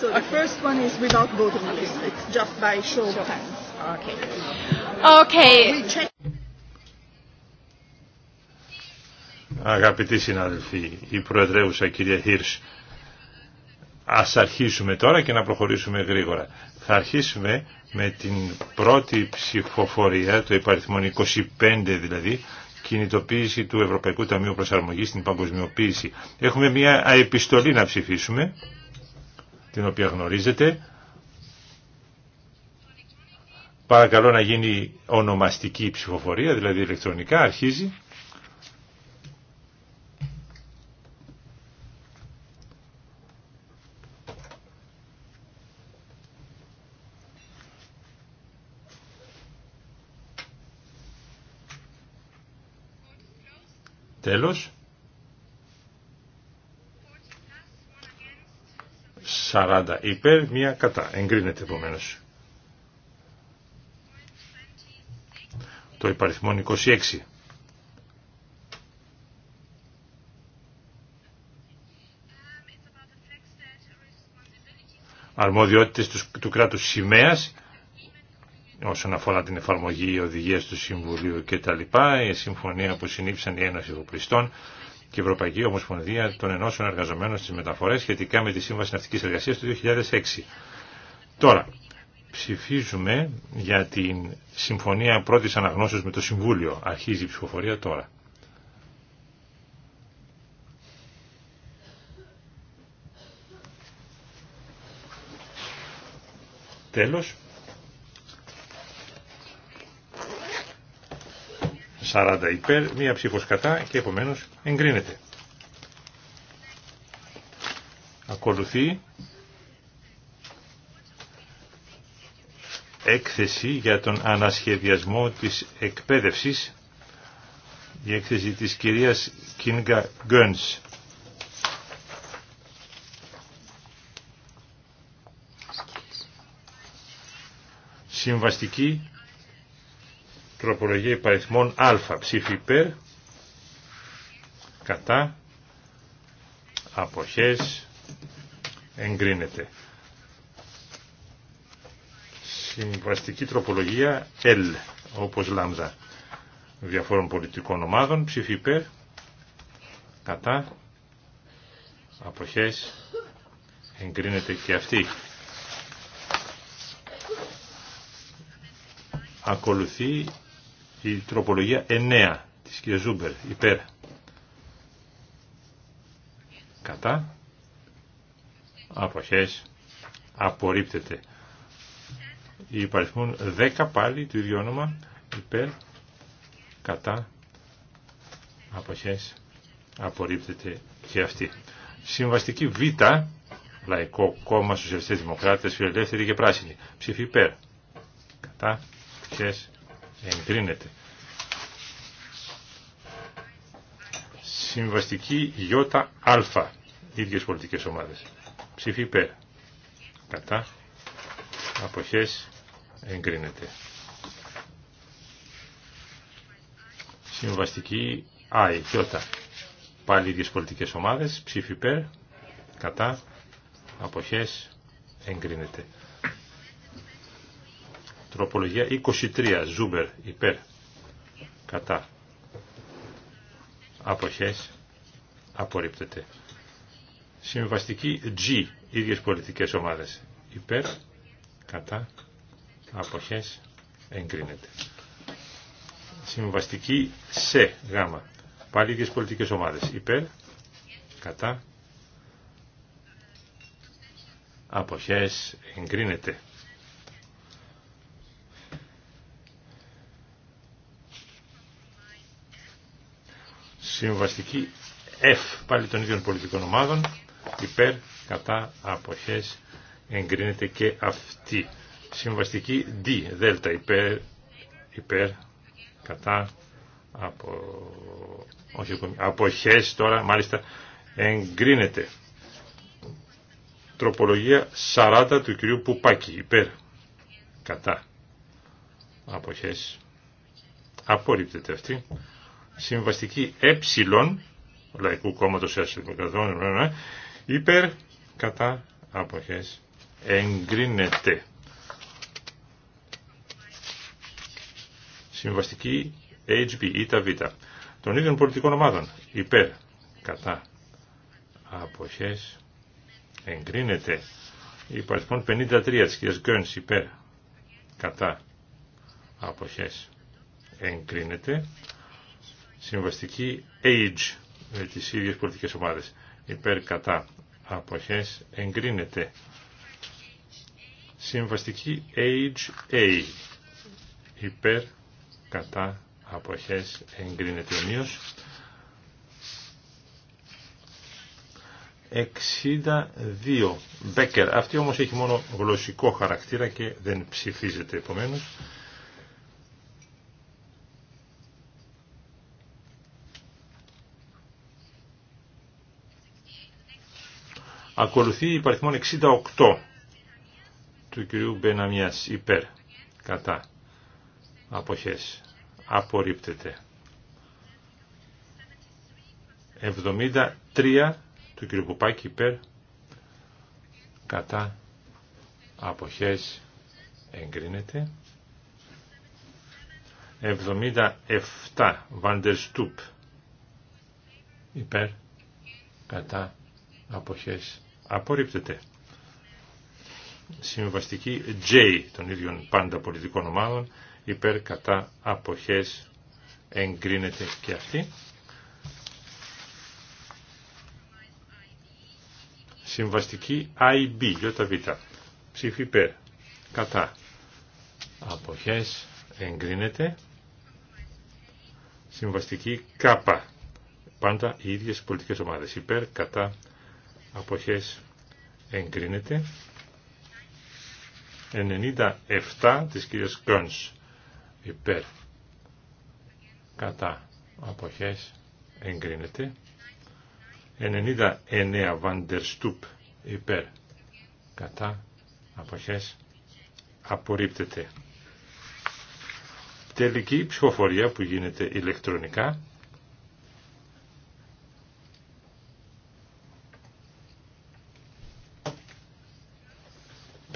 So the first one is without voting list. It's just by show hands. Okay. Okay. Αγαπητοί συνάδελφοι, η Προεδρεύουσα κυρία Χίρς, ας αρχίσουμε τώρα και να προχωρήσουμε γρήγορα. Θα αρχίσουμε με την πρώτη ψηφοφορία, το υπαριθμό 25 δηλαδή, κινητοποίηση του Ευρωπαϊκού Ταμείου Προσαρμογής στην παγκοσμιοποίηση. Έχουμε μια επιστολή να ψηφίσουμε την οποία γνωρίζετε. Παρακαλώ να γίνει ονομαστική ψηφοφορία, δηλαδή ηλεκτρονικά, αρχίζει. Τέλος. 40 υπέρ, μία κατά. Εγκρίνεται επομένω. Το υπαριθμόν 26. Αρμοδιότητες του, κράτους σημαίας όσον αφορά την εφαρμογή οδηγίας του Συμβουλίου κτλ. Η συμφωνία που συνήψαν οι Ένωση Ευρωπριστών και Ευρωπαϊκή Ομοσπονδία των Ενώσεων Εργαζομένων στις Μεταφορές σχετικά με τη Σύμβαση Ναυτικής Εργασίας του 2006. Τώρα, ψηφίζουμε για την Συμφωνία Πρώτης Αναγνώσεως με το Συμβούλιο. Αρχίζει η ψηφοφορία τώρα. Τέλος. 40 υπέρ, μία ψήφος κατά και επομένως εγκρίνεται. Ακολουθεί έκθεση για τον ανασχεδιασμό της εκπαίδευσης, η έκθεση της κυρίας Κίνγκα Γκönς. Συμβαστική Τροπολογία υπαριθμών α. Ψήφι υπέρ. Κατά. Αποχές. Εγκρίνεται. Συμβαστική τροπολογία L. Όπως λάμδα διαφόρων πολιτικών ομάδων. Ψήφι υπέρ. Κατά. Αποχές. Εγκρίνεται και αυτή. ακολουθεί η τροπολογία 9 της κ. Ζούμπερ υπέρ κατά αποχές απορρίπτεται οι υπαριθμούν 10 πάλι του ίδιου όνομα υπέρ κατά αποχές απορρίπτεται και αυτή συμβαστική β λαϊκό κόμμα σοσιαλιστές δημοκράτες φιλελεύθεροι και πράσινοι ψήφι υπέρ κατά αποχές Εγκρίνεται. Συμβαστική ΙΑ. Ίδιες πολιτικές ομάδες. Ψήφι υπέρ. Κατά. Αποχές. Εγκρίνεται. Συμβαστική ΑΙ. Πάλι ίδιες πολιτικές ομάδες. Ψήφι υπέρ. Κατά. Αποχές. Εγκρίνεται. Τροπολογία 23. Ζούμπερ. Υπέρ. Κατά. Αποχές. Απορρίπτεται. Συμβαστική G. Ίδιες πολιτικές ομάδες. Υπέρ. Κατά. Αποχές. Εγκρίνεται. Συμβαστική σε γάμα. Πάλι ίδιες πολιτικές ομάδες. Υπέρ. Κατά. Αποχές. Εγκρίνεται. Συμβαστική F πάλι των ίδιων πολιτικών ομάδων υπέρ κατά αποχές εγκρίνεται και αυτή. Συμβαστική D δέλτα υπέρ, υπέρ κατά από, όχι, αποχές τώρα μάλιστα εγκρίνεται. Τροπολογία 40 του κυρίου Πουπάκη υπέρ κατά αποχές απορρίπτεται αυτή. Συμβαστική ε Λαϊκού Κόμματος Ασυμικρατών ναι, ναι, ναι, υπέρ κατά αποχές εγκρίνεται. Συμβαστική HB ή τα Β των ίδιων πολιτικών ομάδων υπέρ κατά αποχές εγκρίνεται υπαριθμών 53 της κυρίας Γκένς υπέρ κατά αποχές εγκρίνεται Συμβαστική Age με τις ίδιες πολιτικές ομάδες. Υπέρ κατά αποχές εγκρίνεται. Συμβαστική Age A. Υπέρ κατά αποχές εγκρίνεται ομοίως. 62 Μπέκερ. Αυτή όμως έχει μόνο γλωσσικό χαρακτήρα και δεν ψηφίζεται επομένως. Ακολουθεί η υπαριθμόν 68 του κυρίου Μπεναμιάς υπέρ κατά αποχές απορρίπτεται 73 του κυρίου Πουπάκη υπέρ κατά αποχές εγκρίνεται 77 Βαντερστούπ υπέρ κατά αποχές απορρίπτεται. Συμβαστική J των ίδιων πάντα πολιτικών ομάδων υπέρ κατά αποχές εγκρίνεται και αυτή. Συμβαστική IB, ΙΒ, ψήφι υπέρ, κατά, αποχές, εγκρίνεται. Συμβαστική K, πάντα οι ίδιες πολιτικές ομάδες, υπέρ, κατά, αποχές εγκρίνεται 97 της κυρίας Κρόνς υπέρ κατά αποχές εγκρίνεται 99 Βαντερστούπ υπέρ κατά αποχές απορρίπτεται τελική ψηφοφορία που γίνεται ηλεκτρονικά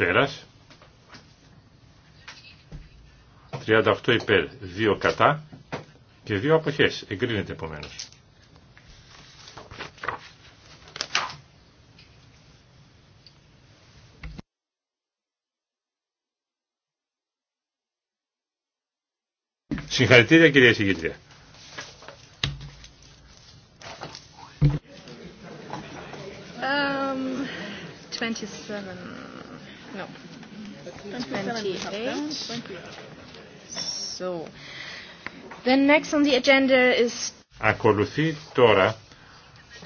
Πέρας. 38 υπέρ, 2 κατά και 2 αποχές. Εγκρίνεται επομένως. Συγχαρητήρια κυρία Συγγήτρια. Um, 27. No. 28. So. next on the agenda is... Ακολουθεί τώρα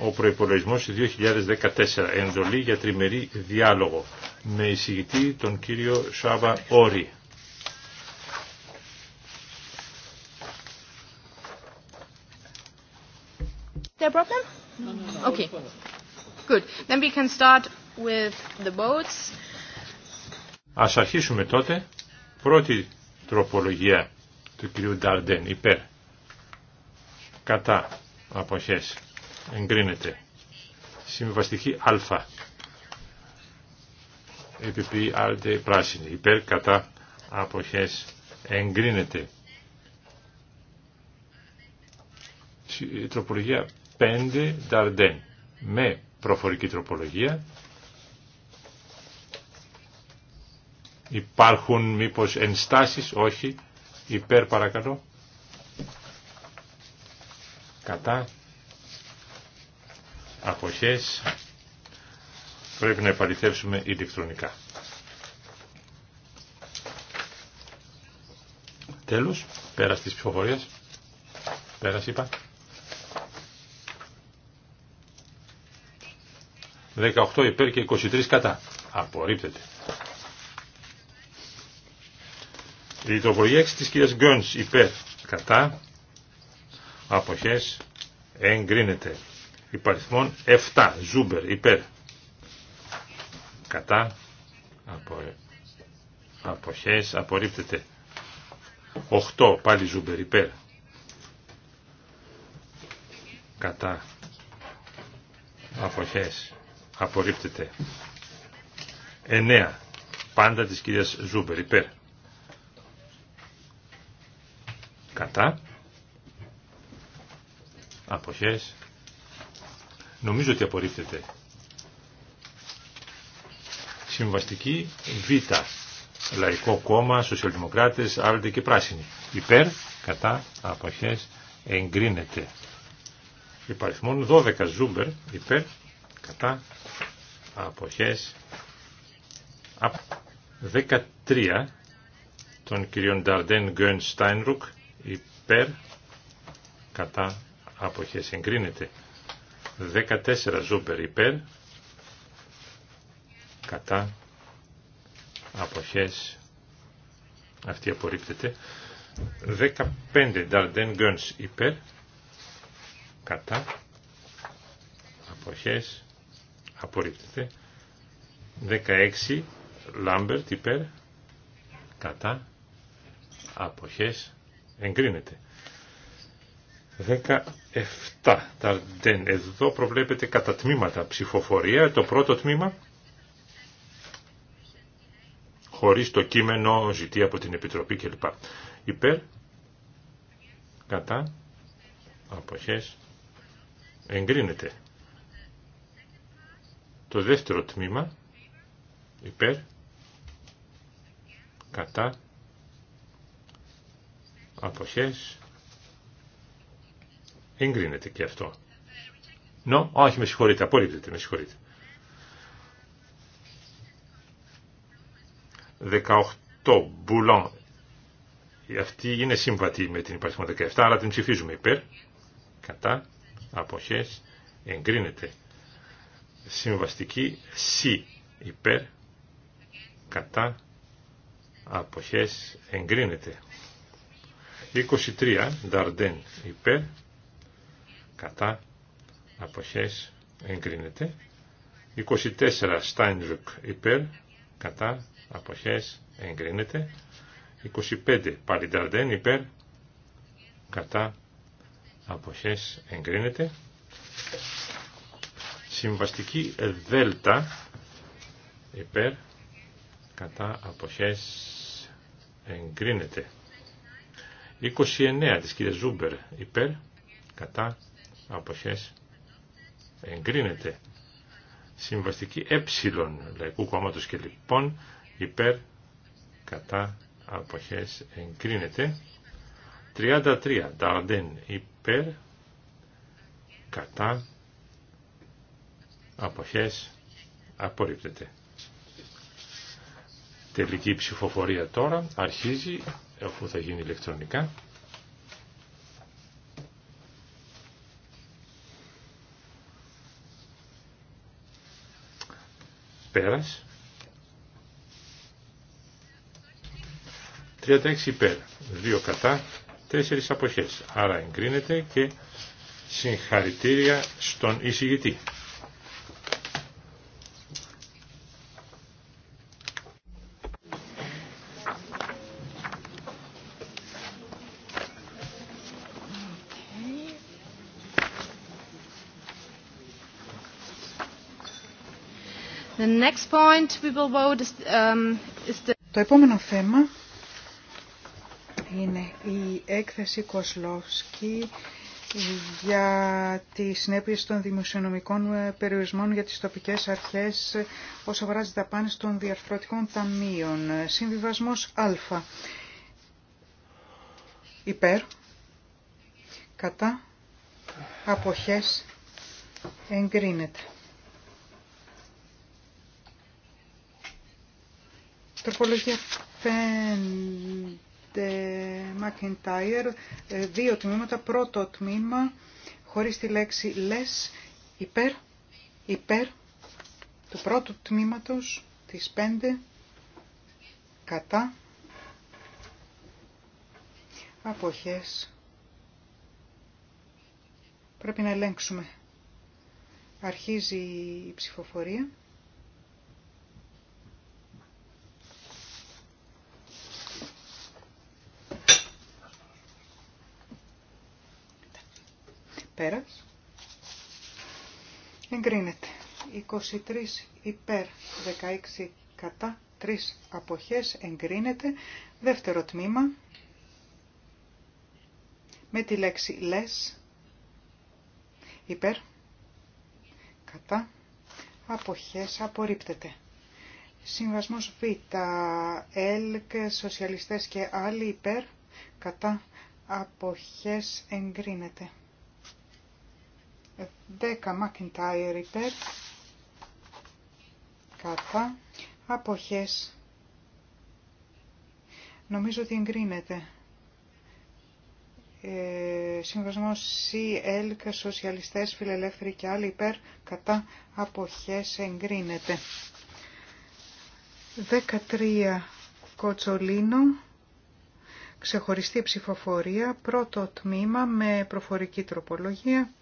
ο προπολογισμό 2014. Εντολή για τριμερή διάλογο με εισηγητή τον κύριο Σάβα Όρη. There problem? No, no, no. Okay. Good. Then we can start with the votes. Ας αρχίσουμε τότε. Πρώτη τροπολογία του κυρίου Νταρντέν υπέρ. Κατά αποχές. Εγκρίνεται. Συμβαστική Α. Επιπλή Αλτε πράσινη. Υπέρ κατά αποχές. Εγκρίνεται. Τροπολογία 5 Νταρντέν. Με προφορική τροπολογία Υπάρχουν μήπως ενστάσεις, όχι, υπέρ παρακαλώ. Κατά. Αποχές. Πρέπει να επαληθεύσουμε ηλεκτρονικά. Τέλος, πέρας της ψηφοφορίας. Πέρας είπα. 18 υπέρ και 23 κατά. Απορρίπτεται. Η 6 της κυρίας Γκόνς υπέρ κατά αποχές εγκρίνεται. Υπαριθμόν 7 Ζούμπερ υπέρ κατά απο... αποχές απορρίπτεται. 8 πάλι Ζούμπερ υπέρ κατά αποχές απορρίπτεται. 9 πάντα της κυρίας Ζούμπερ υπέρ Κατά. Αποχές. Νομίζω ότι απορρίπτεται. Συμβαστική Β. Λαϊκό κόμμα, σοσιαλδημοκράτες, άλλοτε και πράσινοι. Υπέρ, κατά, αποχές, εγκρίνεται. Υπαριθμόν 12 ζούμπερ, υπέρ, κατά, αποχές, από 13 των κυρίων Νταρντέν Γκέν Στάινρουκ υπέρ κατά αποχές εγκρίνεται 14 ζούμπερ υπέρ κατά αποχές αυτή απορρίπτεται 15 Νταρντέν Guns υπέρ κατά αποχές απορρίπτεται 16 Λάμπερτ υπέρ κατά αποχές Εγκρίνεται. 17. δεν. Εδώ προβλέπεται κατά τμήματα ψηφοφορία. Το πρώτο τμήμα χωρίς το κείμενο ζητεί από την Επιτροπή κλπ. Υπέρ, κατά, αποχές, εγκρίνεται. Το δεύτερο τμήμα, υπέρ, κατά, αποχές εγκρίνεται και αυτό. Νο, όχι με συγχωρείτε, απορρίπτεται, με συγχωρείτε. 18 μπουλόν. Αυτή είναι συμβατή με την υπαριθμό 17, αλλά την ψηφίζουμε υπέρ. Κατά, αποχές, εγκρίνεται. Συμβαστική σι υπέρ, κατά, αποχές, εγκρίνεται. 23 Δαρντέν υπέρ κατά αποχές εγκρίνεται 24 Στάινρουκ υπέρ κατά αποχές εγκρίνεται 25 πάλι υπέρ κατά αποχές εγκρίνεται συμβαστική δέλτα υπέρ κατά αποχές εγκρίνεται 29 της κυρίας Ζούμπερ υπέρ, κατά, αποχές, εγκρίνεται. Συμβαστική ε, λαϊκού κόμματος και λοιπόν, υπέρ, κατά, αποχές, εγκρίνεται. 33, Νταρντέν, υπέρ, κατά, αποχές, απορρίπτεται. Τελική ψηφοφορία τώρα αρχίζει αφού θα γίνει ηλεκτρονικά. Πέρας. 36 υπέρ, 2 κατά, 4 αποχές. Άρα εγκρίνεται και συγχαρητήρια στον εισηγητή. Um, Το επόμενο θέμα είναι η έκθεση Κοσλόφσκι για τις συνέπειες των δημοσιονομικών περιορισμών για τις τοπικές αρχές όσο αφορά τα πάνε των διαρθρωτικών ταμείων. Συμβιβασμός Α. Υπέρ. Κατά. Αποχές. Εγκρίνεται. Τροπολογία 5 McIntyre, ε, δύο τμήματα. Πρώτο τμήμα, χωρίς τη λέξη less, υπέρ, υπέρ του πρώτου τμήματος της 5, κατά, αποχές. Πρέπει να ελέγξουμε. Αρχίζει η ψηφοφορία. Πέρα. Εγκρίνεται. 23 υπέρ 16 κατά 3 αποχές εγκρίνεται. Δεύτερο τμήμα. Με τη λέξη λες. Υπέρ. Κατά. Αποχές απορρίπτεται. Συμβασμός Β. και σοσιαλιστές και άλλοι υπέρ. Κατά. Αποχές εγκρίνεται. 10 McIntyre υπέρ κατά αποχές νομίζω ότι εγκρίνεται ε, συμβασμός CL και σοσιαλιστές φιλελεύθεροι και άλλοι υπέρ κατά αποχές εγκρίνεται 13 Κοτσολίνο ξεχωριστή ψηφοφορία πρώτο τμήμα με προφορική τροπολογία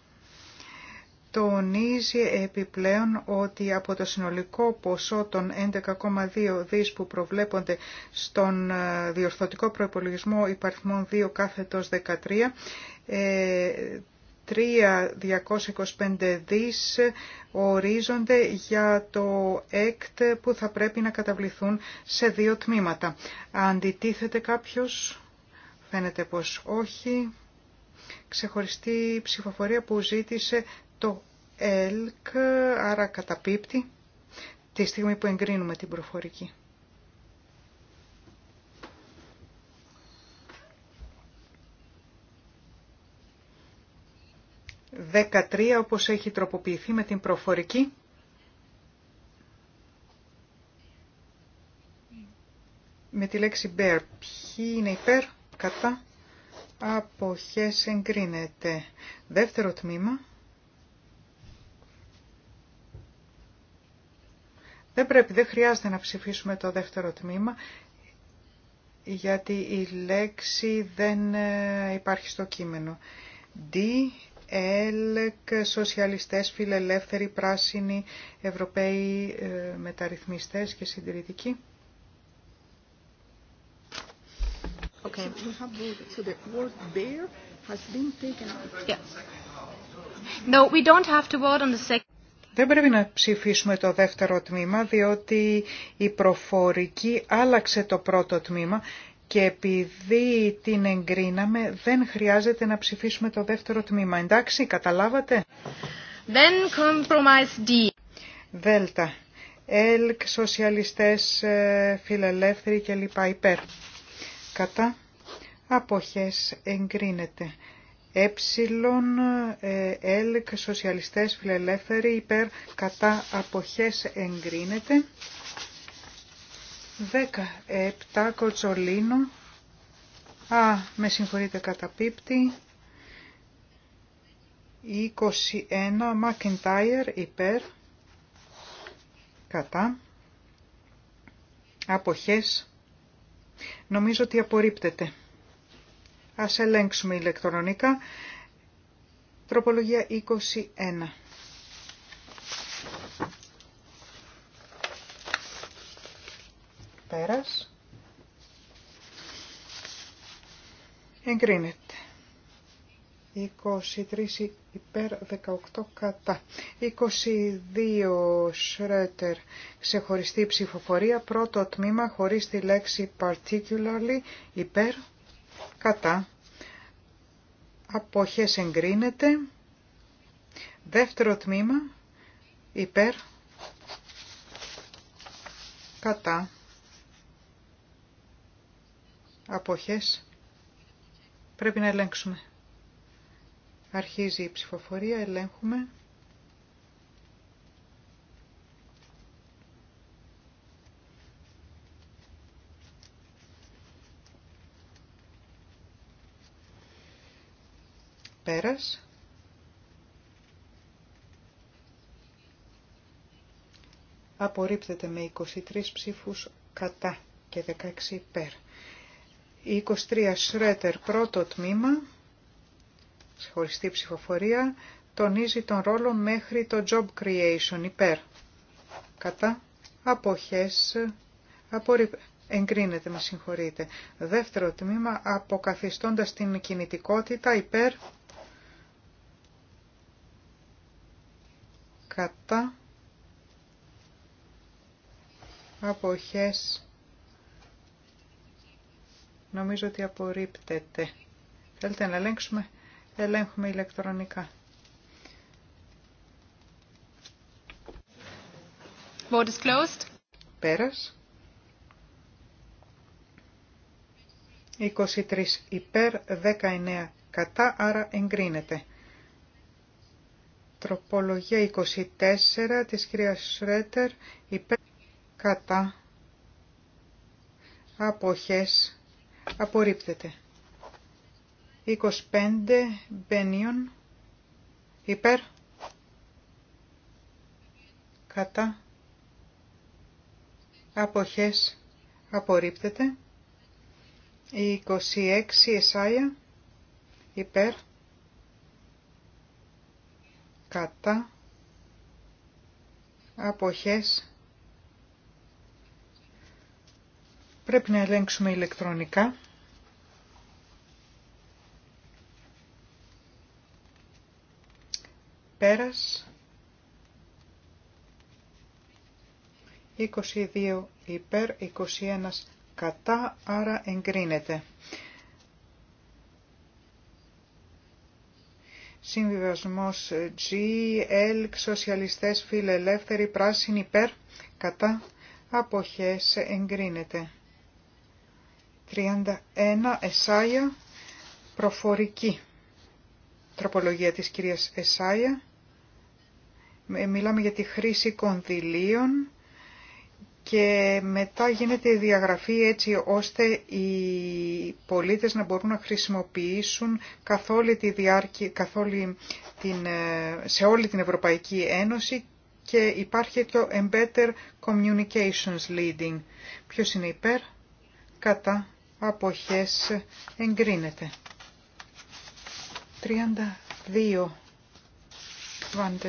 τονίζει επιπλέον ότι από το συνολικό ποσό των 11,2 δις που προβλέπονται στον ε, διορθωτικό προϋπολογισμό υπαριθμών 2 κάθετος 13, 3.225 ε, δις ορίζονται για το ΕΚΤ που θα πρέπει να καταβληθούν σε δύο τμήματα. Αντιτίθεται κάποιος, φαίνεται πως όχι, ξεχωριστή ψηφοφορία που ζήτησε το ΕΛΚ, άρα καταπίπτει, τη στιγμή που εγκρίνουμε την προφορική. Δεκατρία όπως έχει τροποποιηθεί με την προφορική. Με τη λέξη bear. Ποιοι είναι υπέρ, κατά, αποχές εγκρίνεται. Δεύτερο τμήμα. Δεν πρέπει, δεν χρειάζεται να ψηφίσουμε το δεύτερο τμήμα, γιατί η λέξη δεν ε, υπάρχει στο κείμενο. D, ΕΛΚ, σοσιαλιστές, φιλελεύθεροι, πράσινοι, ευρωπαίοι ε, μεταρρυθμιστές και συντηρητικοί. Okay. We have the word bear has been taken out. Yeah. No, we don't have to vote on the second. Δεν πρέπει να ψηφίσουμε το δεύτερο τμήμα, διότι η προφορική άλλαξε το πρώτο τμήμα και επειδή την εγκρίναμε δεν χρειάζεται να ψηφίσουμε το δεύτερο τμήμα. Εντάξει, καταλάβατε. Δέλτα. ΕΛΚ, σοσιαλιστές, ε, φιλελεύθεροι κλπ. Υπέρ. Κατά. Αποχές εγκρίνεται ε, ΕΛΚ, σοσιαλιστές, φιλελεύθεροι, υπέρ, κατά, αποχές, εγκρίνεται. 17, κοτσολίνο. Α, με συγχωρείτε, πίπτη, 21, Μακεντάιερ, υπέρ, κατά, αποχές. Νομίζω ότι απορρίπτεται. Ας ελέγξουμε ηλεκτρονικά. Τροπολογία 21. Πέρας. Εγκρίνεται. 23 υπέρ 18 κατά. 22 Σρέτερ ξεχωριστή ψηφοφορία. Πρώτο τμήμα χωρίς τη λέξη particularly υπέρ κατά αποχές εγκρίνεται δεύτερο τμήμα υπέρ κατά αποχές πρέπει να ελέγξουμε αρχίζει η ψηφοφορία ελέγχουμε Πέρας. Απορρίπτεται με 23 ψήφους κατά και 16 υπέρ. 23 Σρέτερ πρώτο τμήμα, χωριστή ψηφοφορία, τονίζει τον ρόλο μέχρι το job creation υπέρ. Κατά αποχές απορρίπ... εγκρίνεται, με συγχωρείτε. Δεύτερο τμήμα, αποκαθιστώντας την κινητικότητα υπέρ κατά αποχές νομίζω ότι απορρίπτεται θέλετε να ελέγξουμε ελέγχουμε ηλεκτρονικά Vote is closed. Πέρας. 23 υπέρ, 19 κατά, άρα εγκρίνεται. Τροπολογία 24 της κυρίας Σρέτερ υπέρ κατά αποχές απορρίπτεται. 25 μπένιον υπέρ κατά αποχές απορρίπτεται. 26 Εσάια υπέρ κατά αποχές πρέπει να ελέγξουμε ηλεκτρονικά πέρας 22 υπέρ 21 κατά άρα εγκρίνεται Συμβιβασμός G, L, Σοσιαλιστές, Φιλελεύθεροι, Πράσινοι, Πέρ, κατά, αποχές, εγκρίνεται. 31, Εσάια, προφορική. Τροπολογία της κυρίας Εσάια. Ε, μιλάμε για τη χρήση κονδυλίων και μετά γίνεται η διαγραφή έτσι ώστε οι πολίτες να μπορούν να χρησιμοποιήσουν καθ' τη διάρκεια, την, ε, σε όλη την Ευρωπαϊκή Ένωση και υπάρχει το Embedded Communications Leading. Ποιος είναι υπέρ, κατά, αποχές, εγκρίνεται. 32.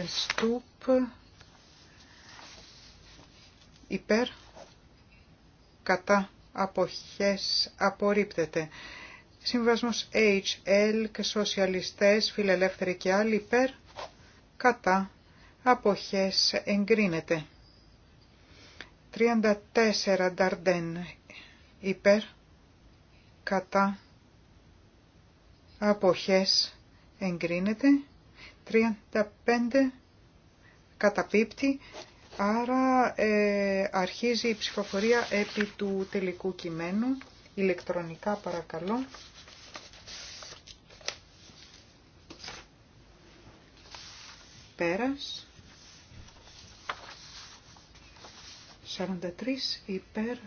στουπ υπέρ κατά αποχές απορρίπτεται. Συμβασμός HL και σοσιαλιστές, φιλελεύθεροι και άλλοι υπέρ κατά αποχές εγκρίνεται. 34 Νταρντέν υπέρ κατά αποχές εγκρίνεται. 35 καταπίπτει Άρα ε, αρχίζει η ψηφοφορία επί του τελικού κειμένου. Ηλεκτρονικά παρακαλώ. Πέρας. 43 υπέρ,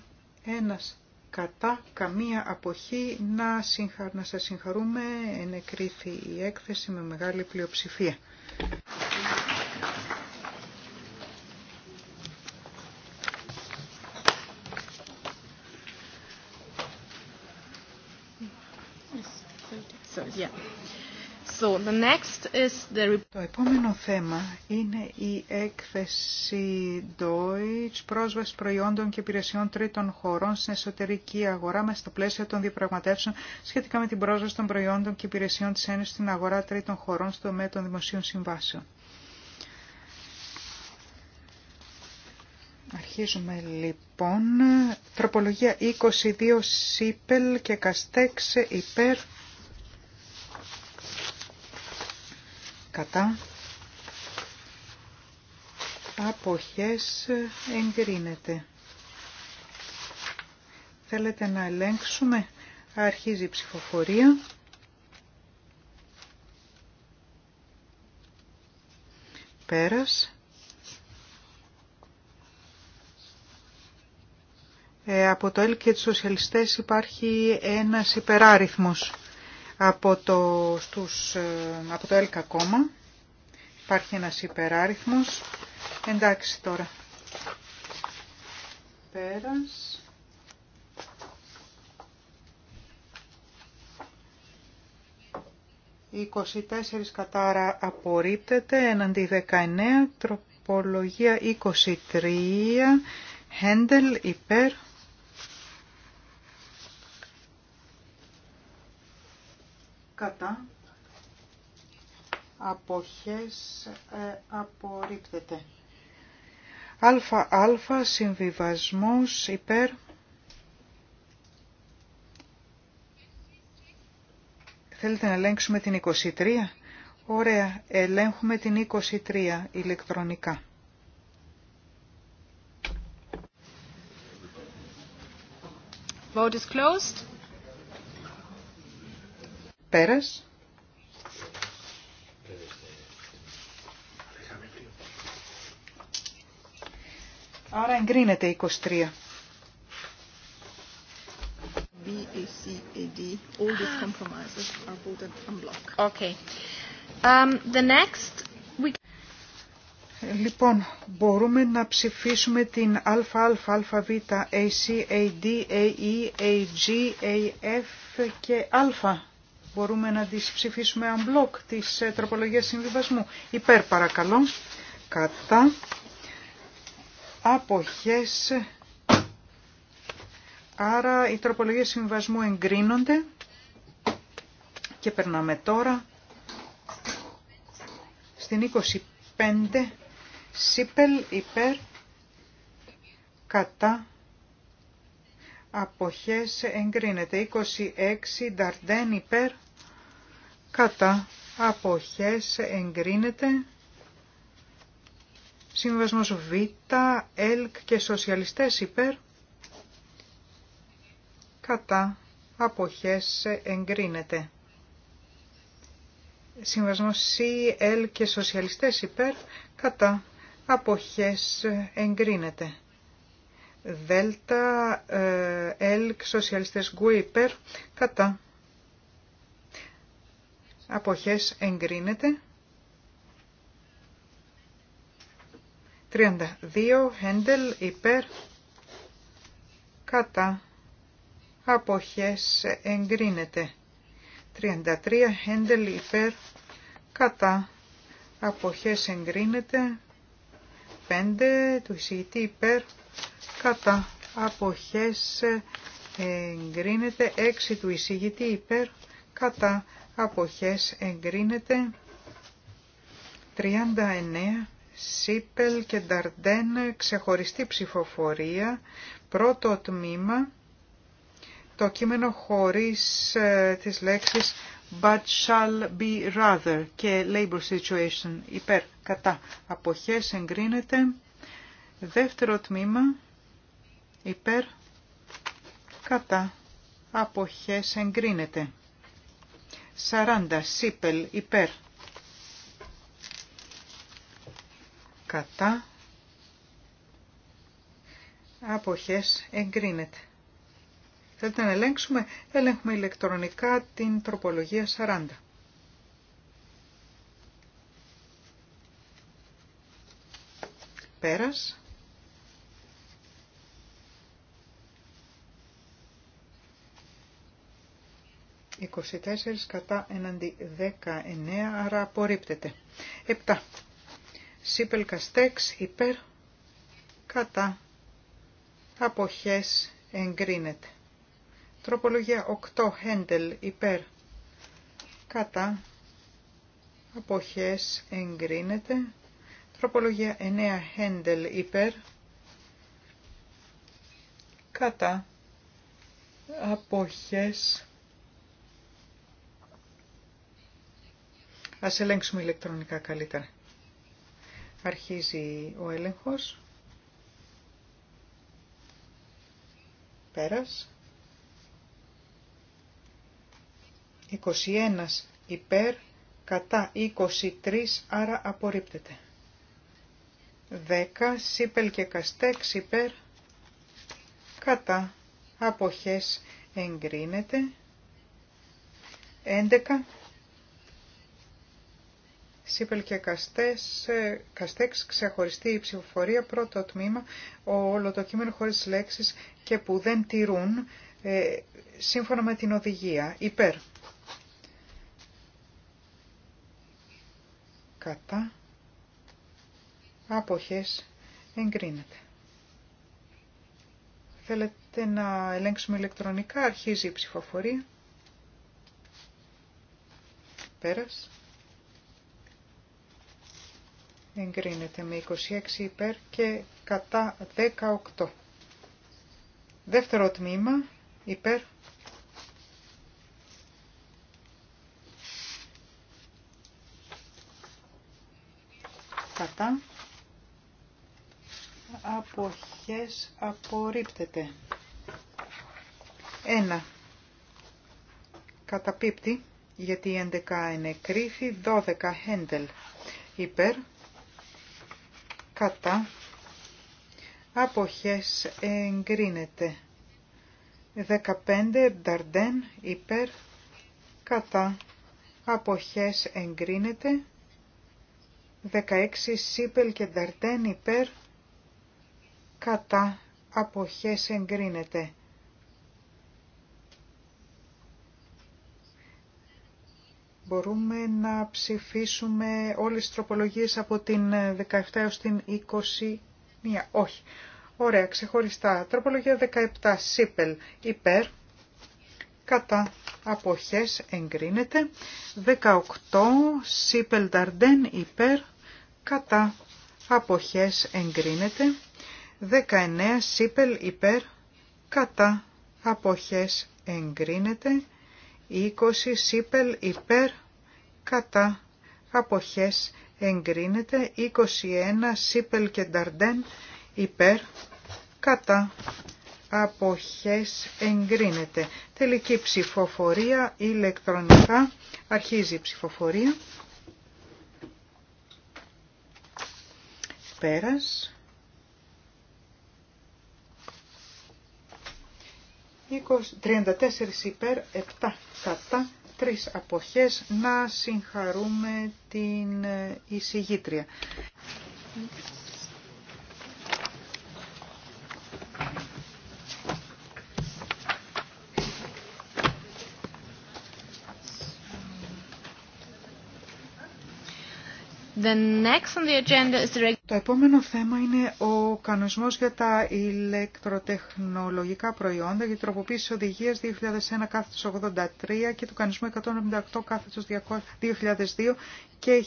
ένας κατά, καμία αποχή. Να, συγχα... να σας συγχαρούμε, ενεκρίθη η έκθεση με μεγάλη πλειοψηφία. Το επόμενο θέμα είναι η έκθεση Deutsch πρόσβαση προϊόντων και υπηρεσιών τρίτων χωρών στην εσωτερική αγορά μέσα στο πλαίσιο των διαπραγματεύσεων σχετικά με την πρόσβαση των προϊόντων και υπηρεσιών της Ένωσης στην αγορά τρίτων χωρών στο μέτρο των δημοσίων συμβάσεων. Αρχίζουμε λοιπόν. Τροπολογία 22 Σίπελ και ΚΑΣΤΕΞΕ, υπέρ κατά αποχές εγκρίνεται. Θέλετε να ελέγξουμε. Αρχίζει η ψηφοφορία. Πέρας. Ε, από το ΕΛ και σοσιαλιστές υπάρχει ένας υπεράριθμος από το, στους, ε, από το ΕΛΚΑ κόμμα. Υπάρχει ένας υπεράριθμος. Εντάξει τώρα. Πέρας. 24 κατάρα απορρίπτεται, έναντι 19, τροπολογία 23, Χέντελ υπέρ κατά αποχές ε, απορρίπτεται. ΑΛΦΑ, συμβιβασμός υπέρ Θέλετε να ελέγξουμε την 23. Ωραία, ελέγχουμε την 23 ηλεκτρονικά. Vote is closed. Πέρας. Άρα εγκρίνεται 23. B, A, C, A, D. All these compromises are voted on block. Okay. Um, the next we... Λοιπόν, μπορούμε να ψηφίσουμε την α, α, α, β, a, c, a, d, a, e, a, g, a, f και α. Μπορούμε να τις ψηφίσουμε αν μπλοκ της ε, τροπολογίας συμβιβασμού. Υπέρ παρακαλώ. Κατά. Αποχές. Άρα οι τροπολογίες συμβιβασμού εγκρίνονται. Και περνάμε τώρα στην 25. Σίπελ υπέρ. Κατά αποχές εγκρίνεται. 26 Νταρντέν υπέρ κατά αποχές εγκρίνεται. Σύμβασμος Β, ΕΛΚ και Σοσιαλιστές υπέρ κατά αποχές εγκρίνεται. Συμβασμός ΣΥ, και Σοσιαλιστές υπέρ κατά αποχές εγκρίνεται. Δέλτα, ε, ΕΛΚ, Σοσιαλιστές Γκουίπερ κατά. Αποχές εγκρίνεται. 32, Χέντελ υπέρ, κατά. Αποχές εγκρίνεται. 33, Χέντελ υπέρ, κατά. Αποχές εγκρίνεται. 5, του εισηγητή υπέρ, κατά αποχές ε, εγκρίνεται 6 του εισηγητή υπέρ κατά αποχές εγκρίνεται 39 Σίπελ και Νταρντέν ξεχωριστή ψηφοφορία πρώτο τμήμα το κείμενο χωρίς ε, τις λέξεις but shall be rather και labor situation υπέρ κατά αποχές εγκρίνεται Δεύτερο τμήμα υπέρ κατά αποχές εγκρίνεται. 40 σίπελ υπέρ κατά αποχές εγκρίνεται. Θέλετε να ελέγξουμε, ελέγχουμε ηλεκτρονικά την τροπολογία 40. Πέρας. 24 κατά έναντι 19, άρα απορρίπτεται. 7. Σίπελ Καστέξ υπέρ κατά αποχές εγκρίνεται. Τροπολογία 8. Χέντελ υπέρ κατά αποχές εγκρίνεται. Τροπολογία 9. Χέντελ υπέρ κατά αποχές Ας ελέγξουμε ηλεκτρονικά καλύτερα. Αρχίζει ο έλεγχος. Πέρας. 21 υπέρ, κατά 23, άρα απορρίπτεται. 10 σίπελ και καστέξ υπέρ, κατά αποχές εγκρίνεται. 11 Σίπελ και Καστές, ε, Καστέξ ξεχωριστή η ψηφοφορία, πρώτο τμήμα, όλο το κείμενο χωρίς λέξεις και που δεν τηρούν ε, σύμφωνα με την οδηγία. Υπέρ. Κατά. Άποχες. Εγκρίνεται. Θέλετε να ελέγξουμε ηλεκτρονικά. Αρχίζει η ψηφοφορία. Πέρας εγκρίνεται με 26 υπέρ και κατά 18. Δεύτερο τμήμα υπέρ κατά αποχές απορρίπτεται. Ένα. Καταπίπτει γιατί 11 είναι κρίφη, 12 χέντελ υπέρ κατά αποχές εγκρίνεται 15 νταρντέν υπέρ κατά αποχές εγκρίνεται 16 σίπελ και νταρντέν υπέρ κατά αποχές εγκρίνεται Μπορούμε να ψηφίσουμε όλες τις τροπολογίες από την 17 ε, έως την 21. Όχι. Ωραία, ξεχωριστά. Τροπολογία 17. Σίπελ. Υπέρ. Κατά. Αποχές. Εγκρίνεται. 18. Σίπελ Νταρντέν. Υπέρ. Κατά. Αποχές. Εγκρίνεται. 19. Σίπελ. Υπέρ. Κατά. Αποχές. Εγκρίνεται. 20 σίπελ υπέρ κατά αποχές εγκρίνεται 21 σίπελ και νταρντέν υπέρ κατά αποχές εγκρίνεται. Τελική ψηφοφορία ηλεκτρονικά. Αρχίζει η ψηφοφορία. Πέρας. 34 υπέρ, 7 κατά, 3 αποχές. Να συγχαρούμε την ε, εισηγήτρια. Το επόμενο θέμα είναι ο κανονισμός για τα ηλεκτροτεχνολογικά προϊόντα για τροποποίηση οδηγίας 2001-83 και του κανονισμού 178-2002 και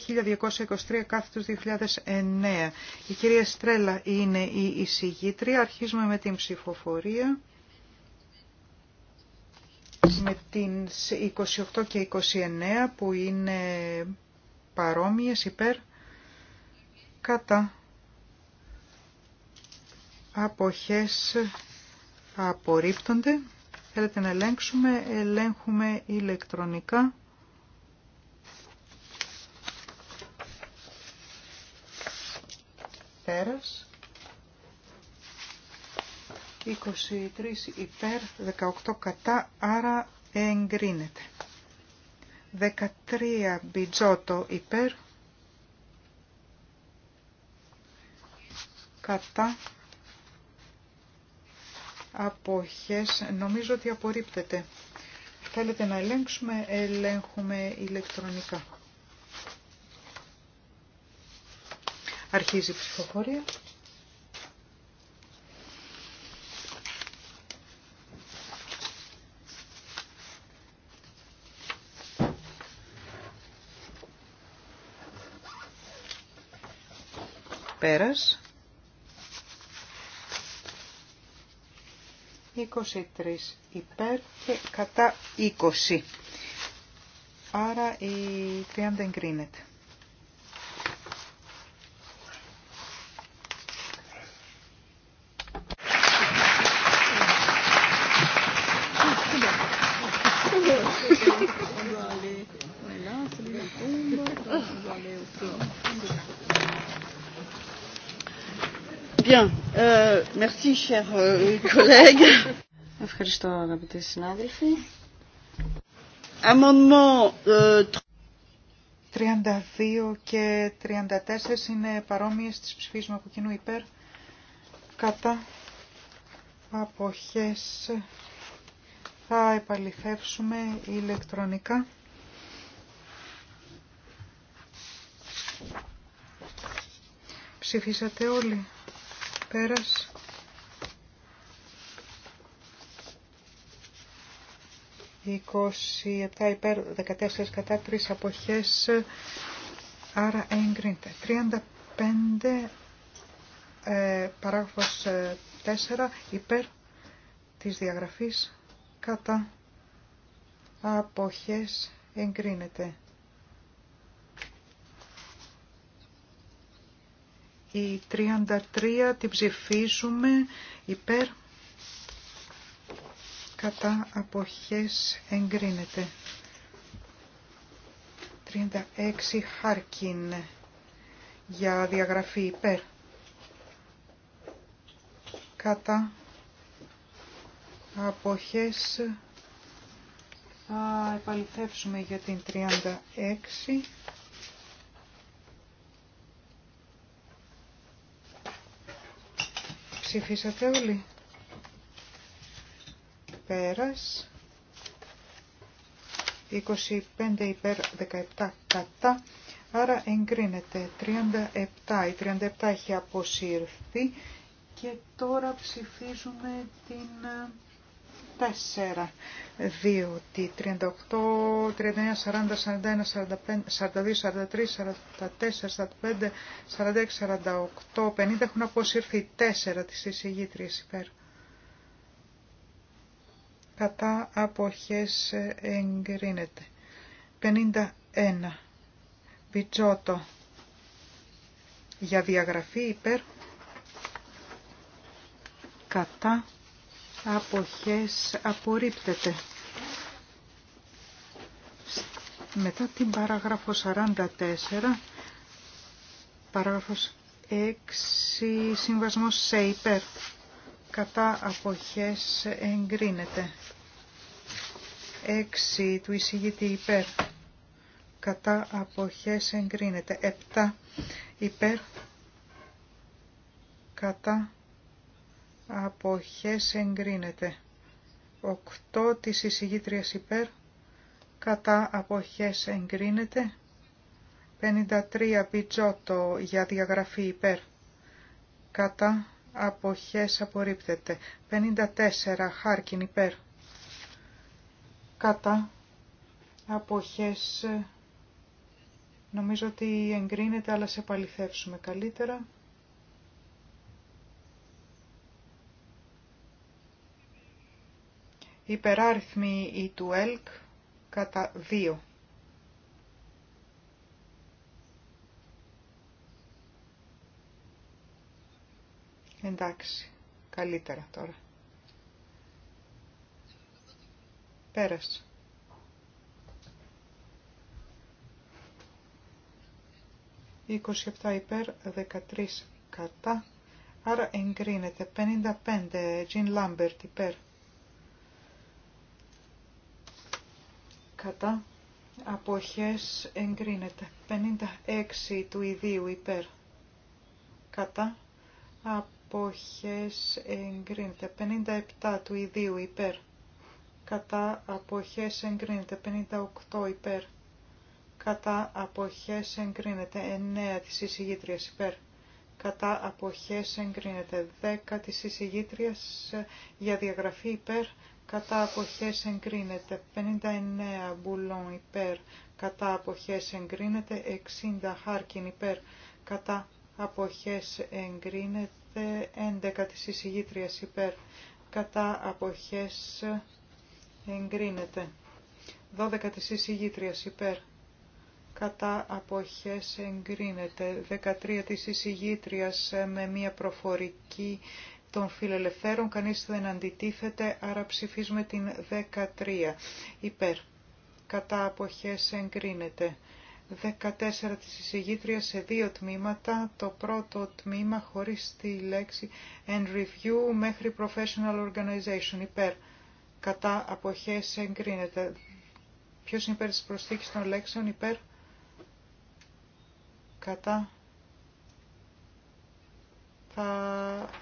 1223-2009. Η κυρία Στρέλα είναι η εισηγήτρια. Αρχίζουμε με την ψηφοφορία. Με την 28 και 29 που είναι παρόμοιες υπέρ κατά αποχές απορρίπτονται. Θέλετε να ελέγξουμε, ελέγχουμε ηλεκτρονικά. Πέρας. 23 υπέρ, 18 κατά, άρα εγκρίνεται. 13 μπιτζότο υπέρ κατά αποχές νομίζω ότι απορρίπτεται θέλετε να ελέγξουμε ελέγχουμε ηλεκτρονικά αρχίζει η ψηφοφορία Πέρας. 23 υπέρ και κατά 20. Άρα η 30 εγκρίνεται. Euh, Ευχαριστώ αγαπητοί συνάδελφοι. 32 euh, και 34 είναι παρόμοιες, τις ψηφίζουμε από κοινού υπέρ, κατά αποχές θα επαληθεύσουμε ηλεκτρονικά. Ψηφίσατε όλοι. Πέρασε. 27 υπέρ 14 κατά 3 αποχές, άρα εγκρίνεται. 35 ε, παράγραφος 4 ε, υπέρ της διαγραφής κατά αποχές εγκρίνεται. Η 33 την ψηφίζουμε υπέρ κατά αποχές εγκρίνεται. 36 Χάρκιν για διαγραφή υπέρ. Κατά αποχές θα επαληθεύσουμε για την 36. Ψηφίσατε όλοι πέρας 25 υπέρ 17 κατά άρα εγκρίνεται 37 η 37 έχει αποσύρθει και τώρα ψηφίζουμε την 4 ε, διότι 38, 39, 40, 41, 42, 43, 44, 45, 46, 48, 50 έχουν αποσύρθει 4 της εισηγήτριας υπέρ κατά αποχές εγκρίνεται. 51. βιτζότο Για διαγραφή υπέρ κατά αποχές απορρίπτεται. Μετά την παράγραφο 44, παράγραφος 6, συμβασμός σε υπέρ. Κατά αποχές εγκρίνεται. 6 του εισηγητή υπέρ. Κατά αποχές εγκρίνεται. 7 υπέρ. Κατά αποχές εγκρίνεται. 8 της εισηγήτριας υπέρ. Κατά αποχές εγκρίνεται. 53 πιτζότο για διαγραφή υπέρ. Κατά αποχές απορρίπτεται. 54 χάρκιν υπέρ κατά αποχές νομίζω ότι εγκρίνεται αλλά σε παληθεύσουμε καλύτερα. Υπεράριθμη η του ΕΛΚ κατά 2. Εντάξει, καλύτερα τώρα. Πέρας. 27 υπέρ, 13 κατά. Άρα εγκρίνεται 55 Jean Lambert υπέρ. Κατά. Αποχές εγκρίνεται 56 του ιδίου υπέρ. Κατά. Αποχές εγκρίνεται 57 του ιδίου υπέρ κατά αποχές εγκρίνεται 58 υπέρ, κατά αποχές εγκρίνεται 9 της εισηγήτριας υπέρ, κατά αποχές εγκρίνεται 10 της εισηγήτριας για διαγραφή υπέρ, κατά αποχές εγκρίνεται 59 μπουλών υπέρ, κατά αποχές εγκρίνεται 60 χάρκιν υπέρ, κατά αποχές εγκρίνεται 11 της εισηγήτριας υπέρ, κατά αποχές εγκρίνεται. 12 της εισηγήτριας υπέρ. Κατά αποχές εγκρίνεται. 13 της εισηγήτριας με μια προφορική των φιλελευθέρων. Κανείς δεν αντιτίθεται, άρα ψηφίζουμε την 13 υπέρ. Κατά αποχές εγκρίνεται. 14 της εισηγήτριας σε δύο τμήματα, το πρώτο τμήμα χωρίς τη λέξη and review μέχρι professional organization υπέρ κατά αποχές εγκρίνεται. Ποιος είναι υπέρ της προσθήκης των λέξεων υπέρ κατά θα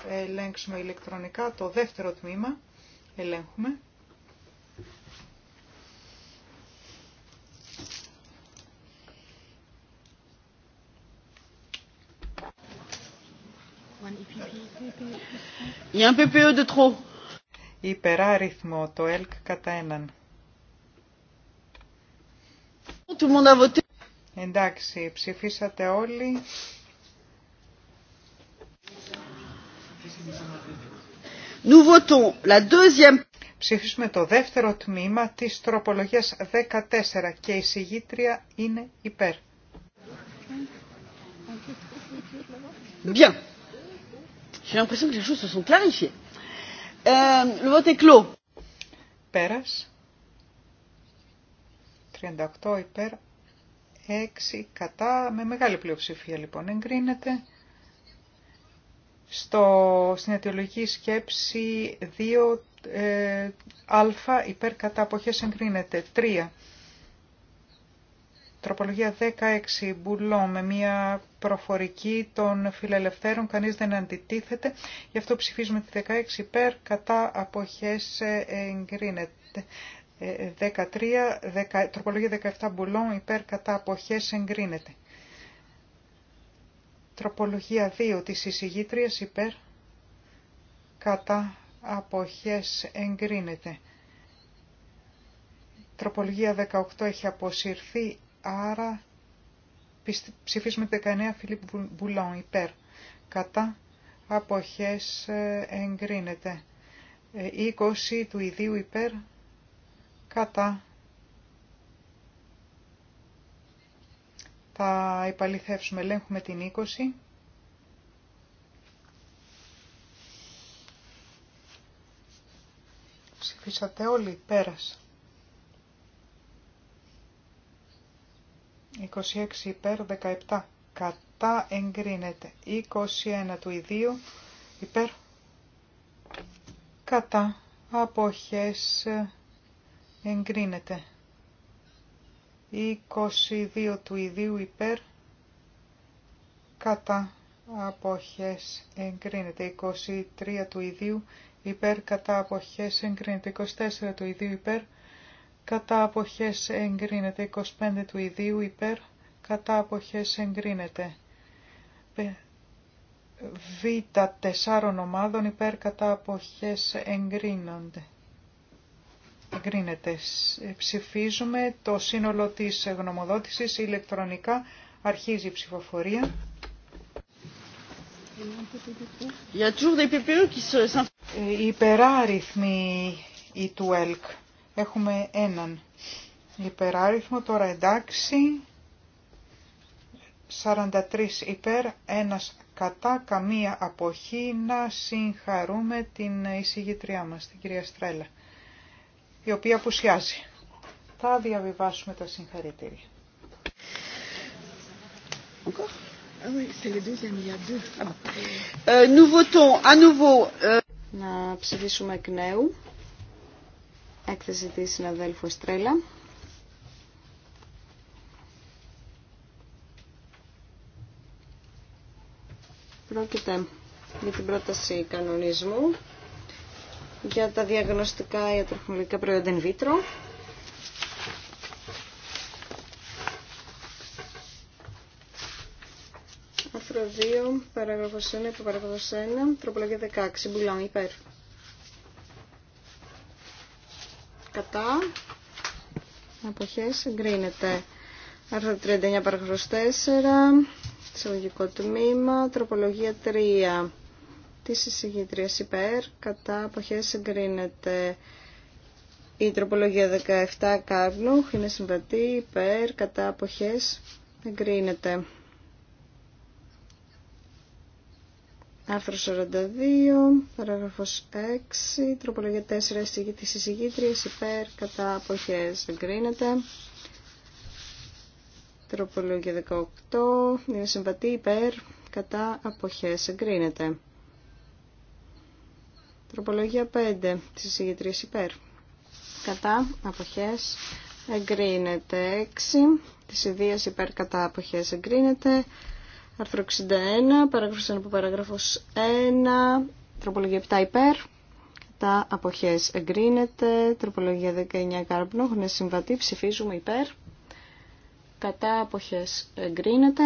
ελέγξουμε ηλεκτρονικά το δεύτερο τμήμα. Ελέγχουμε. Il y a un υπεράριθμο το ΕΛΚ κατά έναν. Εντάξει, ψηφίσατε όλοι. Nous votons la deuxième... Ψηφίσουμε το δεύτερο τμήμα της τροπολογίας 14 και η συγγήτρια είναι υπέρ. Bien. J'ai l'impression que les choses se sont clarifiées. Le Πέρας. 38 υπέρ. 6 κατά. Με μεγάλη πλειοψηφία λοιπόν εγκρίνεται. Στο, στην αιτιολογική σκέψη 2 ε, α υπέρ κατά αποχές εγκρίνεται. 3 Τροπολογία 16. Μπουλό με μια προφορική των φιλελευθέρων. Κανείς δεν αντιτίθεται. Γι' αυτό ψηφίζουμε τη 16 υπέρ. Κατά αποχές ε, εγκρίνεται. 13, ε, τροπολογία 17 μπουλών υπέρ κατά αποχές εγκρίνεται. Τροπολογία 2 της εισηγήτριας υπέρ κατά αποχές εγκρίνεται. Τροπολογία 18 έχει αποσυρθεί Άρα ψηφίσουμε 19 Φιλίπ Μπουλόν υπέρ. Κατά αποχές ε, εγκρίνεται. 20 ε, του ιδίου υπέρ. Κατά. Θα υπαλληθεύσουμε. Ελέγχουμε την 20. Ψηφίσατε όλοι. Πέρασε. 26 υπέρ 17 κατά εγκρίνεται. 21 του ιδίου υπέρ κατά αποχές εγκρίνεται. 22 του ιδίου υπέρ κατά αποχές εγκρίνεται. 23 του ιδίου υπέρ κατά αποχές εγκρίνεται. 24 του ιδίου υπέρ κατά αποχές εγκρίνεται. 25 του ιδίου υπέρ, κατά αποχές εγκρίνεται. Β τεσσάρων ομάδων υπέρ κατά αποχές εγκρίνονται. Εγκρίνεται. Ε, ψηφίζουμε το σύνολο της γνωμοδότησης ηλεκτρονικά. Αρχίζει η ψηφοφορία. Ε, υπεράριθμοι η του ΕΛΚ. Έχουμε έναν υπεράριθμο, τώρα εντάξει, 43 υπέρ, ένας κατά, καμία αποχή, να συγχαρούμε την εισηγητριά μας, την κυρία Στρέλα, η οποία απουσιάζει. Θα διαβιβάσουμε τα συγχαρητήρια. Να ψηφίσουμε εκ νέου έκθεση της συναδέλφου Στρέλα. Πρόκειται για την πρόταση κανονισμού για τα διαγνωστικά ιατροφημιλικά προϊόντα in vitro. Άρθρο 2, παράγραφος 1, υποπαράγραφος 1, τροπολογία 16, μπουλόν, υπέρ. κατά αποχές εγκρίνεται. Άρθρο 39 παραγραφός 4, συλλογικό τμήμα, τροπολογία 3 της εισηγήτριας υπέρ, κατά αποχές εγκρίνεται. Η τροπολογία 17 Κάρνουχ είναι συμβατή, υπέρ, κατά αποχές εγκρίνεται. Άρθρο 42, παράγραφο 6, τροπολογία 4, τη εισηγήτριας, υπέρ, κατά, αποχέ εγκρίνεται. Τροπολογία 18, είναι συμβατή, υπέρ, κατά, αποχέ, εγκρίνεται. Τροπολογία 5, τη εισηγήτριας, υπέρ, κατά, αποχέ, εγκρίνεται. 6, τη ιδία υπέρ, κατά, αποχέ, εγκρίνεται. Άρθρο 61, παράγραφος 1 από παράγραφος 1, τροπολογία 7 υπέρ, κατά αποχές εγκρίνεται, τροπολογία 19 κάρπνο, έχουν συμβατή, ψηφίζουμε υπέρ, κατά αποχές εγκρίνεται.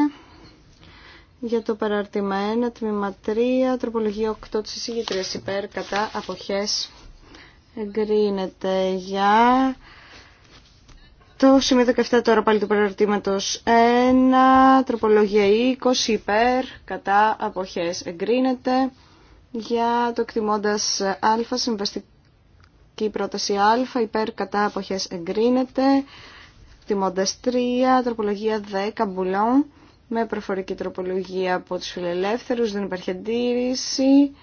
Για το παραρτήμα 1, τμήμα 3, τροπολογία 8 της εισηγητρίας υπέρ, κατά αποχές εγκρίνεται. Για το σημείο 17 τώρα πάλι του παραρτήματος 1, τροπολογία 20, υπέρ, κατά, αποχές, εγκρίνεται. Για το εκτιμώντας α, συμβαστική πρόταση α, υπέρ, κατά, αποχές, εγκρίνεται. Εκτιμώντας 3, τροπολογία 10, μπουλόν, με προφορική τροπολογία από τους φιλελεύθερους, δεν υπάρχει αντίρρηση.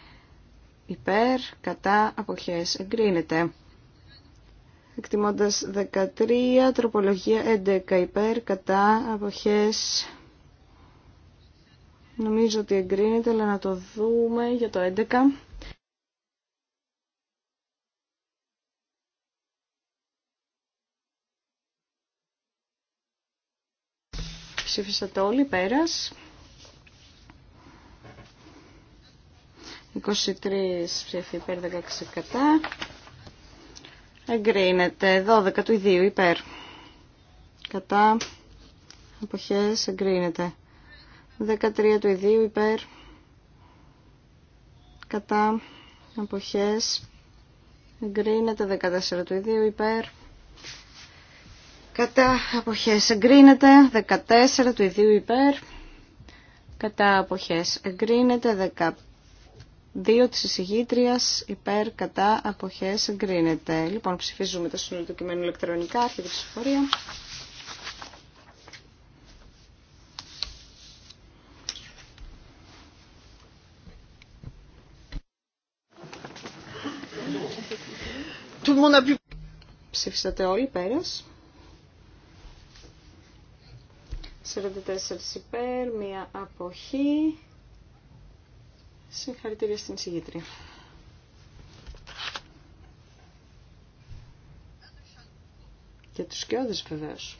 Υπέρ, κατά, αποχές, εγκρίνεται. Εκτιμώντας 13, τροπολογία 11 υπέρ, κατά, αποχές. Νομίζω ότι εγκρίνεται, αλλά να το δούμε για το 11. Ψήφισατε όλοι, πέρας. 23 ψήφι υπέρ, 16 κατά. Εγκρίνεται. 12 του ιδίου υπέρ. Κατά. Αποχές εγκρίνεται. 13 του ιδίου υπέρ. Κατά. Αποχές εγκρίνεται. 14 του ιδίου υπέρ. Κατά. Αποχές εγκρίνεται. 14 του ιδίου υπέρ. Κατά. Αποχές εγκρίνεται. 15 Δύο της εισηγήτριας υπέρ κατά αποχές εγκρίνεται. Λοιπόν, ψηφίζουμε το σύνολο του κειμένου ηλεκτρονικά, αρχίδη ψηφορία. Ψήφισατε όλοι, πέρας. 44 υπέρ, μία αποχή. Συγχαρητήρια στην συγγήτρια. Και τους κοιόδες βεβαίως.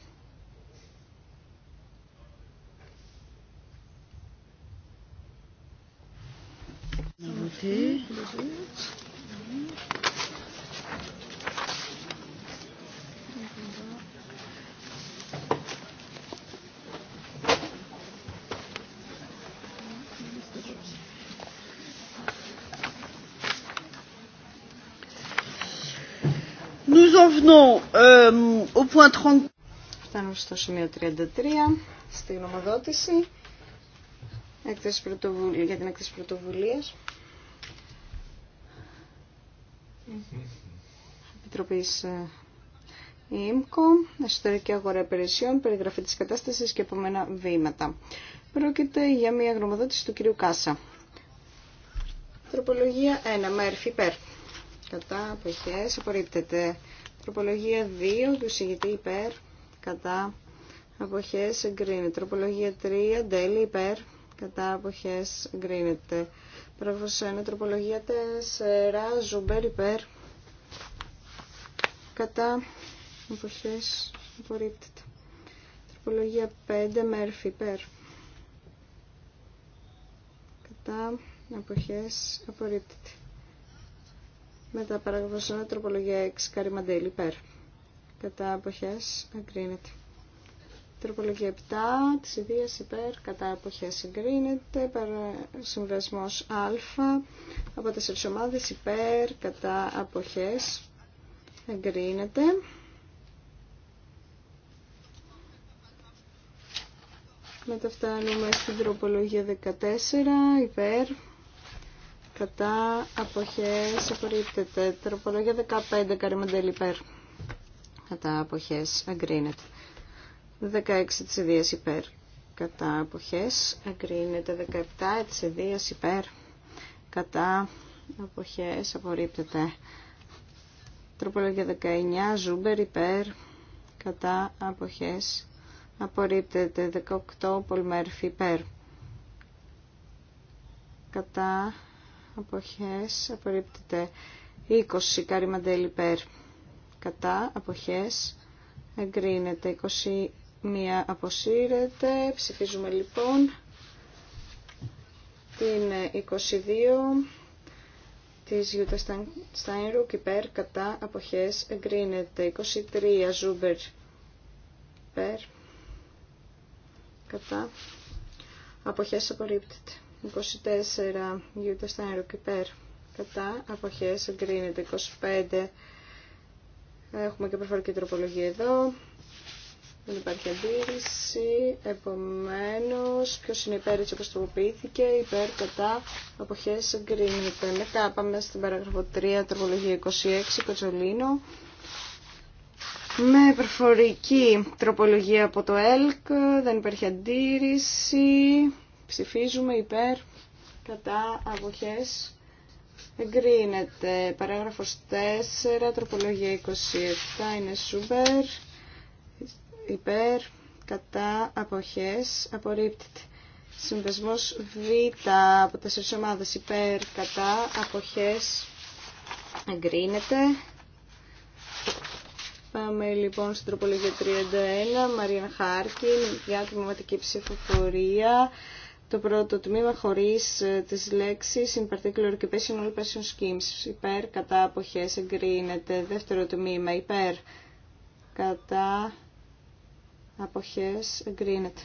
Φτάνουμε στο σημείο 33, στη γνωμοδότηση για την έκθεση πρωτοβουλία. Επιτροπή ε, ΙΜΚΟ, εσωτερική αγορά υπηρεσιών, περιγραφή της κατάστασης και επόμενα βήματα. Πρόκειται για μια γνωμοδότηση του κυρίου Κάσα. Τροπολογία 1, Μέρφυ, υπέρ. Κατά, αποχές, απορρίπτεται. Τροπολογία 2 του συγητή υπέρ κατά αποχές εγκρίνεται. Τροπολογία 3 τέλη υπέρ κατά αποχές εγκρίνεται. Πρόβος 1 τροπολογία 4 ζουμπέρ υπέρ κατά αποχές απορρίπτεται. Τροπολογία 5 μέρφη υπέρ κατά αποχές απορρίπτεται. Μετά τα 1, τροπολογία 6, Καρυμαντέλη, υπέρ. Κατά αποχές, εγκρίνεται. Τροπολογία 7, της ιδίας υπέρ, κατά αποχές εγκρίνεται. Συμβασμός α, από τέσσερις ομάδες υπέρ, κατά αποχές εγκρίνεται. Μετά φτάνουμε στην τροπολογία 14, υπέρ, κατά αποχές απορρίπτεται. Τροπολογία 15 καρυμαντέλη υπέρ. Κατά αποχές εγκρίνεται. 16 της ιδίας υπέρ. Κατά αποχές εγκρίνεται. 17 της ιδίας υπέρ. Κατά αποχές απορρίπτεται. Τροπολογία 19 ζούμπερ υπέρ. Κατά αποχές απορρίπτεται. 18 πολυμέρφη υπέρ. Κατά αποχές απορρίπτεται 20 μαντέλι Πέρ. κατά αποχές εγκρίνεται 21 αποσύρεται ψηφίζουμε λοιπόν την 22 της Γιούτα Στάινρουκ υπέρ κατά αποχές εγκρίνεται 23 Ζούμπερ Πέρ. κατά αποχές απορρίπτεται 24 Γιούτα και υπέρ κατά αποχές εγκρίνεται 25 έχουμε και προφορική τροπολογία εδώ δεν υπάρχει αντίρρηση επομένως ποιος είναι υπέρ έτσι όπως τροποποιήθηκε υπέρ κατά αποχές εγκρίνεται μετά πάμε στην παράγραφο 3 τροπολογία 26 Κοτσολίνο με προφορική τροπολογία από το ΕΛΚ δεν υπάρχει αντίρρηση Ψηφίζουμε υπέρ κατά αποχές εγκρίνεται. Παράγραφος 4, τροπολογία 27 είναι σούπερ, υπέρ, κατά αποχές απορρίπτεται. Συμβεσμός Β από τέσσερις ομάδες υπέρ, κατά, αποχές, εγκρίνεται. Πάμε λοιπόν στην τροπολογία 31, Μαρία Χάρκιν, για τμηματική ψηφοφορία το πρώτο τμήμα χωρίς ε, τις λέξεις in particular occupation all passion schemes υπέρ κατά αποχές εγκρίνεται δεύτερο τμήμα υπέρ κατά αποχές εγκρίνεται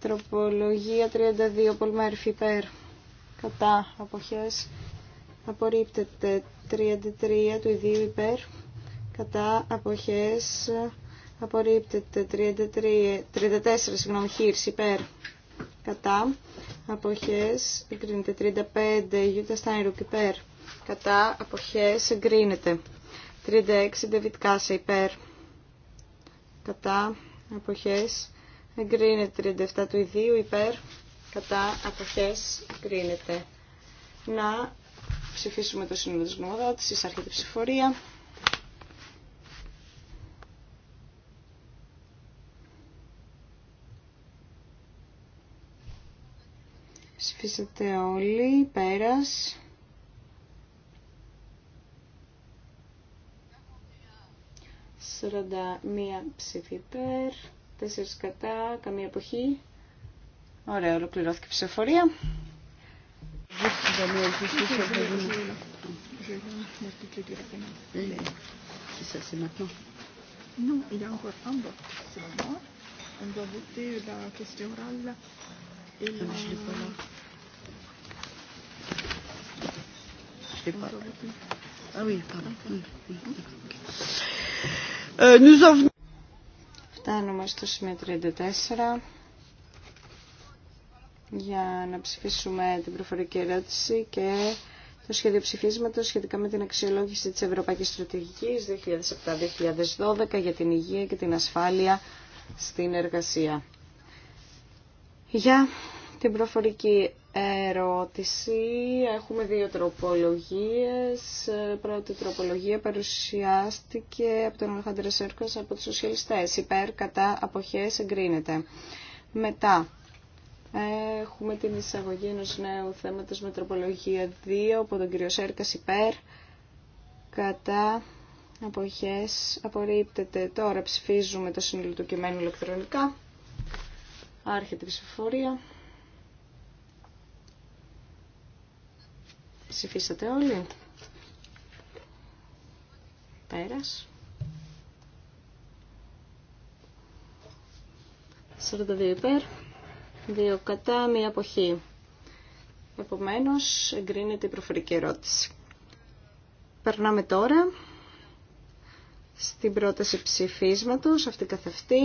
τροπολογία 32 πολμέρφη υπέρ κατά αποχές απορρίπτεται 33 του ιδίου υπέρ κατά αποχές απορρίπτεται 33, 34 συγγνώμη χείρση υπέρ κατά αποχές εγκρίνεται 35 Γιούτα Στάινρουκ υπέρ κατά αποχές εγκρίνεται 36 Ντεβιτ Κάσε υπέρ κατά αποχές εγκρίνεται 37 του ιδίου υπέρ κατά αποχές εγκρίνεται να ψηφίσουμε το συνολισμό της τη ψηφορία Ψηφίσατε όλοι. Πέρας. 41 ψήφι υπέρ, τέσσερις κατά, καμία εποχή. Ωραία, ολοκληρώθηκε η ψηφοφορία. Non, Φτάνουμε στο σημείο 34 για να ψηφίσουμε την προφορική ερώτηση και το σχέδιο ψηφίσματος σχετικά με την αξιολόγηση της Ευρωπαϊκής Στρατηγικής 2007-2012 για την υγεία και την ασφάλεια στην εργασία. Για την προφορική ερώτηση. Έχουμε δύο τροπολογίες. Πρώτη τροπολογία παρουσιάστηκε από τον Αλχάντρα Σέρκος από τους σοσιαλιστές. Υπέρ, κατά, αποχές, εγκρίνεται. Μετά, έχουμε την εισαγωγή ενό νέου θέματος με τροπολογία 2 από τον κύριο Σέρκας υπέρ, κατά, αποχές, απορρίπτεται. Τώρα ψηφίζουμε το συνολικό του ηλεκτρονικά. Άρχεται η ψηφοφορία. Ψηφίσατε όλοι. Πέρας. 42 υπέρ, 2 κατά, μία αποχή. Επομένως, εγκρίνεται η προφορική ερώτηση. Περνάμε τώρα στην πρόταση ψηφίσματος, αυτή καθ' αυτή,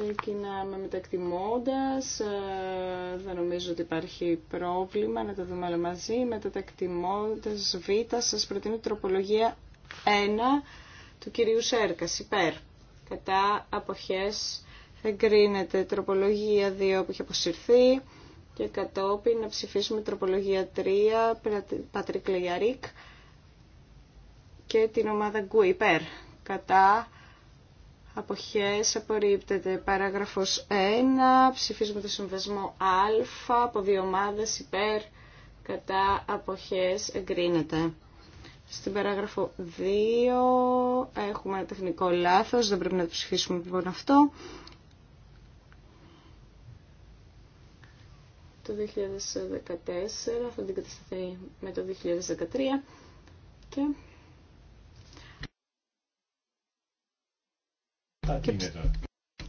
ξεκινάμε μετακτημώντας. Ε, δεν νομίζω ότι υπάρχει πρόβλημα να τα δούμε όλα μαζί. Μετακτημώντας β, σας προτείνω τροπολογία 1 του κυρίου Σέρκα υπέρ. Κατά αποχές εγκρίνεται τροπολογία 2 που έχει αποσυρθεί και κατόπιν να ψηφίσουμε τροπολογία 3, Πατρικ Λεγιαρίκ και την ομάδα Γκου υπέρ. Κατά Αποχές απορρίπτεται. Παράγραφος 1. Ψηφίζουμε το συμβασμό Α από δύο ομάδες υπέρ κατά αποχές εγκρίνεται. Στην παράγραφο 2 έχουμε ένα τεχνικό λάθος, δεν πρέπει να το ψηφίσουμε λοιπόν αυτό. Το 2014 θα αντικατασταθεί με το 2013 και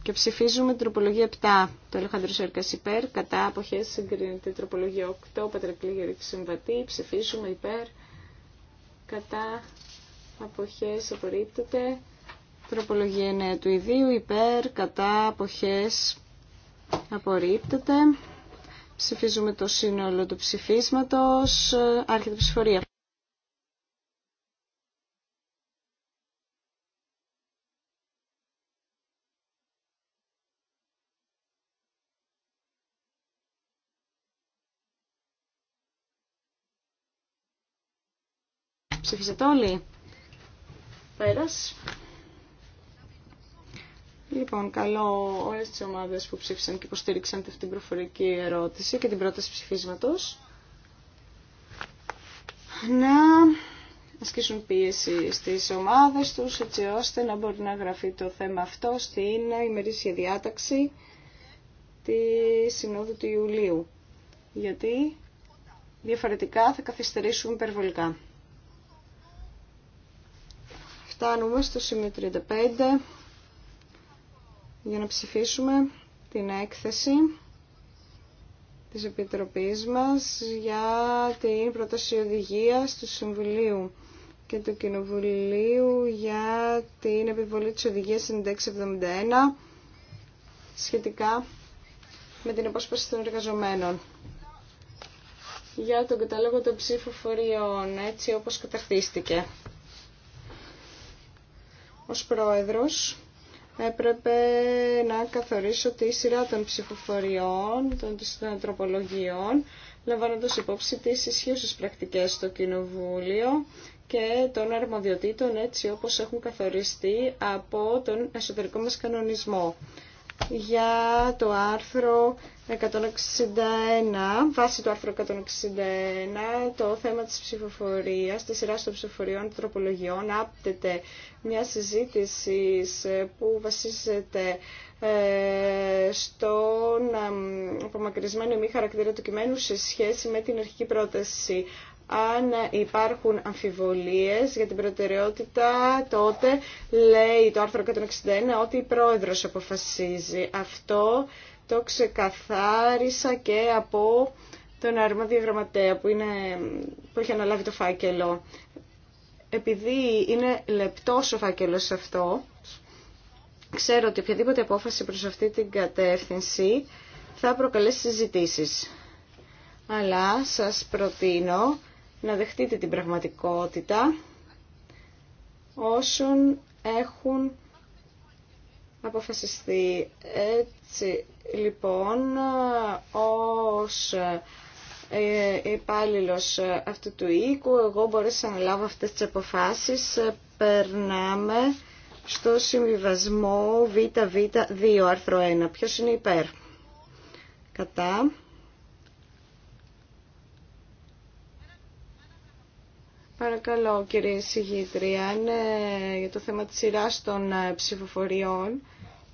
Και, ψηφίζουμε την τροπολογία 7. Το Αλεχάνδρο Σέρκα υπέρ. Κατά αποχέ συγκρίνεται τροπολογία 8. Πατρακλή συμβατή. Ψηφίζουμε υπέρ. Κατά αποχέ απορρίπτεται. Τροπολογία 9 του ιδίου υπέρ. Κατά αποχέ απορρίπτεται. Ψηφίζουμε το σύνολο του ψηφίσματος. Άρχεται ψηφορία. Ψηφίσατε όλοι. Πέρας. Λοιπόν, καλώ όλε τι ομάδε που ψήφισαν και υποστήριξαν αυτή την προφορική ερώτηση και την πρόταση ψηφίσματο να ασκήσουν πίεση στις ομάδες τους έτσι ώστε να μπορεί να γραφεί το θέμα αυτό στην ημερήσια διάταξη τη Συνόδου του Ιουλίου. Γιατί διαφορετικά θα καθυστερήσουμε υπερβολικά. Φτάνουμε στο σημείο 35 για να ψηφίσουμε την έκθεση της Επιτροπής μας για την πρόταση οδηγία του Συμβουλίου και του Κοινοβουλίου για την επιβολή της οδηγίας 9671 σχετικά με την απόσπαση των εργαζομένων για τον κατάλογο των ψηφοφοριών έτσι όπως καταρτίστηκε ως πρόεδρος έπρεπε να καθορίσω τη σειρά των ψηφοφοριών, των τροπολογιών, λαμβάνοντας υπόψη τις ισχύουσες πρακτικές στο Κοινοβούλιο και των αρμοδιοτήτων έτσι όπως έχουν καθοριστεί από τον εσωτερικό μας κανονισμό. Για το άρθρο 161, βάση του άρθρου 161, το θέμα της ψηφοφορίας, της σειράς των ψηφοφοριών τροπολογιών, άπτεται μια συζήτηση που βασίζεται ε, στον απομακρυσμένο μη χαρακτήρα του κειμένου σε σχέση με την αρχική πρόταση. Αν υπάρχουν αμφιβολίες για την προτεραιότητα, τότε λέει το άρθρο 161 ότι η πρόεδρος αποφασίζει. Αυτό το ξεκαθάρισα και από τον αρμόδιο γραμματέα που, είναι, που έχει αναλάβει το φάκελο. Επειδή είναι λεπτός ο φάκελος αυτό, ξέρω ότι οποιαδήποτε απόφαση προς αυτή την κατεύθυνση θα προκαλέσει συζητήσεις. Αλλά σας προτείνω να δεχτείτε την πραγματικότητα όσων έχουν αποφασιστεί. Έτσι λοιπόν ως ε, υπάλληλο αυτού του οίκου εγώ μπορέσα να λάβω αυτές τις αποφάσεις. Περνάμε στο συμβιβασμό ΒΒ2 άρθρο 1. Ποιος είναι υπέρ. Κατά. Παρακαλώ κύριε Συγήτρια, ναι, για το θέμα της σειράς των ε, ψηφοφοριών,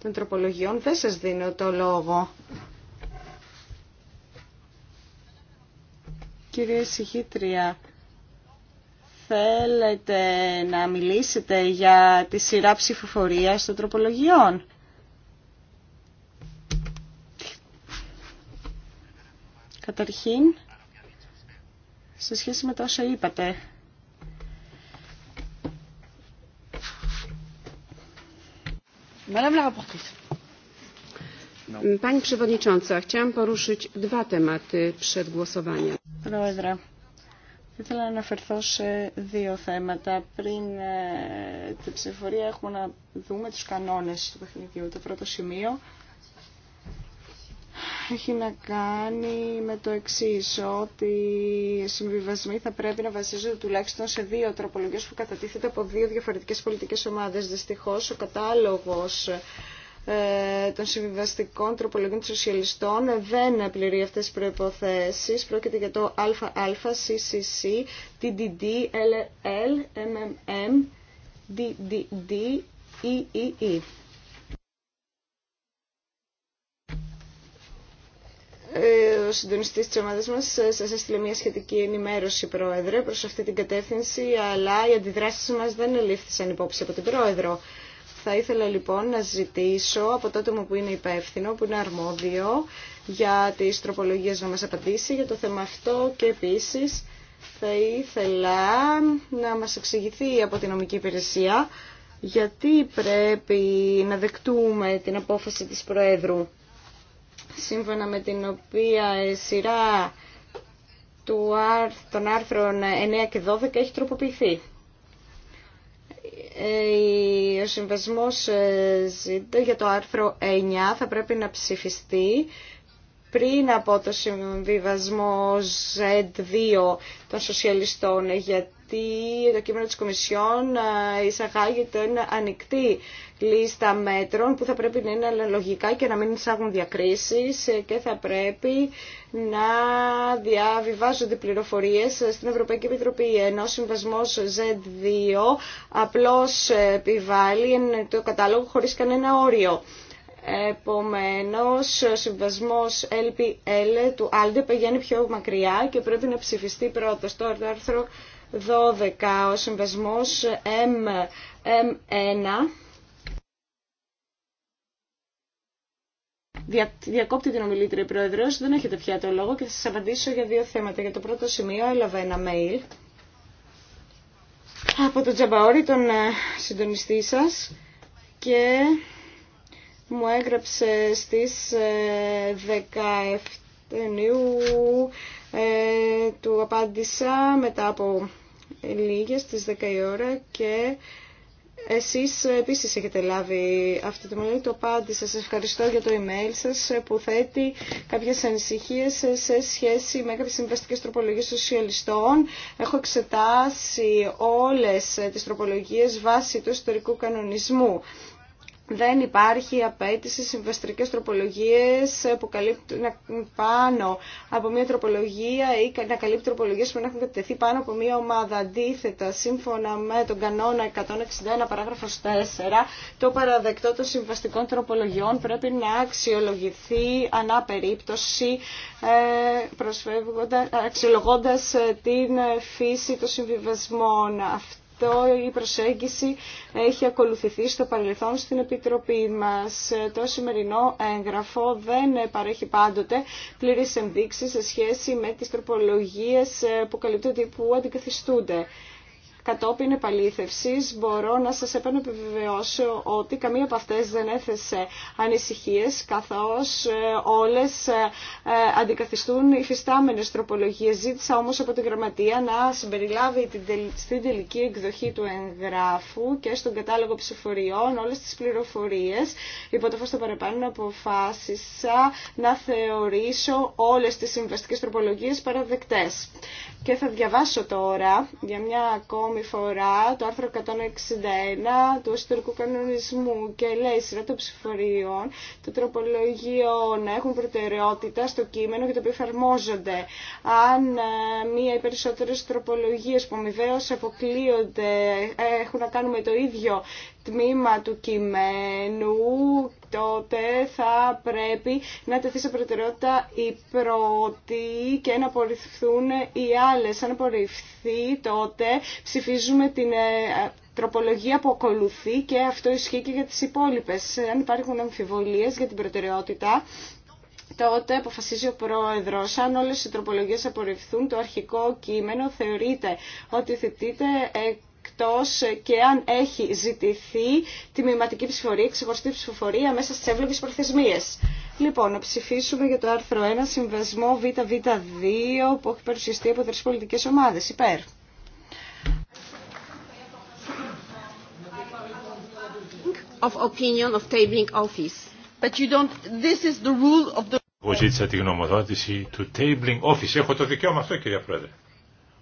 των τροπολογιών, δεν σας δίνω το λόγο. Κύριε Συγήτρια, θέλετε να μιλήσετε για τη σειρά ψηφοφορίας των τροπολογιών. Καταρχήν, σε σχέση με το όσα είπατε, Madame la rapporteure. Pani Przewodnicząca, chciałam poruszyć dwa tematy przed głosowaniem. Proedra. ήθελα να αναφερθώ σε δύο θέματα. Πριν ε, την ψηφορία έχουμε να δούμε τους κανόνες του παιχνιδιού. Το πρώτο σημείο έχει να κάνει με το εξή ότι οι συμβιβασμοί θα πρέπει να βασίζονται τουλάχιστον σε δύο τροπολογίες που κατατίθεται από δύο διαφορετικές πολιτικές ομάδες. Δυστυχώ ο κατάλογος ε, των συμβιβαστικών τροπολογίων των σοσιαλιστών δεν πληρεί αυτές τις προϋποθέσεις. Πρόκειται για το ΑΑ, CCC, TDD, LL, MMM, DDD, EEE. Ε, ο συντονιστή τη ομάδα μα ε, σα έστειλε μια σχετική ενημέρωση, Πρόεδρε, προ αυτή την κατεύθυνση, αλλά οι αντιδράσει μα δεν ελήφθησαν υπόψη από την Πρόεδρο. Θα ήθελα λοιπόν να ζητήσω από τότε άτομο που είναι υπεύθυνο, που είναι αρμόδιο για τις τροπολογίες να μας απαντήσει για το θέμα αυτό και επίση θα ήθελα να μας εξηγηθεί από την νομική υπηρεσία γιατί πρέπει να δεκτούμε την απόφαση της Προέδρου σύμφωνα με την οποία η σειρά του των άρθρων 9 και 12 έχει τροποποιηθεί. Ε, ο συμβασμός ε, για το άρθρο 9 θα πρέπει να ψηφιστεί πριν από το συμβιβασμό Z2 των σοσιαλιστών, γιατί το κείμενο της Κομισιόν ε, εισαγάγεται ένα ανοιχτή λίστα μέτρων που θα πρέπει να είναι αναλογικά και να μην εισάγουν διακρίσεις και θα πρέπει να διαβιβάζονται πληροφορίες στην Ευρωπαϊκή Επιτροπή. Ενώ ο συμβασμός Z2 απλώς επιβάλλει το κατάλογο χωρίς κανένα όριο. Επομένως, ο συμβασμός LPL του Άλντε πηγαίνει πιο μακριά και πρέπει να ψηφιστεί πρώτα στο άρθρο 12, ο συμβασμός M1 Δια, διακόπτει την ομιλήτρια η Πρόεδρος, δεν έχετε πια το λόγο και θα σα απαντήσω για δύο θέματα. Για το πρώτο σημείο έλαβα ένα mail από τον Τζαμπαόρη, τον ε, συντονιστή σας και μου έγραψε στις 17 ε, Ιουνίου ε, του απάντησα μετά από λίγες, στις 10 η ώρα και εσείς ε, επίσης έχετε λάβει αυτή τη μελέτη, το απάντησα. Σας ευχαριστώ για το email σας ε, που θέτει κάποιες ανησυχίες ε, σε σχέση με κάποιες συμβαστικές τροπολογίες σοσιαλιστών. Έχω εξετάσει όλες τις τροπολογίες βάσει του ιστορικού κανονισμού δεν υπάρχει απέτηση συμβαστικέ τροπολογίες που καλύπτουν πάνω από μια τροπολογία ή να καλύπτουν τροπολογίες που να έχουν κατευθεί πάνω από μια ομάδα. Αντίθετα, σύμφωνα με τον κανόνα 161 παράγραφος 4, το παραδεκτό των συμβαστικών τροπολογιών πρέπει να αξιολογηθεί ανά περίπτωση ε, αξιολογώντας ε, την ε, φύση των συμβιβασμών. αυτών αυτό η προσέγγιση έχει ακολουθηθεί στο παρελθόν στην Επιτροπή μας. Το σημερινό έγγραφο δεν παρέχει πάντοτε πλήρες ενδείξεις σε σχέση με τις τροπολογίες που καλύπτονται που αντικαθιστούνται κατόπιν επαλήθευση μπορώ να σα επανεπιβεβαιώσω ότι καμία από αυτέ δεν έθεσε ανησυχίε καθώ ε, όλε ε, ε, αντικαθιστούν υφιστάμενε τροπολογίε. Ζήτησα όμω από την Γραμματεία να συμπεριλάβει στην τελική εκδοχή του εγγράφου και στον κατάλογο ψηφοριών όλε τι πληροφορίε, Υπό το φω των παρεπάνω αποφάσισα να θεωρήσω όλε τι συμβαστικέ τροπολογίε παραδεκτέ. Και θα διαβάσω τώρα για μια ακόμη ακόμη φορά το άρθρο 161 του ιστορικού κανονισμού και λέει σειρά των ψηφορίων των τροπολογιών έχουν προτεραιότητα στο κείμενο και το οποίο εφαρμόζονται. Αν ε, μία ή περισσότερε τροπολογίες που αμοιβαίως αποκλείονται ε, έχουν να κάνουν με το ίδιο τμήμα του κειμένου, τότε θα πρέπει να τεθεί σε προτεραιότητα η πρώτη και να απορριφθούν οι άλλες. Αν απορριφθεί, τότε ψηφίζουμε την ε, τροπολογία που ακολουθεί και αυτό ισχύει και για τις υπόλοιπες. Αν υπάρχουν αμφιβολίες για την προτεραιότητα, τότε αποφασίζει ο πρόεδρο. Αν όλε οι τροπολογίε απορριφθούν, το αρχικό κείμενο θεωρείται ότι θετείται ε, εκτός και αν έχει ζητηθεί μηματική ψηφοφορία, ξεχωριστή ψηφοφορία μέσα στις εύλογες προθεσμίες. Λοιπόν, να ψηφίσουμε για το άρθρο 1, συμβασμό ΒΒ2 που έχει παρουσιαστεί από τρεις πολιτικές ομάδες. Υπέρ. Of opinion of tabling office. But you don't, this is the rule of the... Εγώ ζήτησα τη γνωμοδότηση του tabling office. Έχω το δικαίωμα αυτό, κυρία Πρόεδρε.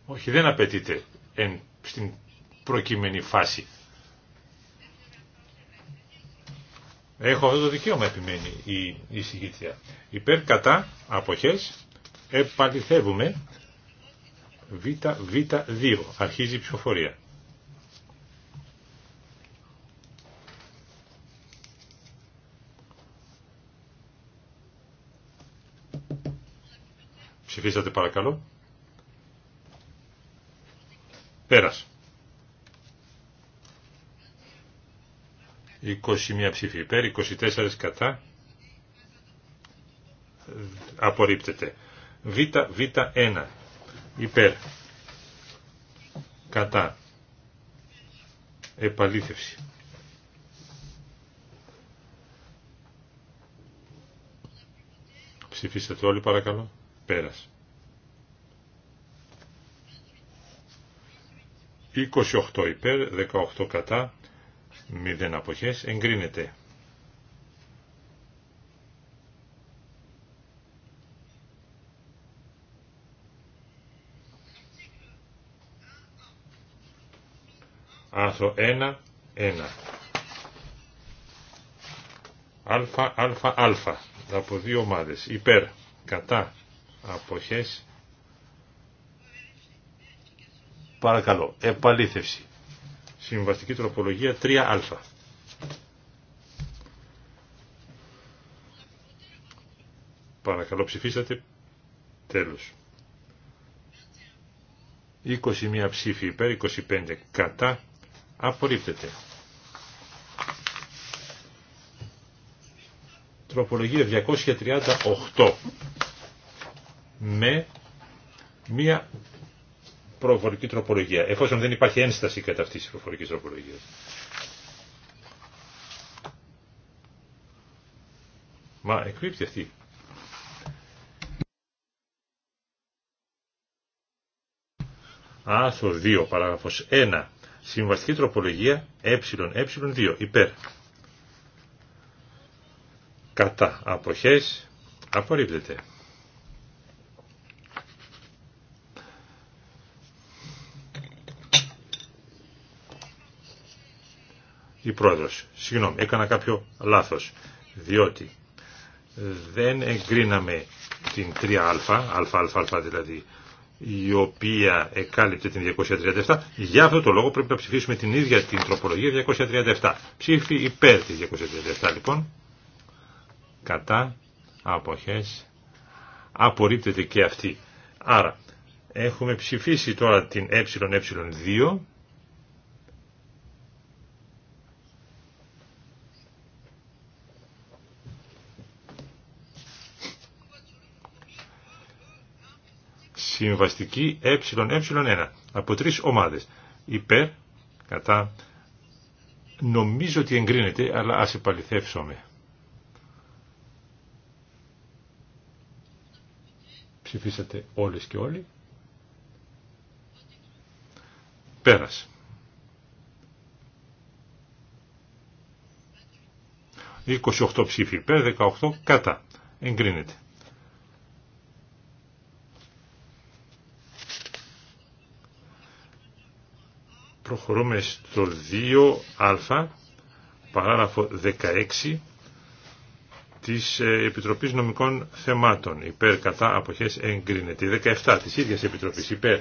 Όχι, δεν απαιτείται εν, στην προκειμένη φάση. Έχω αυτό το δικαίωμα επιμένει η εισηγήτρια. Υπέρ κατά αποχές β ββ2. Αρχίζει η ψηφοφορία. Ψηφίσατε παρακαλώ. Πέρασε. 21 ψήφοι υπέρ, 24 κατά. Απορρίπτεται. Β, Β1. Υπέρ. Κατά. Επαλήθευση. Ψηφίσατε όλοι παρακαλώ. Πέρας. 28 υπέρ, 18 κατά μηδέν αποχές εγκρίνεται. Άρθρο 1, 1. Αλφα, αλφα, αλφα. Από δύο ομάδες. Υπέρ, κατά, αποχές. Παρακαλώ, επαλήθευση. Συμβαστική τροπολογία 3α. Παρακαλώ ψηφίσατε. Τέλος. 21 ψήφοι υπέρ, 25 κατά. Απορρίπτεται. Τροπολογία 238 με μία προφορική τροπολογία, εφόσον δεν υπάρχει ένσταση κατά αυτής της προφορικής τροπολογίας. Μα εκπίπτει αυτή. Άθρο 2, Παράγραφό 1. Συμβαστική τροπολογία ε2, ε, ε, υπέρ. Κατά αποχές απορρίπτεται. η πρόεδρος. Συγγνώμη, έκανα κάποιο λάθος, διότι δεν εγκρίναμε την 3α, ααα δηλαδή, η οποία εκάλυπτε την 237. Για αυτό το λόγο πρέπει να ψηφίσουμε την ίδια την τροπολογία 237. Ψήφι υπέρ της 237 λοιπόν. Κατά αποχές απορρίπτεται και αυτή. Άρα έχουμε ψηφίσει τώρα την ε2 ε Συμβαστική ε1 από τρεις ομάδες. Υπέρ, κατά, νομίζω ότι εγκρίνεται, αλλά ας επαληθεύσουμε. Ψηφίσατε όλες και όλοι. Πέρασε. 28 ψήφοι υπέρ, 18 κατά. Εγκρίνεται. Προχωρούμε στο 2α, παράγραφο 16 της ε, Επιτροπής Νομικών Θεμάτων. Υπέρ κατά αποχές εγκρίνεται. 17 της ίδιας Επιτροπής. Υπέρ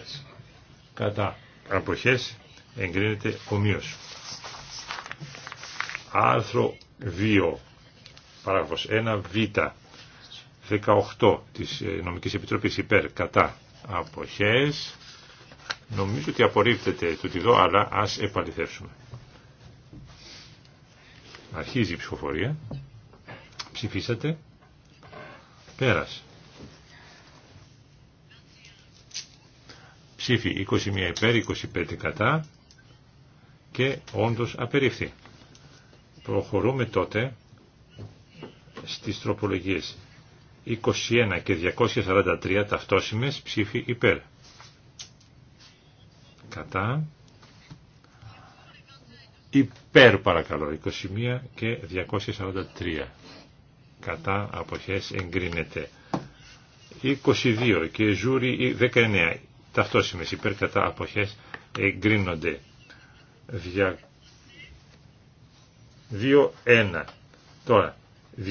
κατά αποχές εγκρίνεται ομοίως. Άρθρο 2, παράγραφος 1, β. 18 της ε, Νομικής Επιτροπής υπέρ κατά αποχές Νομίζω ότι απορρίπτεται τι δω, αλλά ας επαληθεύσουμε. Αρχίζει η ψηφοφορία. Ψηφίσατε. Πέρας. Ψήφι 21 υπέρ, 25 κατά και όντως απερίφθη. Προχωρούμε τότε στις τροπολογίες 21 και 243 ταυτόσημες ψήφι υπέρ κατά. Υπέρ παρακαλώ, 21 και 243. Κατά αποχές εγκρίνεται. 22 και ζούρι 19. Ταυτόσιμες υπέρ κατά αποχές εγκρίνονται. 2-1. Τώρα, 234.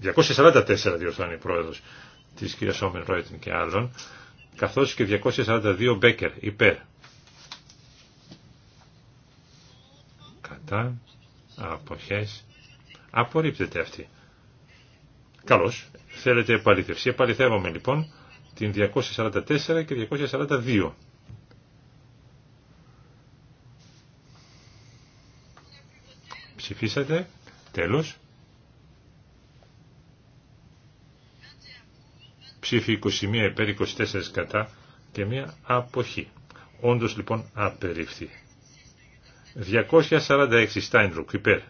244 διορθώνει η πρόεδρος της κυρία Σόμεν Ρόιτεν και άλλων, καθώς και 242 Μπέκερ υπέρ. Κατά αποχές απορρίπτεται αυτή. Καλώς, θέλετε επαληθευσή. Επαληθεύομαι λοιπόν την 244 και 242. Ψηφίσατε. Τέλος. ψήφι 21 υπέρ 24 κατά και μία αποχή. Όντως λοιπόν απερίφθη. 246 Στάινρουκ υπέρ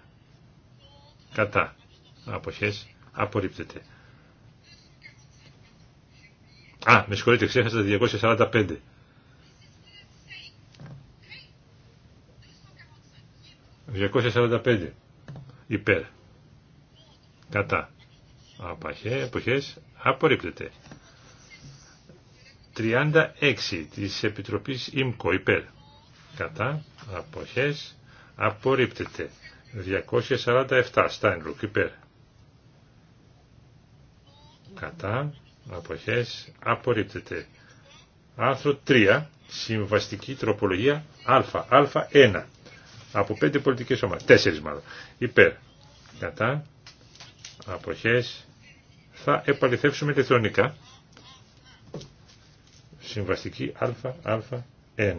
κατά αποχές απορρίπτεται. Α, με συγχωρείτε, ξέχασα τα 245. ...245 υπέρ κατά αποχές απορρίπτεται. 36 της Επιτροπής ΙΜΚΟ υπέρ κατά αποχές απορρίπτεται. 247 Στάινρουκ υπέρ κατά αποχές απορρίπτεται. Άρθρο 3 Συμβαστική τροπολογία Α, Α1 από πέντε πολιτικές ομάδες, 4 μάλλον, υπέρ, κατά, αποχές, θα επαληθεύσουμε ηλεκτρονικά. α, ΑΑ1.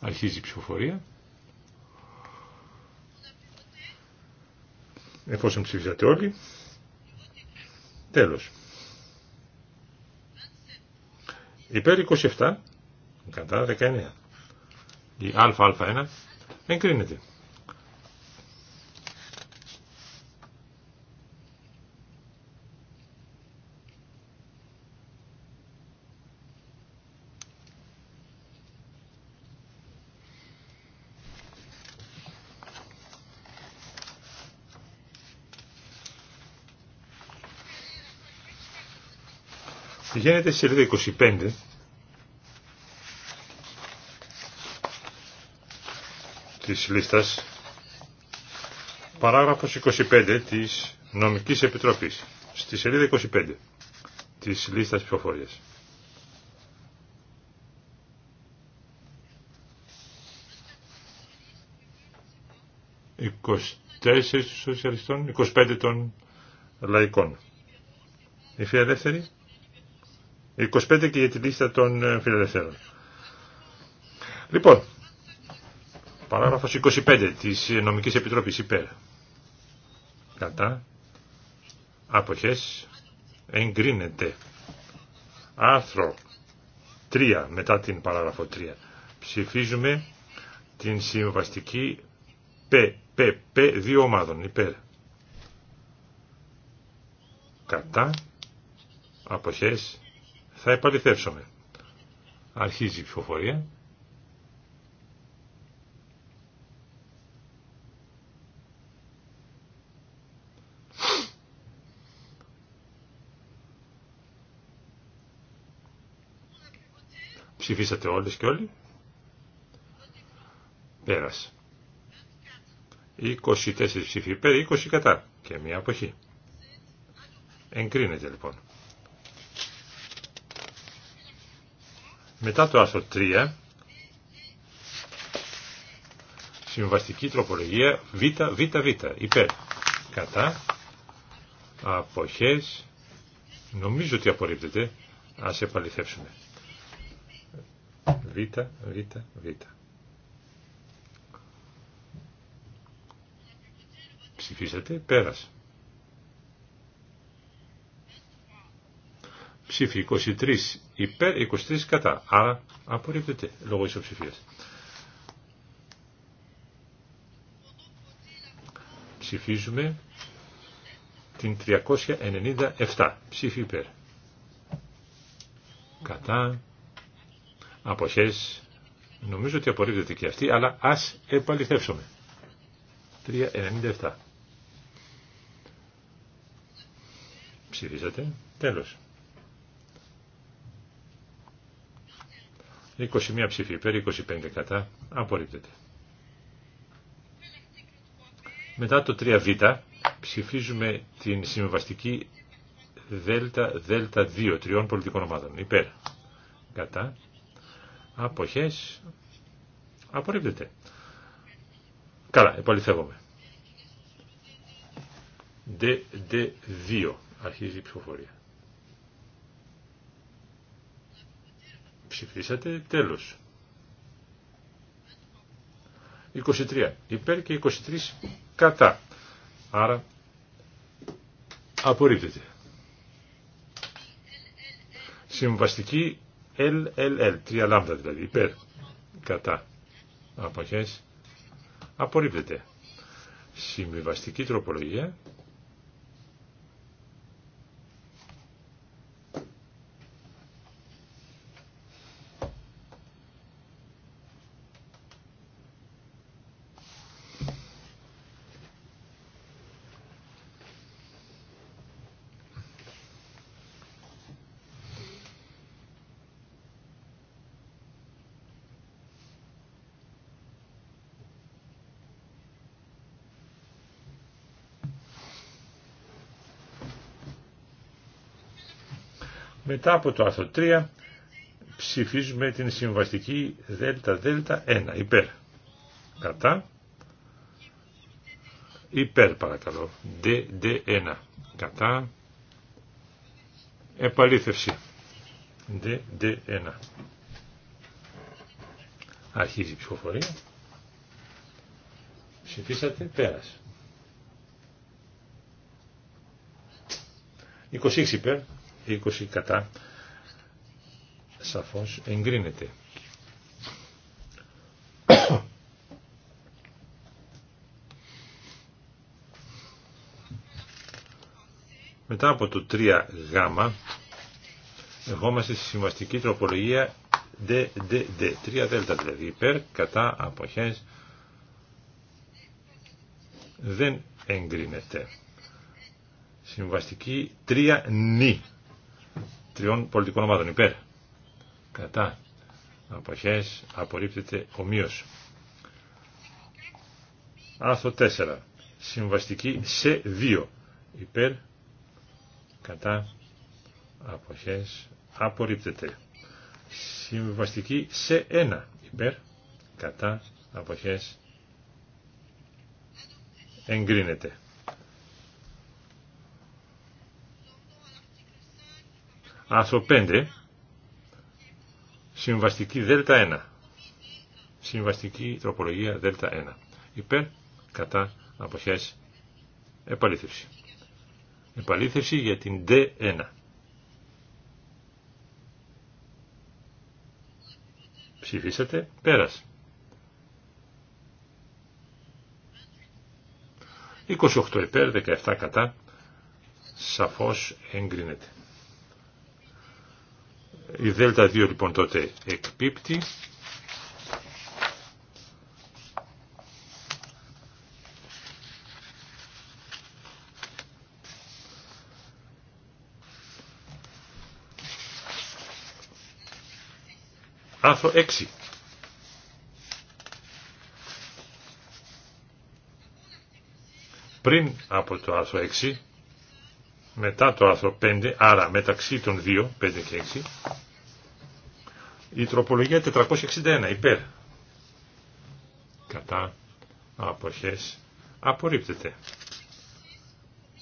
Αρχίζει η ψηφοφορία. Εφόσον ψηφίσατε όλοι. Τέλος. Υπέρ 27, κατά 19. Η α 1 εγκρίνεται. Πηγαίνετε στη σελίδα 25 της λίστας παράγραφος 25 της νομικής επιτροπής στη σελίδα 25 της λίστας ψηφοφορίας. «24 του σοσιαλιστών, 25 των λαϊκών». Η φία 25 και για τη λίστα των ε, φιλελευθέρων. Λοιπόν, παράγραφος 25 της ε, Νομικής Επιτροπής υπέρ. Κατά. Αποχές. Εγκρίνεται. Άρθρο 3 μετά την παράγραφο 3. Ψηφίζουμε την συμβαστική ΠΠΠ δύο ομάδων υπέρ. Κατά. Αποχές θα επαληθεύσουμε. Αρχίζει η ψηφοφορία. Ψηφίσατε όλες και όλοι. Πέρασε. 24 ψήφοι υπέρ, 20 κατά και μία αποχή. Εγκρίνεται λοιπόν. Μετά το άρθρο 3, συμβαστική τροπολογία ΒΒΒ, υπέρ, κατά, αποχές, νομίζω ότι απορρίπτεται, ας επαληθεύσουμε. Β, Β, Β. Ψηφίσατε, πέρασε. Ψήφι 23 υπέρ, 23 κατά. Άρα απορρίπτεται λόγω ισοψηφίας. Ψηφίζουμε την 397 ψήφι υπέρ. Κατά αποχές νομίζω ότι απορρίπτεται και αυτή, αλλά ας επαληθεύσουμε. 397. Ψηφίσατε. Τέλος. 21 ψήφοι υπέρ, 25 κατά, απορρίπτεται. Μετά το 3β ψηφίζουμε την συμβαστική δέλτα δέλτα 2 τριών πολιτικών ομάδων. Υπέρ. Κατά. Αποχές. Απορρίπτεται. Καλά, επαληθεύομαι. D, D2. Αρχίζει η ψηφοφορία. Ψηφίσατε. Τέλος. 23 υπέρ και 23 κατά. Άρα απορρίπτεται. Συμβαστική LLL, τρία λάμδα δηλαδή, υπέρ, κατά, αποχές, απορρίπτεται. συμβαστική τροπολογία Μετά από το άρθρο 3 ψηφίζουμε την συμβαστική δέλτα δέλτα 1 υπέρ. Κατά. Υπέρ D, DD1. Κατά. d DD1. Αρχίζει η ψηφοφορία. Ψηφίσατε. Πέρασε. 26 υπέρ. 20 κατά σαφώς εγκρίνεται. Μετά από το 3 γ ερχόμαστε στη συμβαστική τροπολογία D, 3 δέλτα δηλαδή υπέρ, κατά, αποχές, δεν εγκρίνεται. Συμβαστική 3 νι τριών πολιτικών ομάδων. Υπέρ. Κατά. Αποχές. Απορρίπτεται ομοίως. Άρθρο 4. Συμβαστική σε δύο Υπέρ. Κατά. Αποχές. Απορρίπτεται. Συμβαστική σε ένα Υπέρ. Κατά. Αποχές. Εγκρίνεται. Άρθρο 5. Συμβαστική Δέλτα 1. Συμβαστική τροπολογία Δέλτα 1. Υπέρ, κατά, αποχές, επαλήθευση. Επαλήθευση για την D1. Ψηφίσατε, πέρας. 28 υπέρ, 17 κατά, σαφώς εγκρίνεται. Η Δέλτα 2 λοιπόν τότε εκπίπτει. Άρθρο 6. Πριν από το άρθρο 6, μετά το άρθρο 5, άρα μεταξύ των δύο, 5 και 6, η τροπολογία 461 υπέρ. Κατά αποχές απορρίπτεται.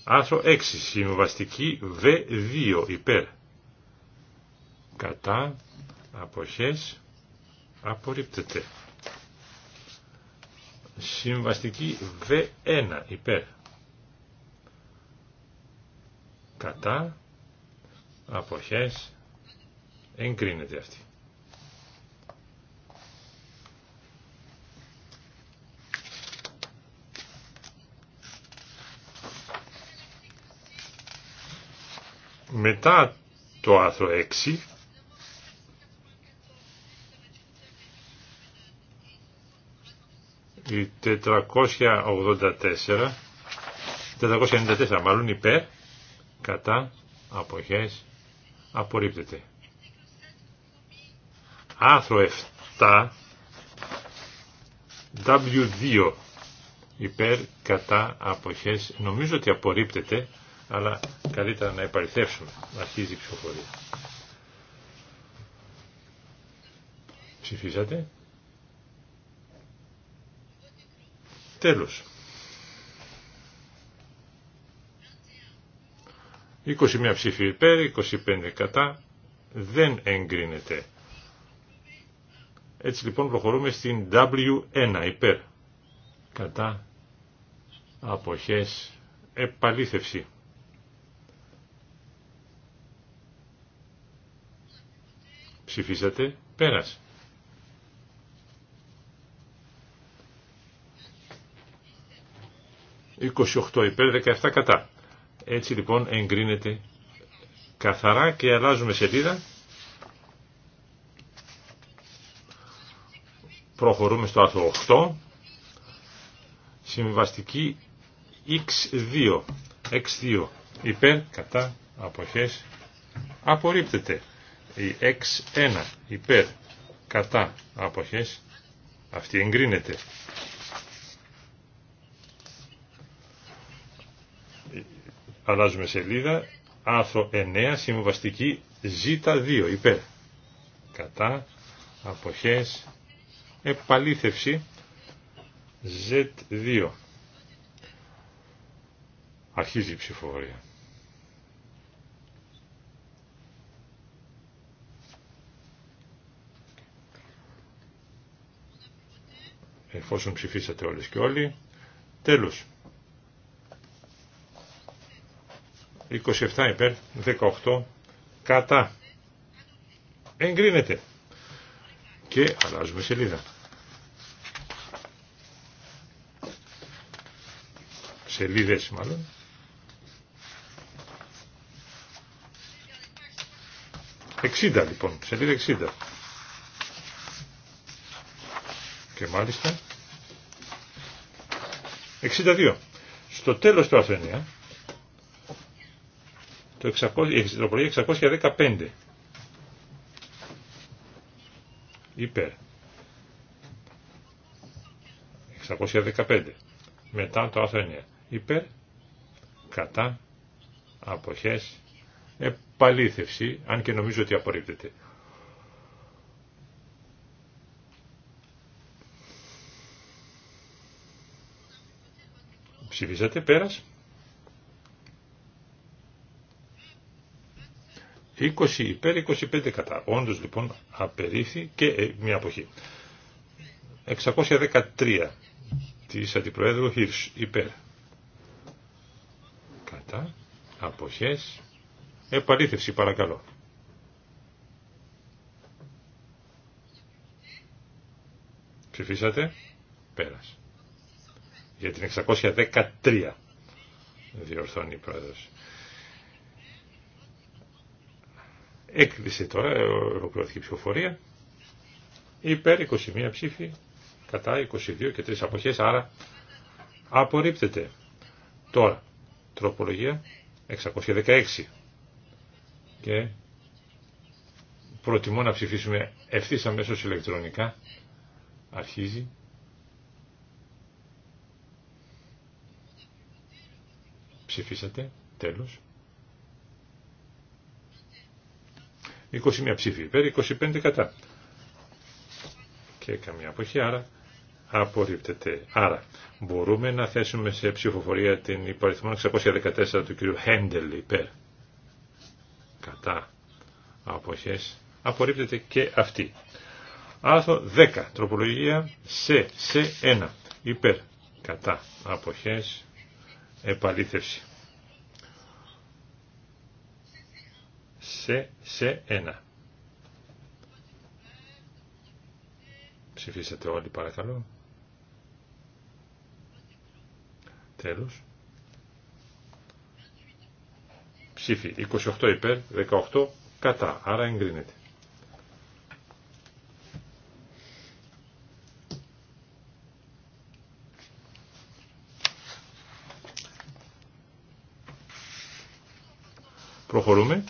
Άρθρο 6. Συμβαστική V2 υπέρ. Κατά αποχές απορρίπτεται. Συμβαστική V1 υπέρ. Κατά αποχές εγκρίνεται αυτή. Μετά το άθρο 6 η 484 494 μάλλον υπέρ κατά αποχές απορρίπτεται. Άρθρο 7 W2 υπέρ κατά αποχές νομίζω ότι απορρίπτεται αλλά καλύτερα να επαληθεύσουμε. Αρχίζει η ψηφοφορία. Ψηφίσατε. Τέλος. 21 ψήφοι υπέρ, 25 κατά, δεν εγκρίνεται. Έτσι λοιπόν προχωρούμε στην W1 υπέρ. Κατά αποχές επαλήθευση. Ψηφίσατε. πέρασε. «28 υπέρ 17 κατά». Έτσι λοιπόν εγκρίνεται καθαρά και αλλάζουμε σελίδα. Προχωρούμε στο άρθρο 8. Συμβαστική X2. X2 υπέρ κατά αποχές απορρίπτεται. Η 6-1 υπέρ κατά αποχές αυτή εγκρίνεται. Αλλάζουμε σελίδα. Άθρο 9 συμβαστική Z2 υπέρ κατά αποχές επαλήθευση Z2. Αρχίζει η ψηφοφορία. εφόσον ψηφίσατε όλες και όλοι. Τέλος. 27 υπέρ, 18 κατά. Εγκρίνεται. Και αλλάζουμε σελίδα. Σελίδες μάλλον. 60 λοιπόν, σελίδα 60. Και μάλιστα 62. Στο τέλος του άθενια, το, 600, το πρωί 615 υπέρ 615 μετά το άθενια. υπέρ κατά αποχές επαλήθευση αν και νομίζω ότι απορρίπτεται Ψηφίσατε πέρας. 20 υπέρ, 25 κατά. Όντως λοιπόν απερίφθη και ε, μια αποχή. 613 της Αντιπροέδρου Χίρς υπέρ. Κατά. Αποχές. Επαλήθευση παρακαλώ. Ψηφίσατε. Πέρας για την 613 διορθώνει η πρόεδρος. Έκλεισε τώρα, ολοκληρώθηκε η ψηφοφορία. Υπέρ 21 ψήφι κατά 22 και 3 αποχές, άρα απορρίπτεται. Τώρα, τροπολογία 616 και προτιμώ να ψηφίσουμε ευθύς αμέσως ηλεκτρονικά. Αρχίζει. Ψηφίσατε. Τέλος. 21 ψήφοι υπέρ, 25 κατά. Και καμία αποχή, άρα απορρίπτεται. Άρα μπορούμε να θέσουμε σε ψηφοφορία την υπαριθμό 614 του κ. Χέντελ υπέρ. Κατά αποχές. Απορρίπτεται και αυτή. Άρθρο 10. Τροπολογία σε, σε 1. Υπέρ. Κατά αποχές. Επαλήθευση. σε, σε ένα. Ψηφίσατε όλοι παρακαλώ. Τέλος. Ψήφι 28 υπέρ, 18 κατά, άρα εγκρίνεται. Προχωρούμε.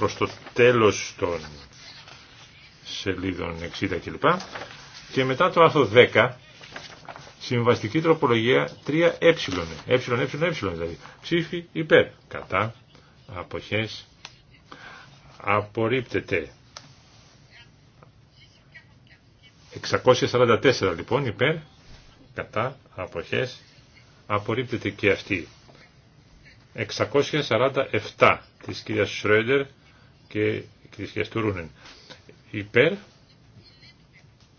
προς το τέλος των σελίδων 60 κλπ. Και μετά το άρθρο 10, συμβαστική τροπολογία 3ε, ε, ε, ε δηλαδή. Ψήφι υπέρ, κατά, αποχές, απορρίπτεται. 644 λοιπόν υπέρ, κατά, αποχές, απορρίπτεται και αυτή. 647 της κυρίας Σρόιντερ και Κρυσιάς Υπέρ.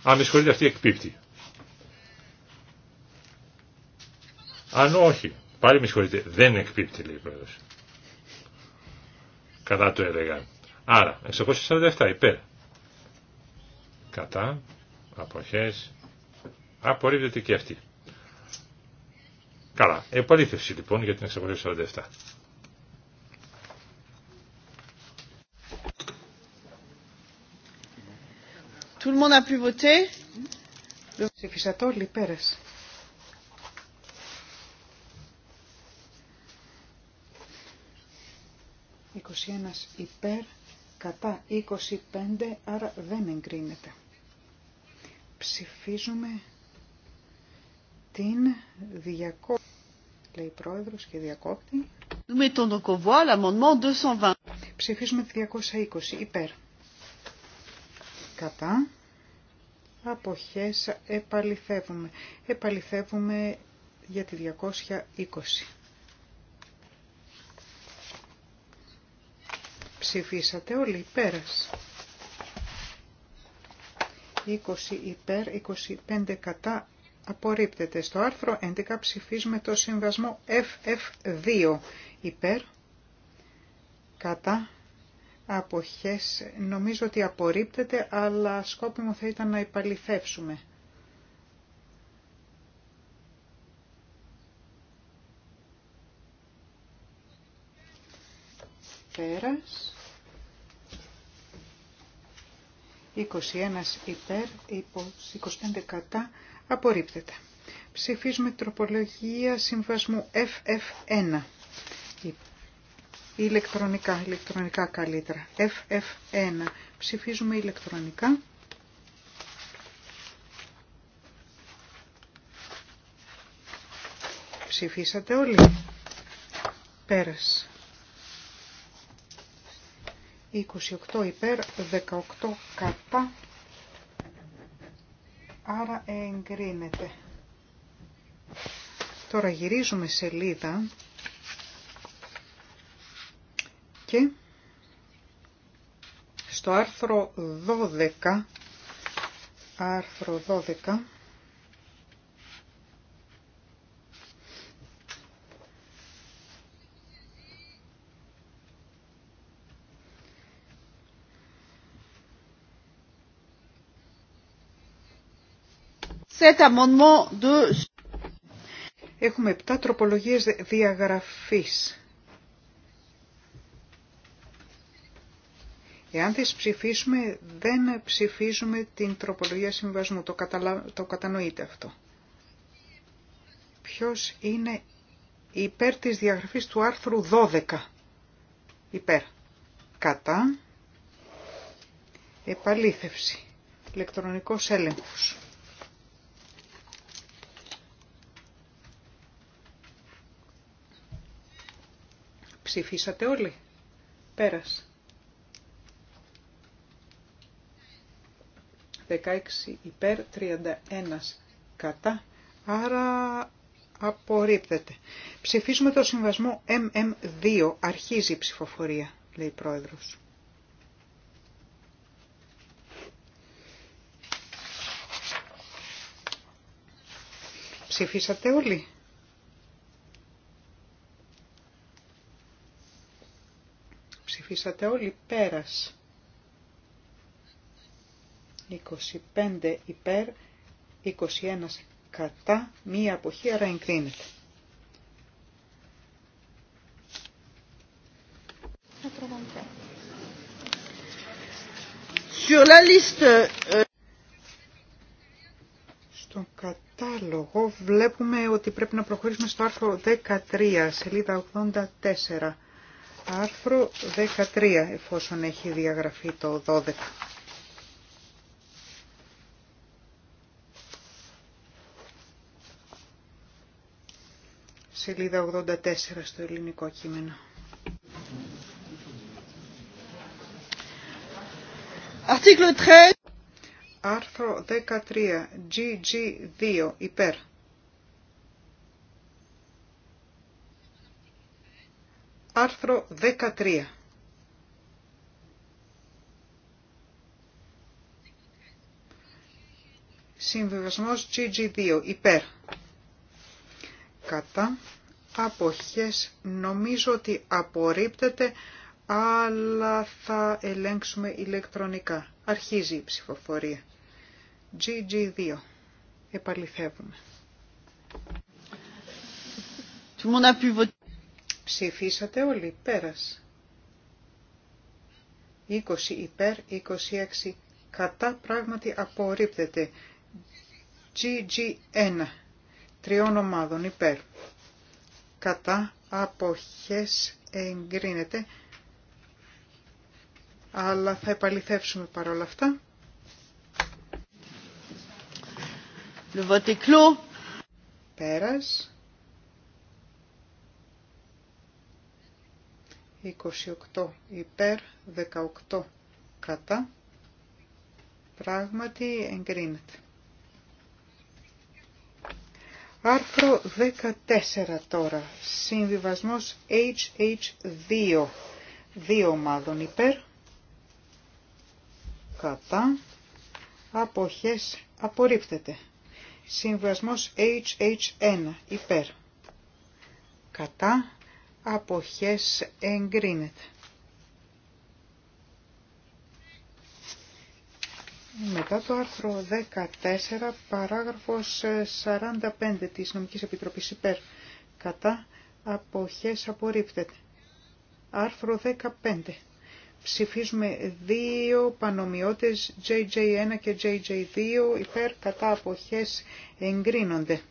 Α, με συγχωρείτε αυτή εκπίπτει. Αν όχι, πάλι με συγχωρείτε, δεν εκπίπτει λέει η πρόεδρος. Κατά το έλεγα. Άρα, 647 υπέρ. Κατά, αποχές, απορρίπτεται και αυτή. Καλά, επαλήθευση λοιπόν για την 647. Tout le monde a pu voter. υπέρ κατά 25, άρα δεν εγκρίνεται. Ψηφίζουμε την διακό. λέει πρόεδρος και διακόπτη. Ψηφίζουμε τη 220 υπέρ. Κατά αποχές επαληθεύουμε. Επαληθεύουμε για τη 220. Ψηφίσατε όλοι, πέρας. 20 υπέρ, 25 κατά, απορρίπτεται. Στο άρθρο 11 ψηφίζουμε το συμβασμό FF2 υπέρ, κατά, αποχές νομίζω ότι απορρίπτεται, αλλά σκόπιμο θα ήταν να υπαλληθεύσουμε. Πέρας. 21 υπέρ, 25 κατά, απορρίπτεται. Ψηφίζουμε τροπολογία συμβασμού FF1. Ηλεκτρονικά, ηλεκτρονικά καλύτερα. FF1. Ψηφίζουμε ηλεκτρονικά. Ψηφίσατε όλοι. Πέρας. 28 υπέρ, 18 κατά. Άρα εγκρίνεται. Τώρα γυρίζουμε σελίδα στο άρθρο 12, άρθρο 12, Έχουμε 7 τροπολογίες διαγραφής. Εάν τις ψηφίσουμε, δεν ψηφίζουμε την τροπολογία συμβασμού. Το, καταλα... το κατανοείτε αυτό. Ποιος είναι υπέρ της διαγραφής του άρθρου 12. Υπέρ. Κατά. Επαλήθευση. Ηλεκτρονικός έλεγχος. Ψηφίσατε όλοι. Πέρασε. 16 υπέρ 31 κατά, άρα απορρίπτεται. Ψηφίζουμε το συμβασμό MM2, αρχίζει η ψηφοφορία, λέει η πρόεδρος. Ψηφίσατε όλοι. Ψηφίσατε όλοι πέρας. 25 υπέρ, 21 κατά, μία αποχή, άρα εγκρίνεται. Euh, Στον κατάλογο βλέπουμε ότι πρέπει να προχωρήσουμε στο άρθρο 13, σελίδα 84. Άρθρο 13, εφόσον έχει διαγραφεί το 12. σελίδα 84 στο ελληνικό κείμενο. Άρθρο 13, GG2, υπέρ. Άρθρο 13. Συμβιβασμός GG2, υπέρ κατά αποχές νομίζω ότι απορρίπτεται αλλά θα ελέγξουμε ηλεκτρονικά. Αρχίζει η ψηφοφορία. GG2. Επαληθεύουμε. Ψηφίσατε όλοι. Πέρας. 20 υπέρ, 26 κατά. Πράγματι απορρίπτεται. GG1 τριών ομάδων υπέρ. Κατά αποχές εγκρίνεται, αλλά θα επαληθεύσουμε παρόλα αυτά. Le vote clos. Πέρας. 28 υπέρ, 18 κατά. Πράγματι εγκρίνεται. Άρθρο 14 τωρα συμβιβασμος Συνδυασμός HH2. Δύο ομάδων υπέρ. Κατά. Αποχές Απορρίπτεται. Συμβασμός HH1 υπέρ. Κατά. Αποχές εγκρίνεται. Μετά το άρθρο 14, παράγραφος 45 ε, της Νομικής Επιτροπής υπέρ κατά αποχές απορρίπτεται. Άρθρο 15. Ψηφίζουμε δύο πανομοιώτες JJ1 και JJ2 υπέρ κατά αποχές εγκρίνονται.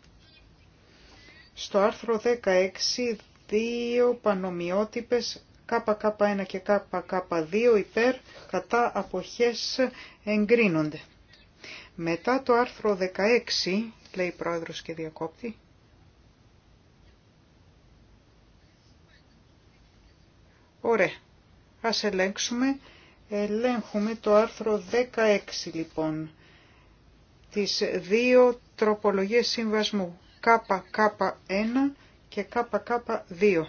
Στο άρθρο 16 δύο πανομοιότυπες ΚΚ1 και ΚΚ2 υπέρ κατά αποχές εγκρίνονται. Μετά το άρθρο 16, λέει πρόεδρος και διακόπτη, Ωραία. Ας ελέγξουμε. Ελέγχουμε το άρθρο 16 λοιπόν. Τις δύο τροπολογίες συμβασμού. ΚΚ1 και ΚΚ2.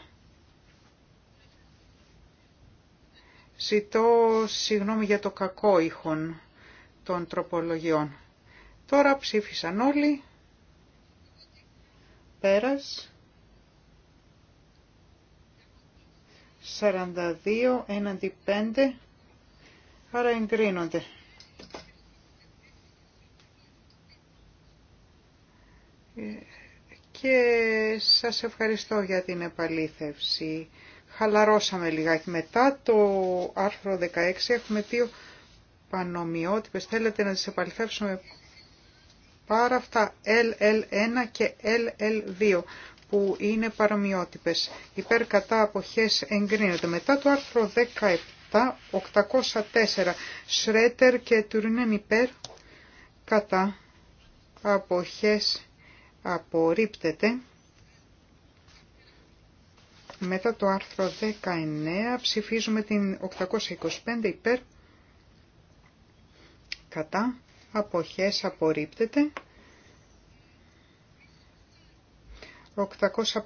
Ζητώ συγγνώμη για το κακό ήχον των τροπολογιών. Τώρα ψήφισαν όλοι. Πέρας. 42 έναντι 5. Άρα εγκρίνονται. Ε, και σας ευχαριστώ για την επαλήθευση χαλαρώσαμε λιγάκι. Μετά το άρθρο 16 έχουμε δύο πανομοιότυπες. Θέλετε να τις επαληθεύσουμε πάρα αυτά LL1 και LL2 που είναι παρομοιότυπες. Υπέρ κατά αποχές εγκρίνεται. Μετά το άρθρο 17, 804, Σρέτερ και Τουρνέν υπέρ κατά αποχές απορρίπτεται. Μετά το άρθρο 19 ψηφίζουμε την 825 υπέρ κατά αποχές απορρίπτεται.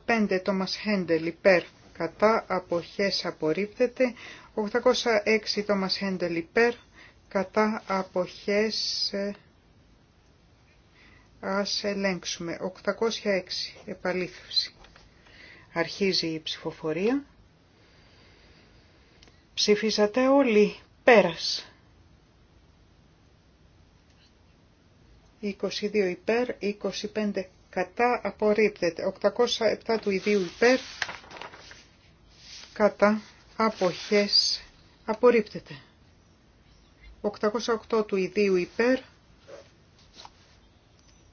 805 Τόμας Χέντελ υπέρ κατά αποχές απορρίπτεται. 806 Τόμας Χέντελ υπέρ κατά αποχές ε, ας ελέγξουμε. 806 επαλήθευση. Αρχίζει η ψηφοφορία. Ψηφίσατε όλοι. Πέρας. 22 υπέρ, 25 κατά, απορρίπτεται. 807 του ιδίου υπέρ, κατά, αποχές, απορρίπτεται. 808 του ιδίου υπέρ,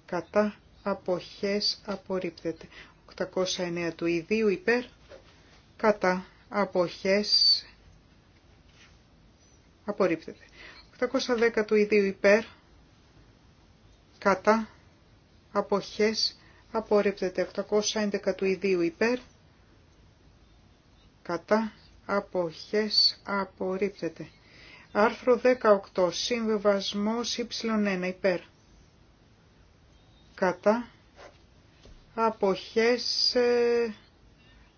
κατά, αποχές, απορρίπτεται. 809 του ιδίου υπέρ κατά αποχές απορρίπτεται. 810 του ιδίου υπέρ κατά αποχές απορρίπτεται. 811 του ιδίου υπέρ κατά αποχές απορρίπτεται. Άρθρο 18. Συμβεβασμός Y1 υπέρ. Κατά Αποχές ε,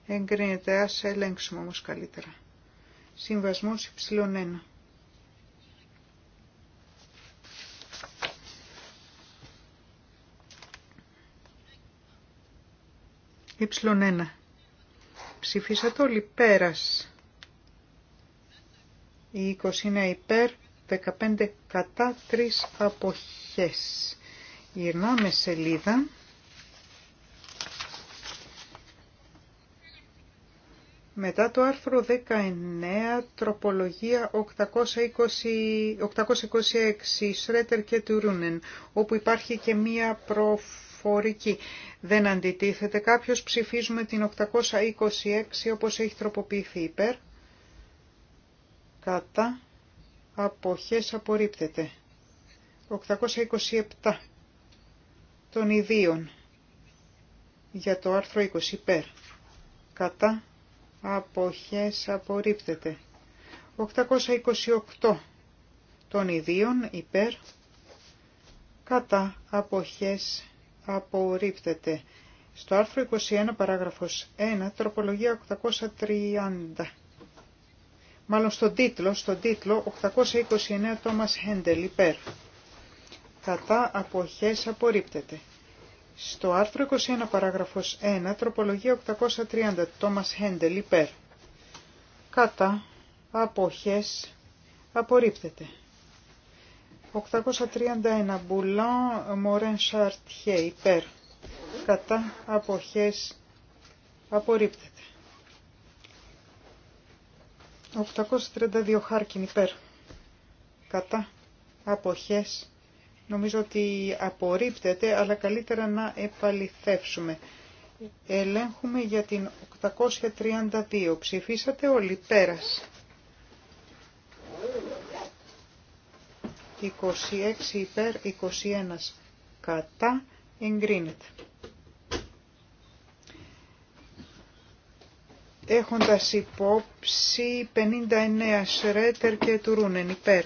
εγκρίνεται. Ας ελέγξουμε όμως καλύτερα. Συμβασμός Y1. Y1. Ψηφίσατε όλοι πέρας. Η 20 είναι υπέρ, 15 κατά, 3 αποχές. Γυρνάμε σελίδα. Μετά το άρθρο 19, τροπολογία 820, 826, Σρέτερ και Τουρούνεν, όπου υπάρχει και μία προφορική. Δεν αντιτίθεται κάποιος, ψηφίζουμε την 826 όπως έχει τροποποιηθεί υπέρ. Κατά, αποχές απορρίπτεται. 827 των ιδίων για το άρθρο 20 υπέρ. Κατά, αποχές απορρίπτεται. 828 των ιδίων υπέρ κατά αποχές απορρίπτεται. Στο άρθρο 21 παράγραφος 1 τροπολογία 830. Μάλλον στον τίτλο, στον τίτλο 829 Τόμας Χέντελ υπέρ. Κατά αποχές απορρίπτεται. Στο άρθρο 21 παράγραφος 1, τροπολογία 830, Τόμας Χέντελ, υπέρ. Κατά, αποχές, απορρίπτεται. 831, Μπουλάν Μορέν Σαρτιέ, υπέρ. Κατά, αποχές, απορρίπτεται. 832, Χάρκιν, υπέρ. Κατά, αποχές, Νομίζω ότι απορρίπτεται, αλλά καλύτερα να επαληθεύσουμε. Ελέγχουμε για την 832. Ψηφίσατε όλοι. Πέρας. 26 υπέρ, 21 κατά. Εγκρίνεται. Έχοντας υπόψη 59 Σρέτερ και Τουρούνεν υπέρ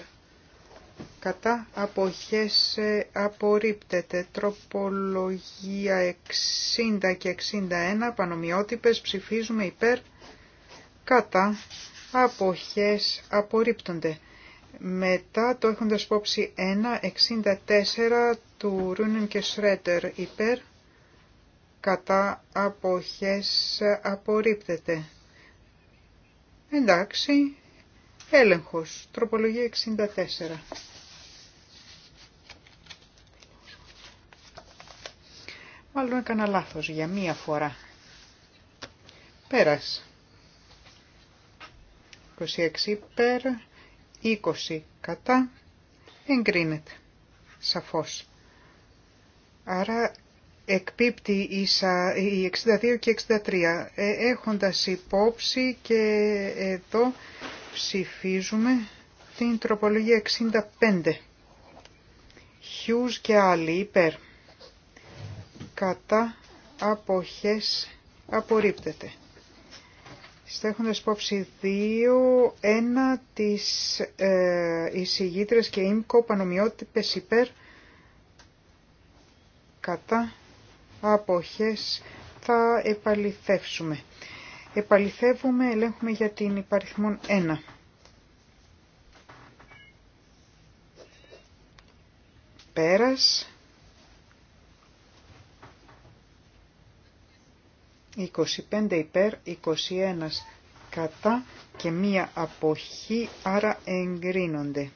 κατά αποχές ε, απορρίπτεται. Τροπολογία 60 και 61 πανομοιότυπες ψηφίζουμε υπέρ κατά αποχές απορρίπτονται. Μετά το έχοντας υπόψη 1, 64 του Ρούνιν και Σρέτερ υπέρ κατά αποχές απορρίπτεται. Εντάξει, έλεγχος, τροπολογία 64. Μάλλον έκανα λάθος για μία φορά. Πέρας. 26 υπέρ, 20 κατά, εγκρίνεται. Σαφώς. Άρα εκπίπτει η 62 και 63. Ε, έχοντας υπόψη και εδώ ψηφίζουμε την τροπολογία 65. Χιούς και άλλοι υπέρ κατά αποχές απορρίπτεται. Στέχοντας υπόψη 2, 1 τις ε, και ΙΜΚΟ πανομοιότυπες υπέρ κατά αποχές θα επαληθεύσουμε. Επαληθεύουμε, ελέγχουμε για την υπαριθμόν 1. Πέρας 25 υπέρ, 21 κατά και μία αποχή, άρα εγκρίνονται.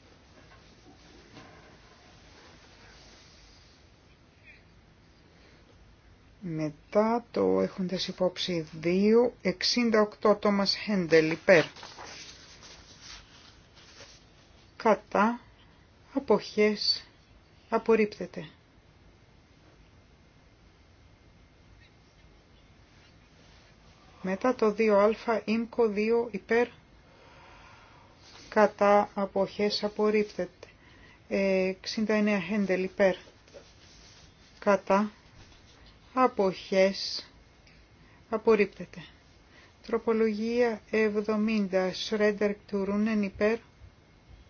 Μετά το έχοντας υπόψη 2, 68 Τόμας Χέντελ υπέρ. Κατά αποχές απορρίπτεται. Μετά το 2α, ΙΜΚΟ 2 υπέρ, κατά αποχές απορρίπτεται. 69 ε, Χέντελ υπέρ, κατά αποχές απορρίπτεται. Τροπολογία 70 Σρέντερ Τουρούνεν υπέρ,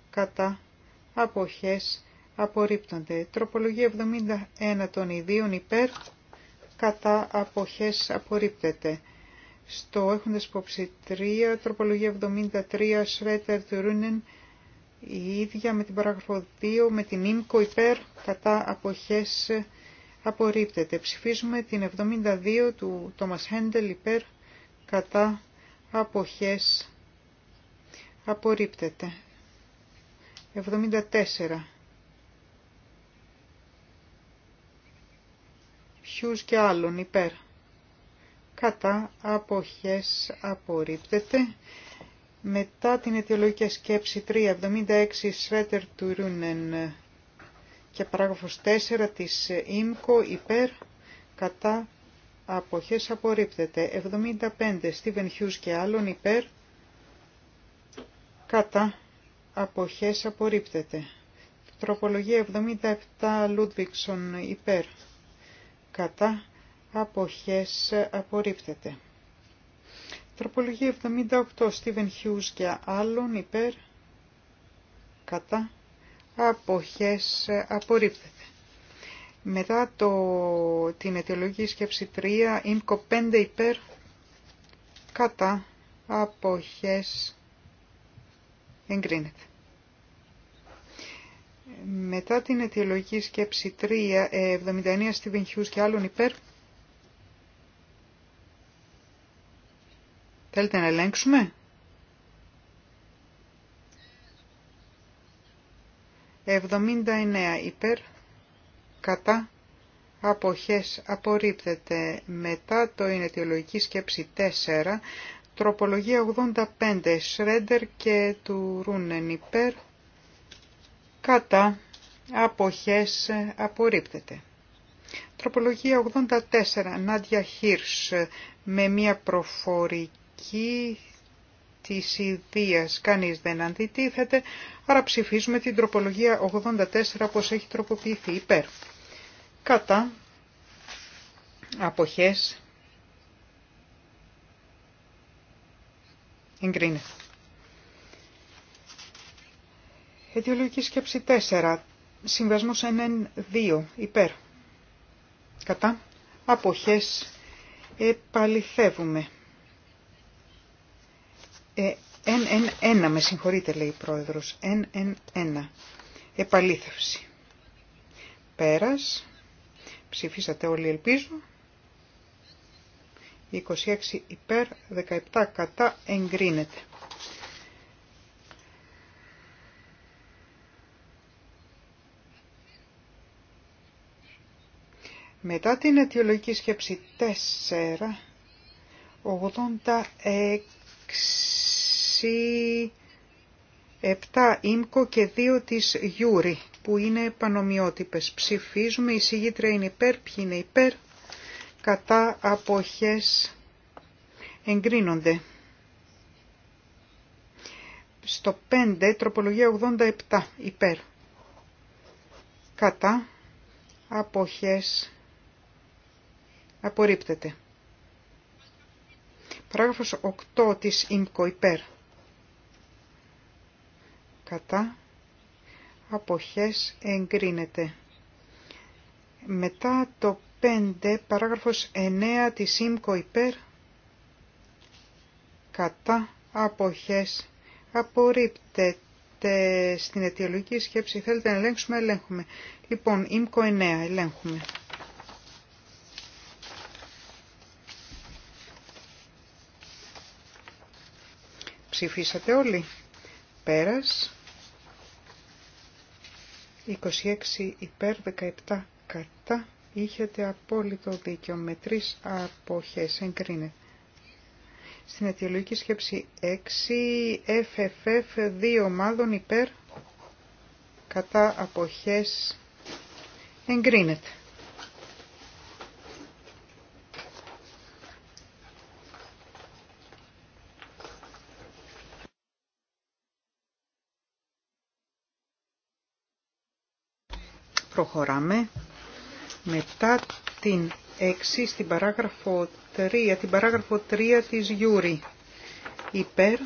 κατά αποχές απορρίπτονται. Τροπολογία 71 των ιδίων υπέρ, κατά αποχές απορρίπτεται στο έχοντας υπόψη 3, τροπολογία 73, Σρέτερ του Ρούνεν, η ίδια με την παράγραφο 2, με την ΙΜΚΟ υπέρ, κατά αποχές απορρίπτεται. Ψηφίζουμε την 72 του Τόμας Χέντελ υπέρ, κατά αποχές απορρίπτεται. 74. Ποιους και άλλων υπέρ κατά αποχές απορρίπτεται. Μετά την αιτιολογική σκέψη 3.76 Σρέτερ του Ρούνεν και παράγραφος 4 της ΙΜΚΟ υπέρ κατά αποχές απορρίπτεται. 75 Στίβεν Χιούς και άλλων υπέρ κατά αποχές απορρίπτεται. Τροπολογία 77 Λούντβιξον υπέρ κατά αποχές απορρίπτεται. Τροπολογία 78 Στίβεν Χιούς και άλλων υπέρ κατά αποχές απορρίπτεται. Μετά το, την αιτιολογική σκέψη 3, ΙΜΚΟ 5 υπέρ κατά αποχές εγκρίνεται. Μετά την αιτιολογική σκέψη 3, 79 Στίβεν Χιούς και άλλων υπέρ Θέλετε να ελέγξουμε. 79 υπέρ κατά αποχές απορρίπτεται μετά το είναι αιτιολογική σκέψη 4 τροπολογία 85 Σρέντερ και του Ρούνεν υπέρ κατά αποχές απορρίπτεται τροπολογία 84 Νάντια Χίρς με μια προφορική προοπτική της ιδίας Κανείς δεν αντιτίθεται, άρα ψηφίζουμε την τροπολογία 84 όπως έχει τροποποιηθεί υπέρ. Κατά αποχές εγκρίνεται. Αιτιολογική σκέψη 4. συμβασμο 1 1-2 υπέρ. Κατά αποχές επαληθεύουμε έν, έν, 1 με συγχωρείτε λέει η προεδρος NN1. Επαλήθευση. Πέρας. Ψηφίσατε όλοι ελπίζω. 26 υπέρ, 17 κατά εγκρίνεται. Μετά την αιτιολογική σκέψη 4, 86 μεταξύ 7 ΙΜΚΟ και 2 της Γιούρη που είναι πανομοιότυπες. Ψηφίζουμε, η συγγήτρια είναι υπέρ, ποιοι είναι υπέρ, κατά αποχές εγκρίνονται. Στο 5, τροπολογία 87, υπέρ, κατά αποχές απορρίπτεται. Παράγραφος 8 της ΙΜΚΟ Κατά αποχές εγκρίνεται. Μετά το 5, παράγραφος 9 της ΙΜΚΟ Κατά αποχές απορρίπτεται στην αιτιολογική σκέψη. Θέλετε να ελέγξουμε, ελέγχουμε. Λοιπόν, ΙΜΚΟ 9, ελέγχουμε. Ψηφίσατε όλοι. Πέρας. 26 υπέρ 17 κατά. Είχετε απόλυτο δίκιο με τρεις αποχές. Εγκρίνε. Στην αιτιολογική σκέψη 6 FFF 2 ομάδων υπέρ κατά αποχές. Εγκρίνεται. Προχωράμε. Μετά την 6 στην παράγραφο 3, την παράγραφο 3 της Γιούρη. Υπέρ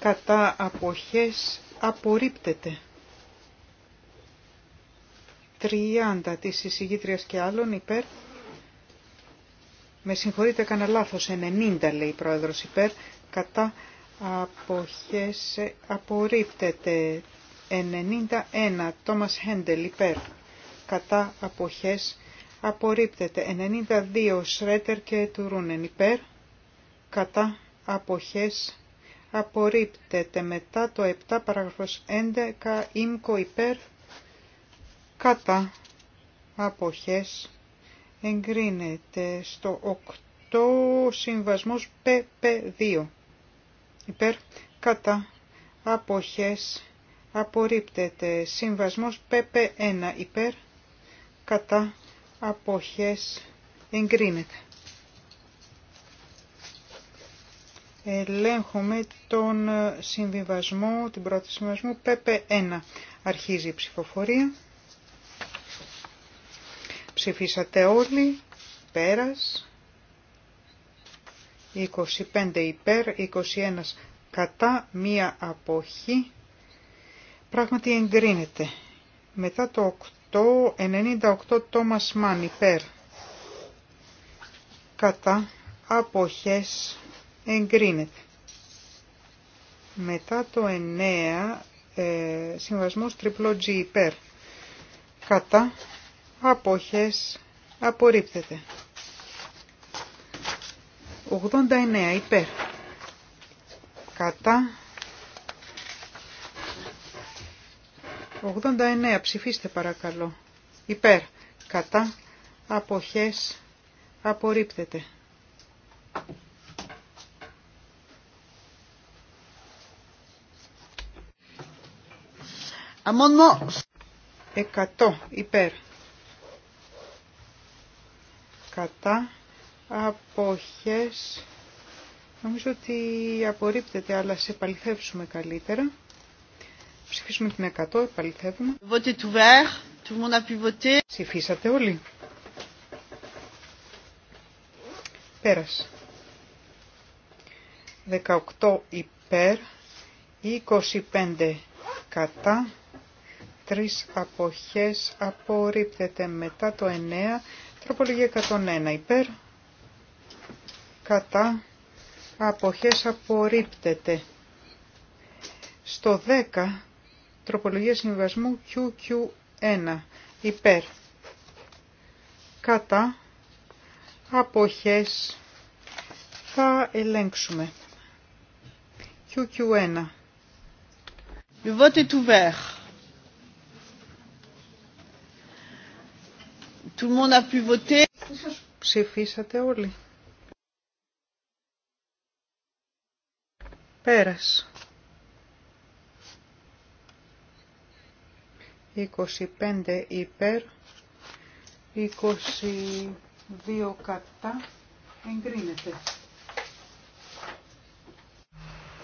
κατά αποχές απορρίπτεται. 30 της εισηγήτριας και άλλων υπέρ. Με συγχωρείτε, έκανα λάθος. 90 λέει η πρόεδρος υπέρ. Κατά αποχές απορρίπτεται. 91. Τόμας Χέντελ υπέρ. Κατά αποχές απορρίπτεται. 92. Σρέτερ και Τουρούνεν υπέρ. Κατά αποχές απορρίπτεται. Μετά το 7 παραγραφός 11. Ήμκο υπέρ. Κατά αποχές εγκρίνεται. Στο 8 συμβασμός PP2. Υπέρ. Κατά αποχές απορρίπτεται. Συμβασμός PP1 υπέρ κατά αποχές εγκρίνεται. Ελέγχουμε τον συμβιβασμό, την πρωτη συμβασμο συμβιβασμού PP1. Αρχίζει η ψηφοφορία. Ψηφίσατε όλοι. Πέρας. 25 υπέρ, 21 κατά, μία αποχή Πράγματι εγκρίνεται. Μετά το 8, 98 Τόμας Μάν υπέρ. Κατά αποχές εγκρίνεται. Μετά το 9 ε, συμβασμός τριπλό G υπέρ. Κατά αποχές απορρίπτεται. 89 υπέρ. Κατά 89. Ψηφίστε παρακαλώ. Υπέρ. Κατά. Αποχές. Απορρίπτεται. Αμόνο. 100. Υπέρ. Κατά. Αποχές. Νομίζω ότι απορρίπτεται, αλλά σε παληθεύσουμε καλύτερα. Ψηφίσουμε την 100, επαληθεύουμε. Vote Ψηφίσατε όλοι. Πέρασε. 18 υπέρ, 25 κατά, 3 αποχές απορρίπτεται μετά το 9, τροπολογία 101 υπέρ, κατά, αποχές απορρίπτεται. Στο 10 Τροπολογία συμβιβασμού QQ1. Υπέρ. Κατά. Αποχές. Θα ελέγξουμε. QQ1. Le vote est ouvert. Tout le monde a pu voter. Ψηφίσατε όλοι. Πέρασε. 25 υπέρ, 22 κατά, εγκρίνεται.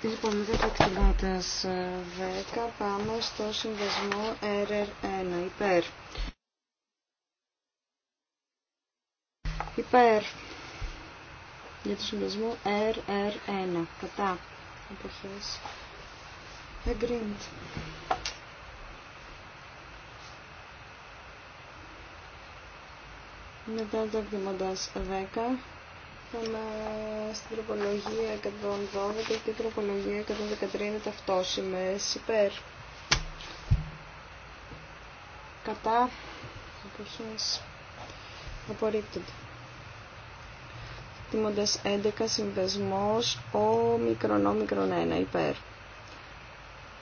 Τις δεν εκτιμώντα 10, πάμε στο συνδεσμό RR1 υπέρ. Υπέρ. Για το συνδεσμό RR1. Κατά. Εποχές. Εγκρίνεται. Μετά το εκτιμώντας 10 πάμε στην τροπολογία 112 και η τροπολογία 113 είναι ταυτόσιμες υπέρ κατά Αποχές. απορρίπτονται. Τιμώντας 11 συνδεσμός ο μικρονό μικρον 1 υπέρ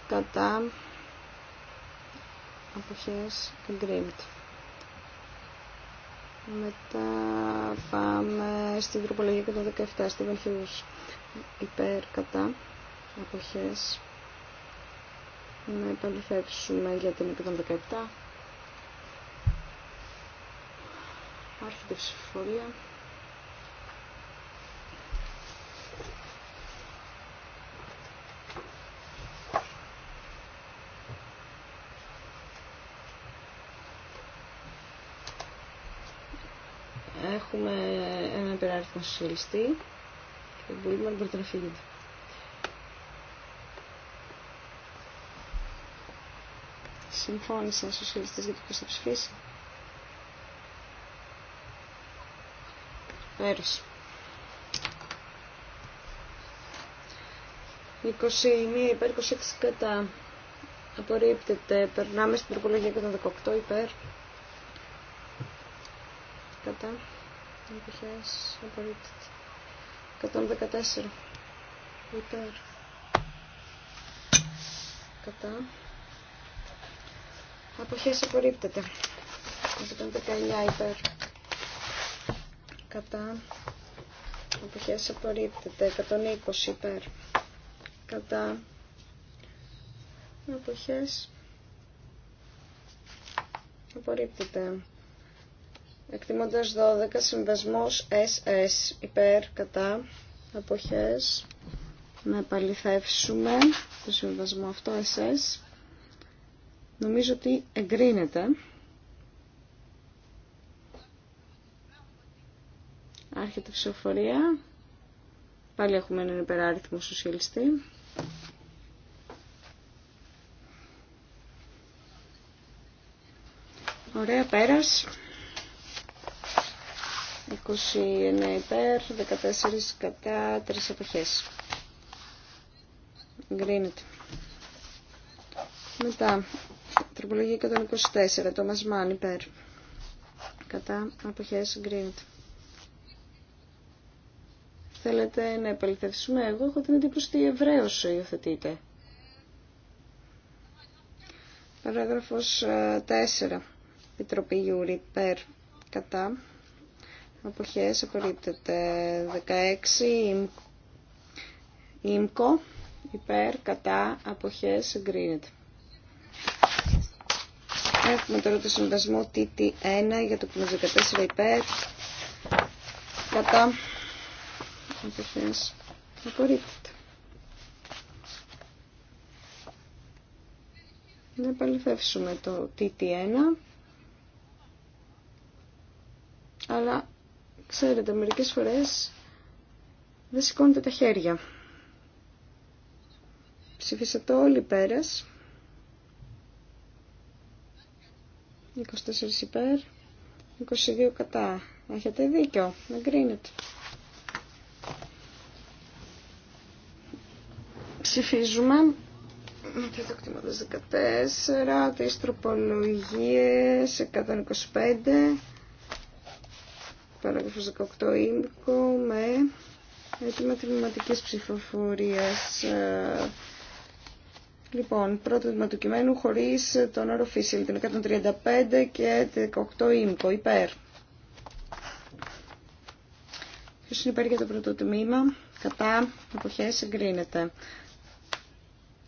κατά Αποχές. εγκρίνεται. Μετά πάμε στην τροπολογία 117, στην Βενχιούς. Υπέρ, κατά, αποχές. Να επαληθεύσουμε για την 117. Άρχεται ψηφοφορία. Έχουμε έναν υπεράριθμο σοσιαλιστή και ο Μπούλμαν μπορεί να φύγετε, Συμφώνησαν στους σοσιαλιστές για το θα ψηφίσει. Πέρασε. 21 υπέρ, 26 κατά. Απορρίπτεται. Περνάμε στην τροπολογία 118 υπέρ. Κατά. Αποχές απορρίπτεται. 114. Υπέρ. Κατά. Αποχές απορρίπτεται. 119 υπέρ. Κατά. Αποχές απορρίπτεται. 120 υπέρ. Κατά. Αποχές απορρίπτεται. Εκτιμώντας 12, συμβασμός SS, υπέρ, κατά, αποχές. Να επαληθεύσουμε το συμβασμό αυτό, SS. Νομίζω ότι εγκρίνεται. Άρχεται η ψηφοφορία. Πάλι έχουμε έναν υπεράριθμο σοσιαλιστή. Ωραία, πέρας. 29 υπέρ, 14 κατά, 3 εποχές. Γκρίνεται. Μετά, τροπολογία 124, το μασμάν υπέρ. Κατά, εποχές, γκρίνεται. Θέλετε να επαληθεύσουμε, εγώ έχω την εντύπωση ότι ευρέως υιοθετείτε. Παράγραφος 4. Ε, Επιτροπή Γιούρι, υπέρ, κατά, αποχές απορρίπτεται 16 ΙΜΚΟ υπέρ κατά αποχές συγκρίνεται. Έχουμε τώρα το συμβασμό TT1 για το 14 υπέρ κατά αποχές απορρίπτεται Να επαληθεύσουμε το TT1 αλλά Ξέρετε, μερικές φορές δεν σηκώνετε τα χέρια. το όλοι πέρας. 24 υπέρ, 22 κατά. Έχετε δίκιο, να κρίνετε. Ψηφίζουμε με τα δοκτήματος 14, τις τροπολογίες 125, Παράγραφος 18 ΙΜΚΟ με έτοιμα τμηματικής ψηφοφορίας. Ε, λοιπόν, πρώτο τμήμα του κειμένου χωρίς τον όρο φύσιλ, Την 135 και 18 ΙΜΚΟ υπέρ. Ποιος είναι υπέρ για το πρώτο τμήμα. Κατά εποχές εγκρίνεται.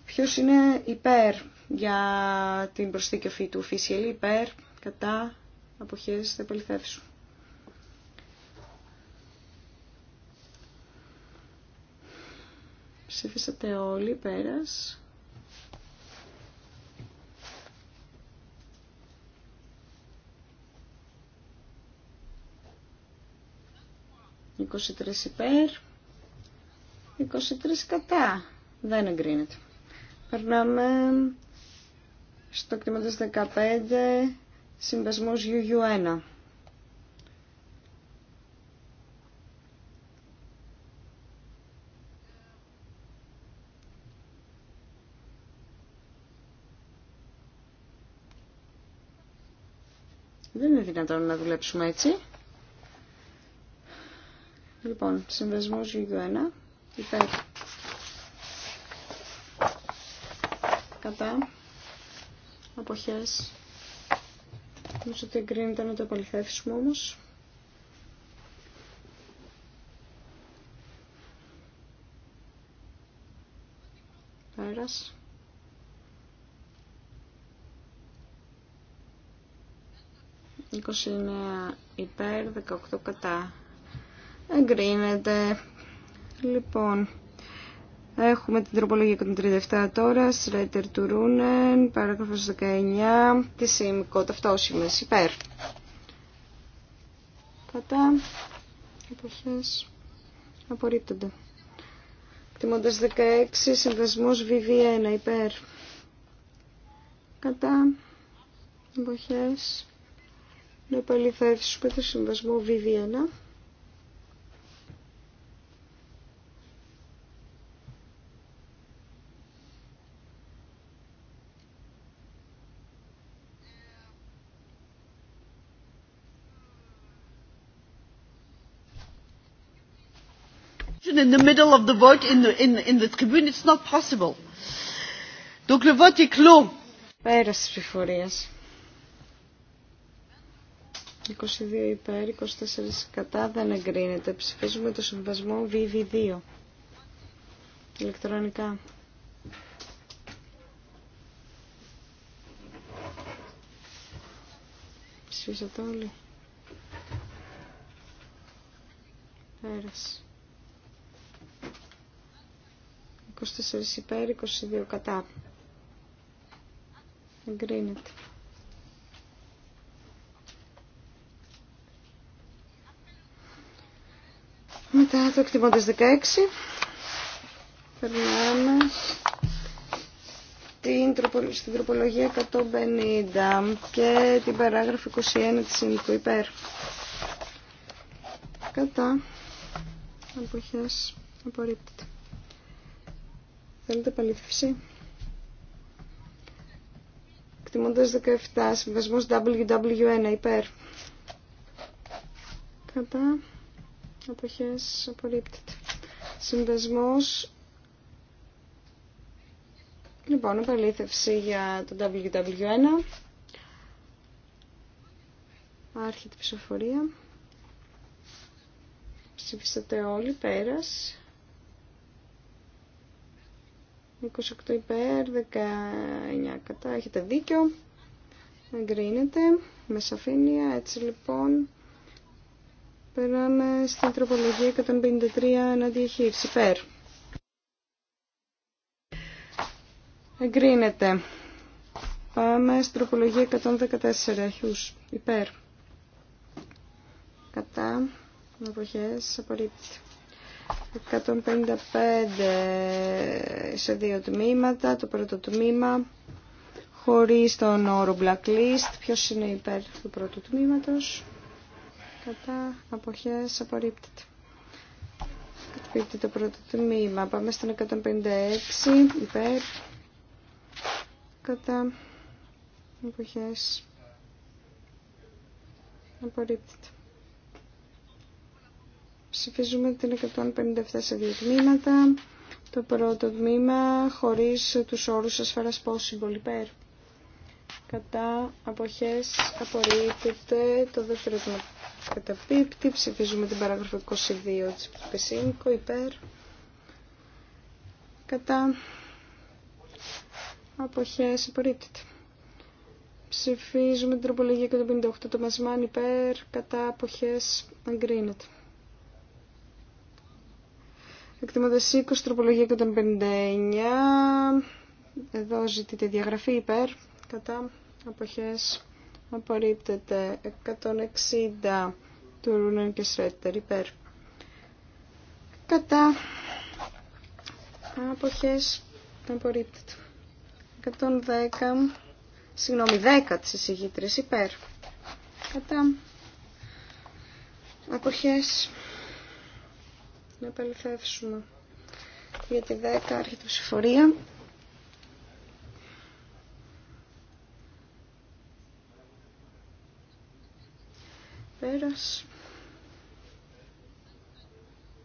Ποιος είναι υπέρ για την προσθήκη του φύσιλ, υπέρ, κατά, αποχές, θα επαληθεύσουν. Ψήφισατε όλοι, πέρας. «23 υπέρ, 23 κατά». Δεν εγκρίνεται. Περνάμε στο κτήμα 15, συμπεσμος uu UU1. δυνατόν να δουλέψουμε έτσι. Λοιπόν, συμβεσμός συνδεσμός ένα. υπέρ. Κατά. Αποχές. Νομίζω ότι εγκρίνεται να το επαληθεύσουμε όμως. Πέρας. 29 υπέρ, 18 κατά. Εγκρίνεται. Λοιπόν, έχουμε την τροπολογία 137 τώρα, Σρέτερ του Ρούνεν, παράγραφος 19, τη ΣΥΜΚΟ, ταυτόσημες, υπέρ. Κατά, εποχές, απορρίπτονται. Εκτιμώντας 16, συνδεσμός VV1, υπέρ. Κατά, εποχές, να επαληθεύσουμε το συμβασμό VV1. in the middle of the vote in the, in, in the tribune, it's not possible. Donc le vote est clos. Πέρασε ψηφορίας. 22 υπέρ, 24 κατά, δεν εγκρίνεται. Ψηφίζουμε το συμβασμό VV2. Ηλεκτρονικά. Ψηφίσατε όλοι. Πέρασε. 24 υπέρ, 22 κατά. Εγκρίνεται. Μετά το εκτιμώντας 16 περνάμε στην τροπολογία 150 και την παράγραφο 21 της Συνικού υπέρ. Κατά αποχές απορρίπτεται. Θέλετε παλήθευση. Εκτιμώντας 17, συμβασμός WW1 υπέρ. Κατά αποχές απορρίπτεται. Συνδεσμός Λοιπόν, επαλήθευση για το WW1. Άρχεται η ψηφοφορία. Ψηφίσατε όλοι, πέρας. 28 υπέρ, 19 κατά, έχετε δίκιο. Εγκρίνεται με σαφήνεια, έτσι λοιπόν. Περάμε στην τροπολογία 153 αναδιαχείριση, υπέρ. Περ. Εγκρίνεται. Πάμε στην τροπολογία 114. Χιούς. Υπέρ. Κατά. Αποχές. Απορρίπτει. 155 σε δύο τμήματα. Το πρώτο τμήμα χωρίς τον όρο blacklist. Ποιος είναι υπέρ του πρώτου τμήματος κατά αποχές απορρίπτεται. Καταπίπτει το πρώτο τμήμα. Πάμε στον 156 υπέρ κατά αποχές απορρίπτεται. Ψηφίζουμε την 157 σε δύο τμήματα. Το πρώτο τμήμα χωρίς τους όρους ασφαράς possible υπέρ. Κατά αποχές απορρίπτεται το δεύτερο τμήμα καταπίπτει. Ψηφίζουμε την παράγραφο 22 της Πεσίνικο, υπέρ. Κατά αποχές απορρίπτεται. Ψηφίζουμε την τροπολογία 158 το Μασμάν υπέρ. Κατά αποχές εγκρίνεται. Εκτιμώντας 20, τροπολογία 159. Εδώ ζητείται διαγραφή υπέρ. Κατά αποχές απορρίπτεται 160 του Ρούνεν και Σρέτερ υπέρ κατά αποχές απορρίπτεται 110 συγγνώμη 10 της εισηγήτρης υπέρ κατά αποχές να επαληθεύσουμε για τη 10 άρχεται ψηφορία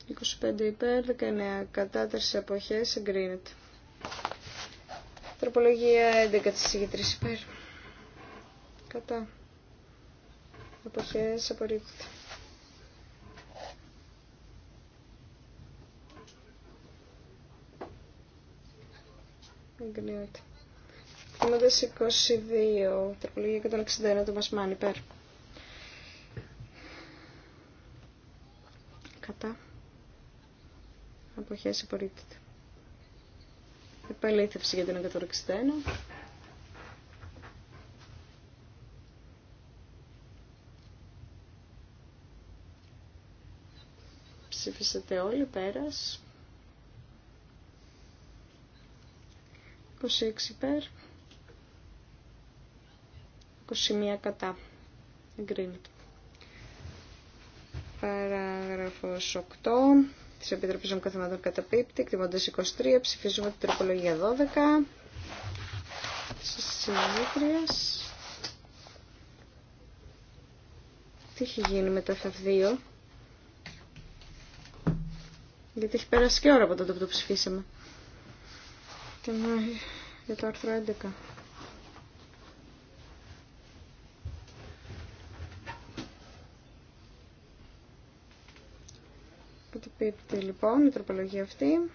25 υπέρ, 19 κατά, 4 εποχές εγκρίνεται. Τροπολογία 11 τη υπέρ. Κατά. εποχές απορρίπτεται. Εγκρίνεται. Είμαστε 22, τροπολογία 161 του μασμάνι υπέρ. κατά αποχές απορρίπτεται. Επαλήθευση για την 161. Ψήφισατε όλοι, πέρας. 26 υπέρ. 21 κατά. Εγκρίνεται. Παράγραφος 8 της Επιτροπής των Καθημάτων Καταπίπτη, εκτιμώντας 23, ψηφίζουμε την τροπολογία 12 της συνήθειας. Τι έχει γίνει με το 2 γιατί έχει περάσει και ώρα από τότε που το ψηφίσαμε. Και για το άρθρο 11. Καταπίπτει λοιπόν η τροπολογία αυτή.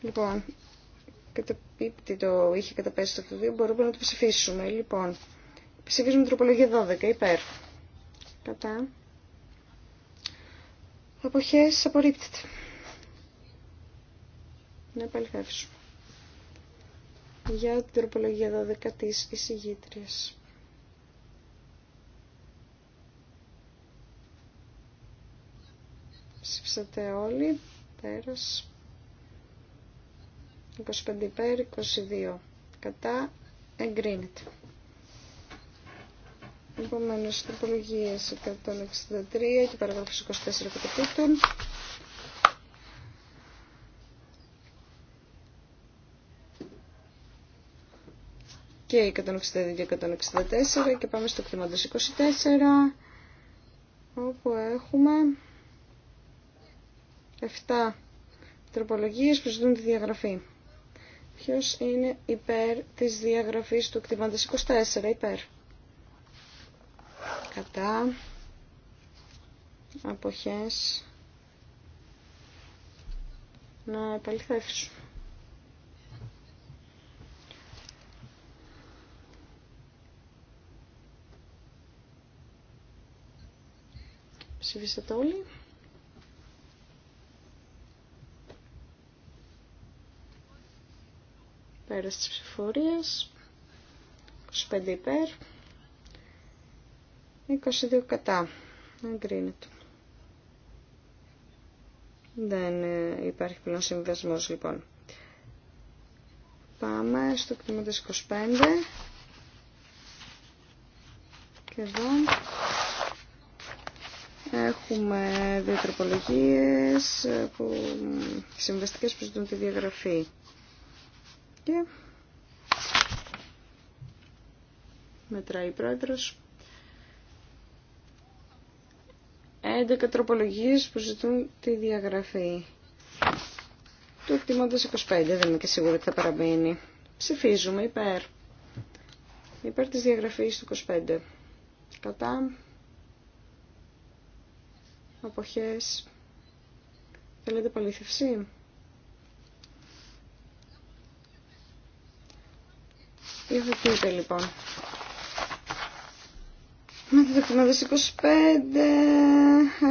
Λοιπόν, καταπίπτει το είχε καταπέσει το 2, μπορούμε να το ψηφίσουμε. Λοιπόν, ψηφίζουμε τροπολογία 12, υπέρ. Κατά. Αποχές απορρίπτεται. Να επαληθεύσουμε για την τροπολογία 12 της εισηγήτριας. Ψήφισατε όλοι, πέρας. 25 υπέρ, 22 κατά, εγκρίνεται. Επομένω, τροπολογίε 163 και παραγράφους 24 τούτων. και 162 και 164 και πάμε στο κτήματος 24 όπου έχουμε 7 τροπολογίες που ζητούν τη διαγραφή. Ποιος είναι υπέρ της διαγραφής του κτήματος 24, υπέρ. Κατά. Αποχές. Να επαληθεύσουμε. Ψηφίσατε όλοι. Πέρας της ψηφορίας. 25 υπέρ. 22 κατά. Εγκρίνεται. Δεν ε, υπάρχει πλέον συμβιβασμό λοιπόν. Πάμε στο κτήμα 25. Και εδώ Έχουμε δύο τροπολογίες που συμβαστικές που ζητούν τη διαγραφή. Και μετράει η πρόεδρος. 11 τροπολογίες που ζητούν τη διαγραφή. Του εκτιμώντας 25, δεν είμαι και σίγουρη ότι θα παραμείνει. Ψηφίζουμε υπέρ. Υπέρ της διαγραφής του 25. Κατά αποχές θέλετε παλήθευση Υιοθετείτε λοιπόν. Με το 25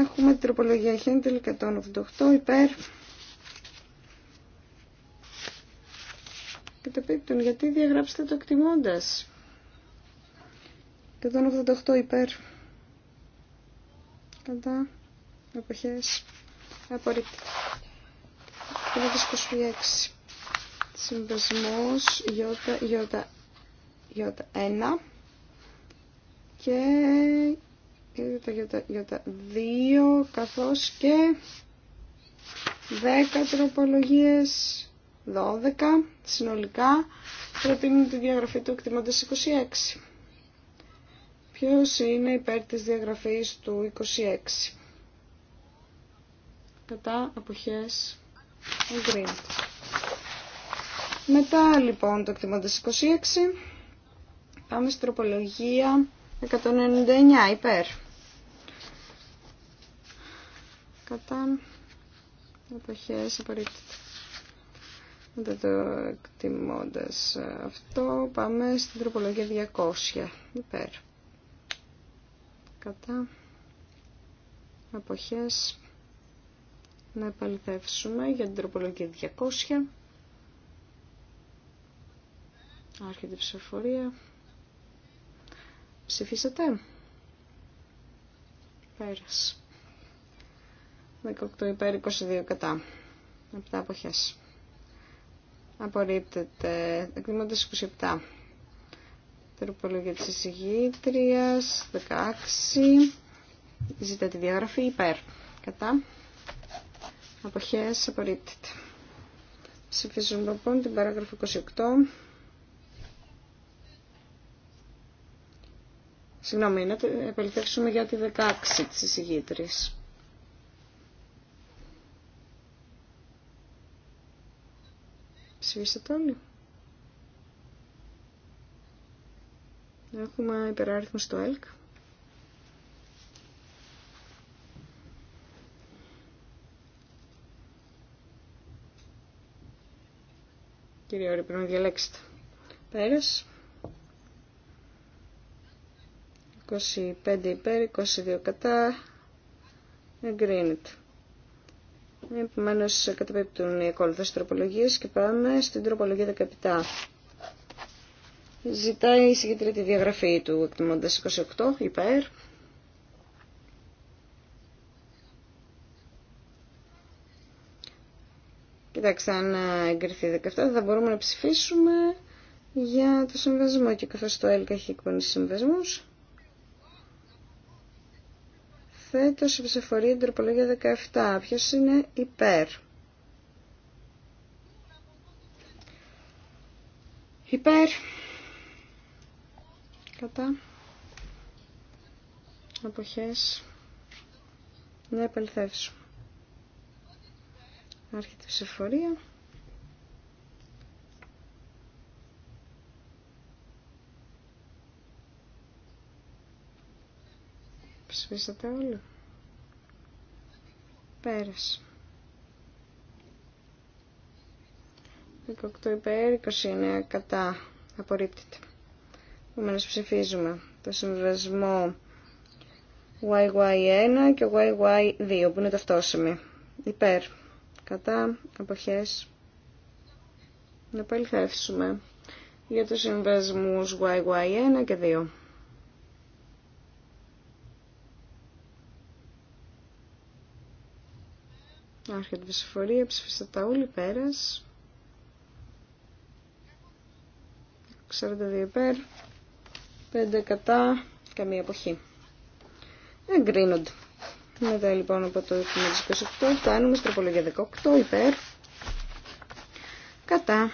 έχουμε την τροπολογία Χέντελ 188 υπέρ. Και το πίπτον, γιατί διαγράψετε το εκτιμώντας. 188 υπέρ. Κατά εποχές απορρίπτει. Κομμάτις 26. Συμβασμός Ι1 και Ι2 καθώς και 10 τροπολογίες 12 συνολικά προτείνουν τη διαγραφή του εκτιμώντας 26. Ποιος είναι υπέρ της διαγραφής του 26 κατά αποχές εγκρίνεται. Μετά λοιπόν το εκτιμώντας 26 πάμε στην τροπολογία 199 υπέρ. Κατά αποχές απαραίτητα. Μετά το εκτιμώντας αυτό πάμε στην τροπολογία 200 υπέρ. Κατά αποχές να επαληθεύσουμε για την τροπολογία 200. Άρχεται η ψηφοφορία. Ψηφίσατε. Πέρας. 18 υπέρ, 22 κατά. 7 αποχές. Απορρίπτεται. Εκτιμώντας 27. Τροπολογία της εισηγήτριας. 16. Ζητά τη διαγραφή υπέρ. Κατά. Αποχέες. απορρίπτεται. Ψηφίζουμε λοιπόν την παράγραφο 28. Συγγνώμη, να επαληθεύσουμε για τη 16 της εισηγήτρης. Ψηφίσατε όλοι. Έχουμε υπεράριθμο στο ΕΛΚ. Κύριε Ωρή, πρέπει να διαλέξετε. Πέρας. 25 υπέρ, 22 κατά. Εγκρίνεται. Επομένω, καταπέπτουν οι ακόλουθε τροπολογίε και πάμε στην τροπολογία 17. Ζητάει η συγκεκριτή διαγραφή του εκτιμώντα 28 υπέρ. Εντάξει, αν ε, εγκριθεί 17 θα μπορούμε να ψηφίσουμε για το συμβασμό και καθώς το ΕΛΚΑ έχει εκπονήσει συμβασμούς θέτω σε ψηφορία τροπολογία 17. Ποιος είναι υπέρ. Υπέρ. Κατά. Αποχές. Να επελθεύσουμε. Άρχεται η ψηφορία. Ψηφίσατε όλοι. Πέρασε. 18 υπέρ, 29 κατά. Απορρίπτεται. Επομένω ψηφίζουμε το συμβασμό YY1 και YY2 που είναι ταυτόσιμοι. Υπέρ κατά αποχές να επαληθεύσουμε για τους συμβασμούς YY1 και 2. Άρχεται η ψηφορία, ψηφίστε τα όλοι πέρας. 42 πέρ. 5 κατά, καμία εποχή. Εγκρίνονται. Μετά λοιπόν από το 28 φτάνουμε στο τροπολογία 18 υπέρ κατά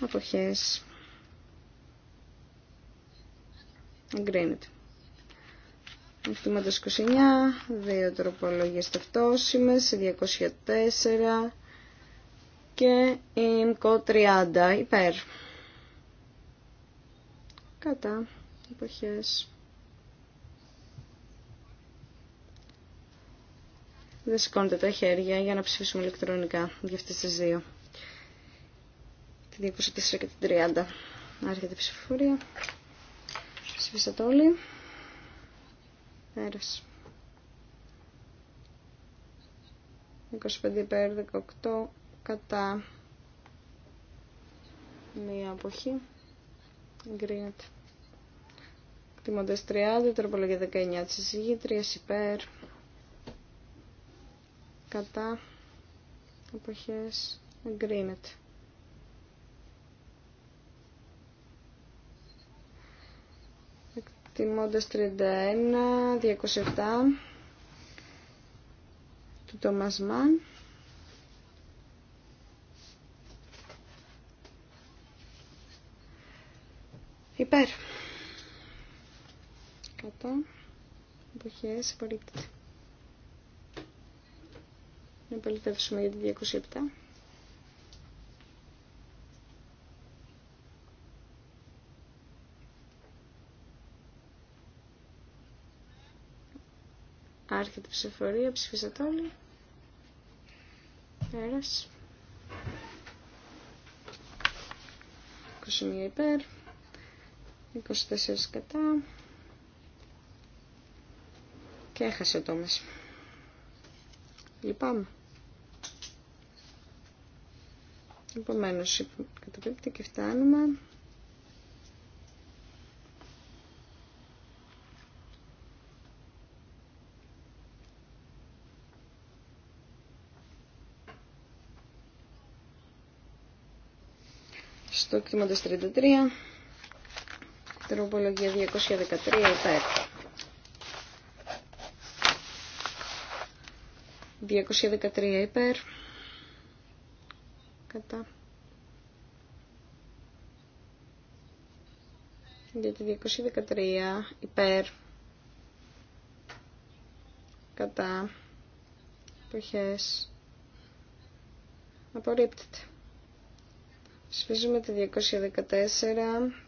αποχές εγκρίνεται. Εκτήματος 29, δύο τροπολογίες ταυτόσιμες, 204 και μκο 30 υπέρ. Κατά εποχές Δεν σηκώνετε τα χέρια για να ψηφίσουμε ηλεκτρονικά για αυτές τις δύο. Την 24 και την 30. Άρχεται η ψηφοφορία. Ψηφίσατε όλοι. Πέρασε. 25 υπέρ, 18 κατά μία αποχή. Εγκρίνεται. Κτιμώντας 30, τροπολογία 19 της 3 υπέρ κατά εποχές εγκρίνεται. Εκτιμώντας 31, 207 του Τόμας Μαν. Υπέρ. Κατά εποχές απορρίπτεται. Να επαληθεύσουμε για τη 207. Άρχεται η ψηφορία, ψηφίσατε όλοι. Πέρας. 21 υπέρ. 24 κατά. Και έχασε ο Λυπάμαι. Επομένω, καταπίπτει και φτάνουμε. Στο τη 33, τροπολογία 213 υπέρ. 213 υπέρ κατά για τη 213 υπέρ κατά εποχές απορρίπτεται. Σφίζουμε τη 214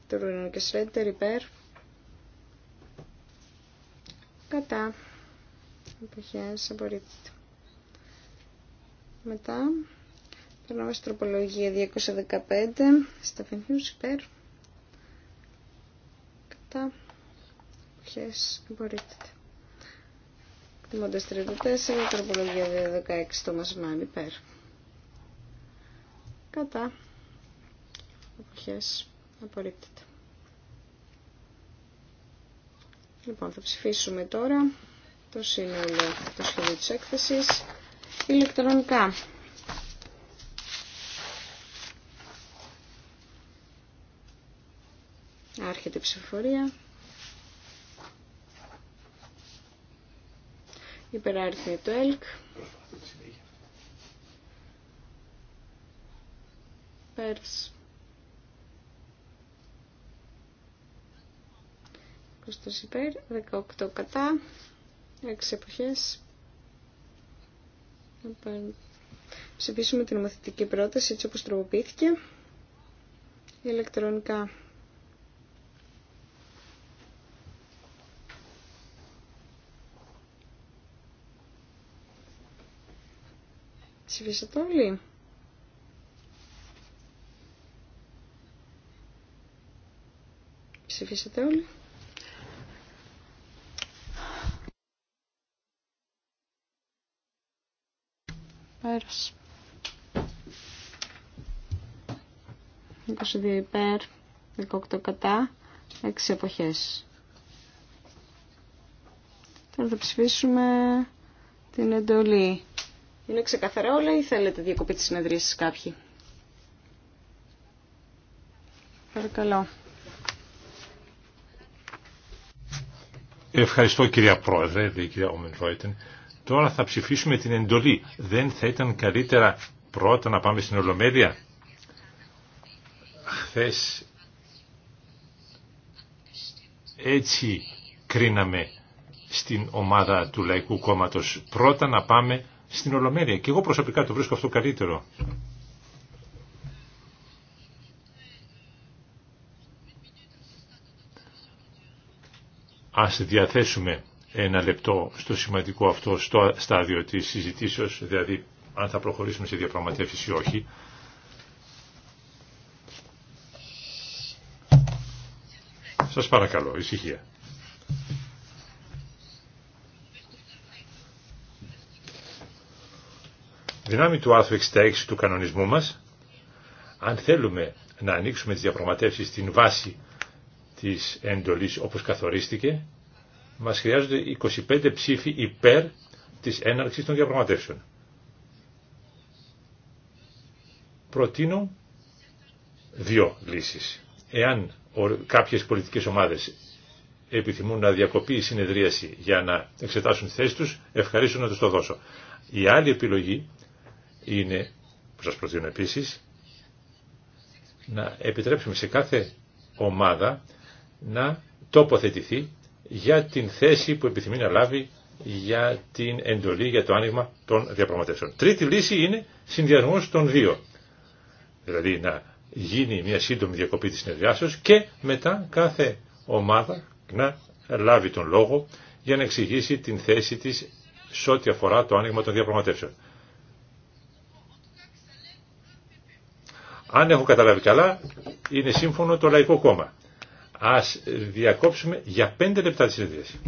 του Ρουνού και Σρέντερ υπέρ κατά εποχές απορρίπτεται. Μετά Περνάμε στην τροπολογία 215, στα υπέρ, κατά, ποιες απορρίπτεται. Εκτιμώντας 34, τροπολογία 216, το μασμάν υπέρ, κατά, ποιες απορρίπτεται. Λοιπόν, θα ψηφίσουμε τώρα το σύνολο του σχεδίου της έκθεσης ηλεκτρονικά. έρχεται η ψηφοφορία. Υπεράριθμη το ΕΛΚ. Πέρς. 20 υπέρ, 18 κατά, 6 εποχέ. Λοιπόν, ψηφίσουμε την νομοθετική πρόταση έτσι όπως τροποποιήθηκε. Ηλεκτρονικά Ψηφίσατε όλοι. Ψηφίσατε όλοι. Πέρασε. 22 υπέρ, 18 κατά, 6 εποχές. Τώρα θα ψηφίσουμε την εντολή είναι ξεκαθαρά όλα ή θέλετε διακοπή της σας κάποιοι. Παρακαλώ. Ευχαριστώ κυρία Πρόεδρε, λέει κυρία Τώρα θα ψηφίσουμε την εντολή. Δεν θα ήταν καλύτερα πρώτα να πάμε στην Ολομέλεια. Χθε έτσι κρίναμε στην ομάδα του Λαϊκού Κόμματος. Πρώτα να πάμε στην Ολομέλεια. Και εγώ προσωπικά το βρίσκω αυτό καλύτερο. Ας διαθέσουμε ένα λεπτό στο σημαντικό αυτό στο στάδιο της συζητήσεως, δηλαδή αν θα προχωρήσουμε σε διαπραγματεύσεις ή όχι. Σας παρακαλώ, ησυχία. Δυνάμει του άρθρου 66 του κανονισμού μας, αν θέλουμε να ανοίξουμε τις διαπραγματεύσεις στην βάση της εντολής όπως καθορίστηκε, μας χρειάζονται 25 ψήφοι υπέρ της έναρξης των διαπραγματεύσεων. Προτείνω δύο λύσεις. Εάν κάποιες πολιτικές ομάδες επιθυμούν να διακοπεί η συνεδρίαση για να εξετάσουν τη θέση τους, ευχαρίστω να τους το δώσω. Η άλλη επιλογή είναι, που σας προτείνω επίσης, να επιτρέψουμε σε κάθε ομάδα να τοποθετηθεί για την θέση που επιθυμεί να λάβει για την εντολή, για το άνοιγμα των διαπραγματεύσεων. Τρίτη λύση είναι συνδυασμός των δύο. Δηλαδή να γίνει μια σύντομη διακοπή της συνεδριάσεως και μετά κάθε ομάδα να λάβει τον λόγο για να εξηγήσει την θέση της σε ό,τι αφορά το άνοιγμα των διαπραγματεύσεων. Αν έχω καταλάβει καλά, είναι σύμφωνο το Λαϊκό Κόμμα. Ας διακόψουμε για πέντε λεπτά τη συνεδρίαση.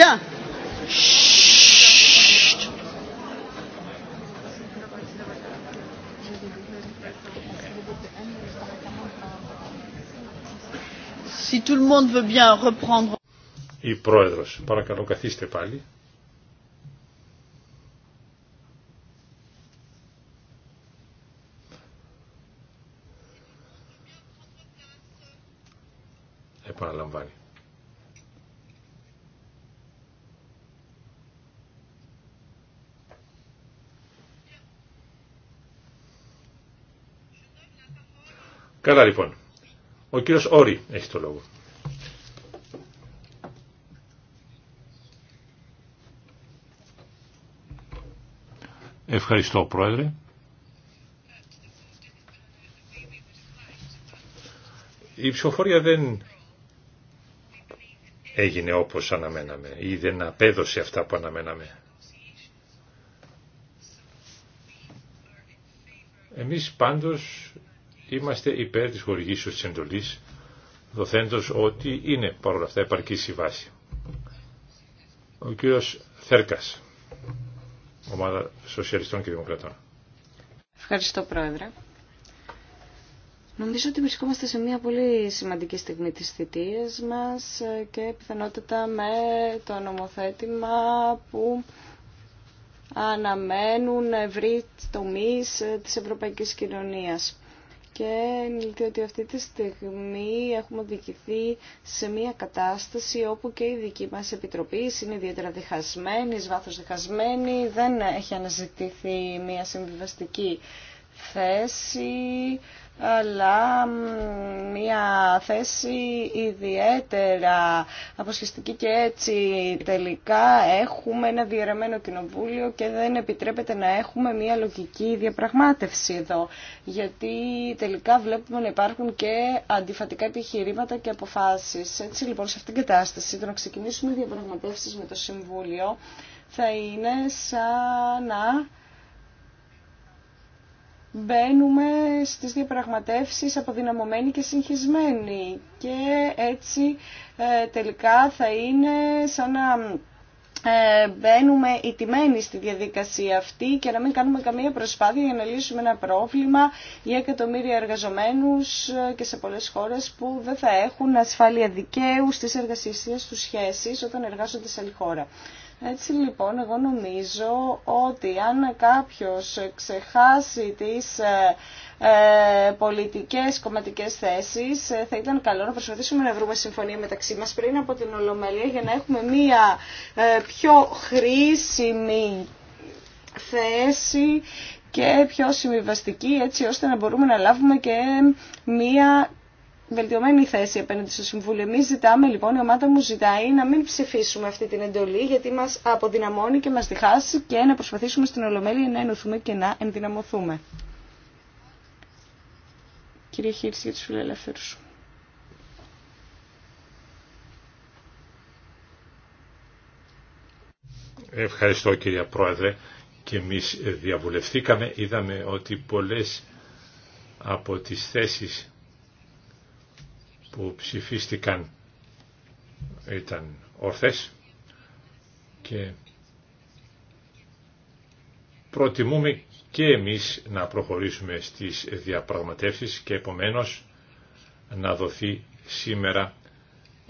Bien. Si tout le monde veut bien reprendre. Η πρόεδρος, παρακαλώ καθίστε πάλι. Καλά λοιπόν. Ο κύριος Όρη έχει το λόγο. Ευχαριστώ Πρόεδρε. Η ψηφοφορία δεν έγινε όπως αναμέναμε ή δεν απέδωσε αυτά που αναμέναμε. Εμείς πάντως είμαστε υπέρ της χορηγήσεως της εντολής, δοθέντος ότι είναι παρόλα αυτά επαρκής η βάση. Ο κύριος Θέρκας, ομάδα Σοσιαλιστών και Δημοκρατών. Ευχαριστώ Πρόεδρε. Νομίζω ότι βρισκόμαστε σε μια πολύ σημαντική στιγμή της θητείας μας και πιθανότητα με το νομοθέτημα που αναμένουν ευρύ τομείς της ευρωπαϊκής κοινωνίας και ενηλικεί ότι αυτή τη στιγμή έχουμε οδηγηθεί σε μια κατάσταση όπου και η δική μας επιτροπή είναι ιδιαίτερα διχασμένη, βάθος διχασμένη, δεν έχει αναζητήθει μια συμβιβαστική θέση αλλά μια θέση ιδιαίτερα αποσχεστική και έτσι τελικά έχουμε ένα διαιρεμένο κοινοβούλιο και δεν επιτρέπεται να έχουμε μια λογική διαπραγμάτευση εδώ γιατί τελικά βλέπουμε να υπάρχουν και αντιφατικά επιχειρήματα και αποφάσεις. Έτσι λοιπόν σε αυτήν την κατάσταση το να ξεκινήσουμε διαπραγματεύσεις με το Συμβούλιο θα είναι σαν να μπαίνουμε στις διαπραγματεύσεις αποδυναμωμένοι και συγχυσμένοι και έτσι ε, τελικά θα είναι σαν να ε, μπαίνουμε ιτημένοι στη διαδικασία αυτή και να μην κάνουμε καμία προσπάθεια για να λύσουμε ένα πρόβλημα για εκατομμύρια εργαζομένους ε, και σε πολλές χώρες που δεν θα έχουν ασφάλεια δικαίου στις εργασίες τους σχέσεις όταν εργάζονται σε άλλη χώρα. Έτσι λοιπόν εγώ νομίζω ότι αν κάποιος ξεχάσει τις ε, ε πολιτικές κομματικές θέσεις ε, θα ήταν καλό να προσπαθήσουμε να βρούμε συμφωνία μεταξύ μας πριν από την Ολομέλεια για να έχουμε μία ε, πιο χρήσιμη θέση και πιο συμβιβαστική έτσι ώστε να μπορούμε να λάβουμε και μία βελτιωμένη θέση απέναντι στο Συμβούλιο. Εμεί ζητάμε, λοιπόν, η ομάδα μου ζητάει να μην ψηφίσουμε αυτή την εντολή, γιατί μα αποδυναμώνει και μα διχάσει και να προσπαθήσουμε στην Ολομέλεια να ενωθούμε και να ενδυναμωθούμε. Κύριε Χίρση, για του φιλελεύθερου. Ευχαριστώ κύριε Πρόεδρε και εμείς διαβουλευθήκαμε, είδαμε ότι πολλές από τις θέσεις που ψηφίστηκαν ήταν ορθές και προτιμούμε και εμείς να προχωρήσουμε στις διαπραγματεύσεις και επομένως να δοθεί σήμερα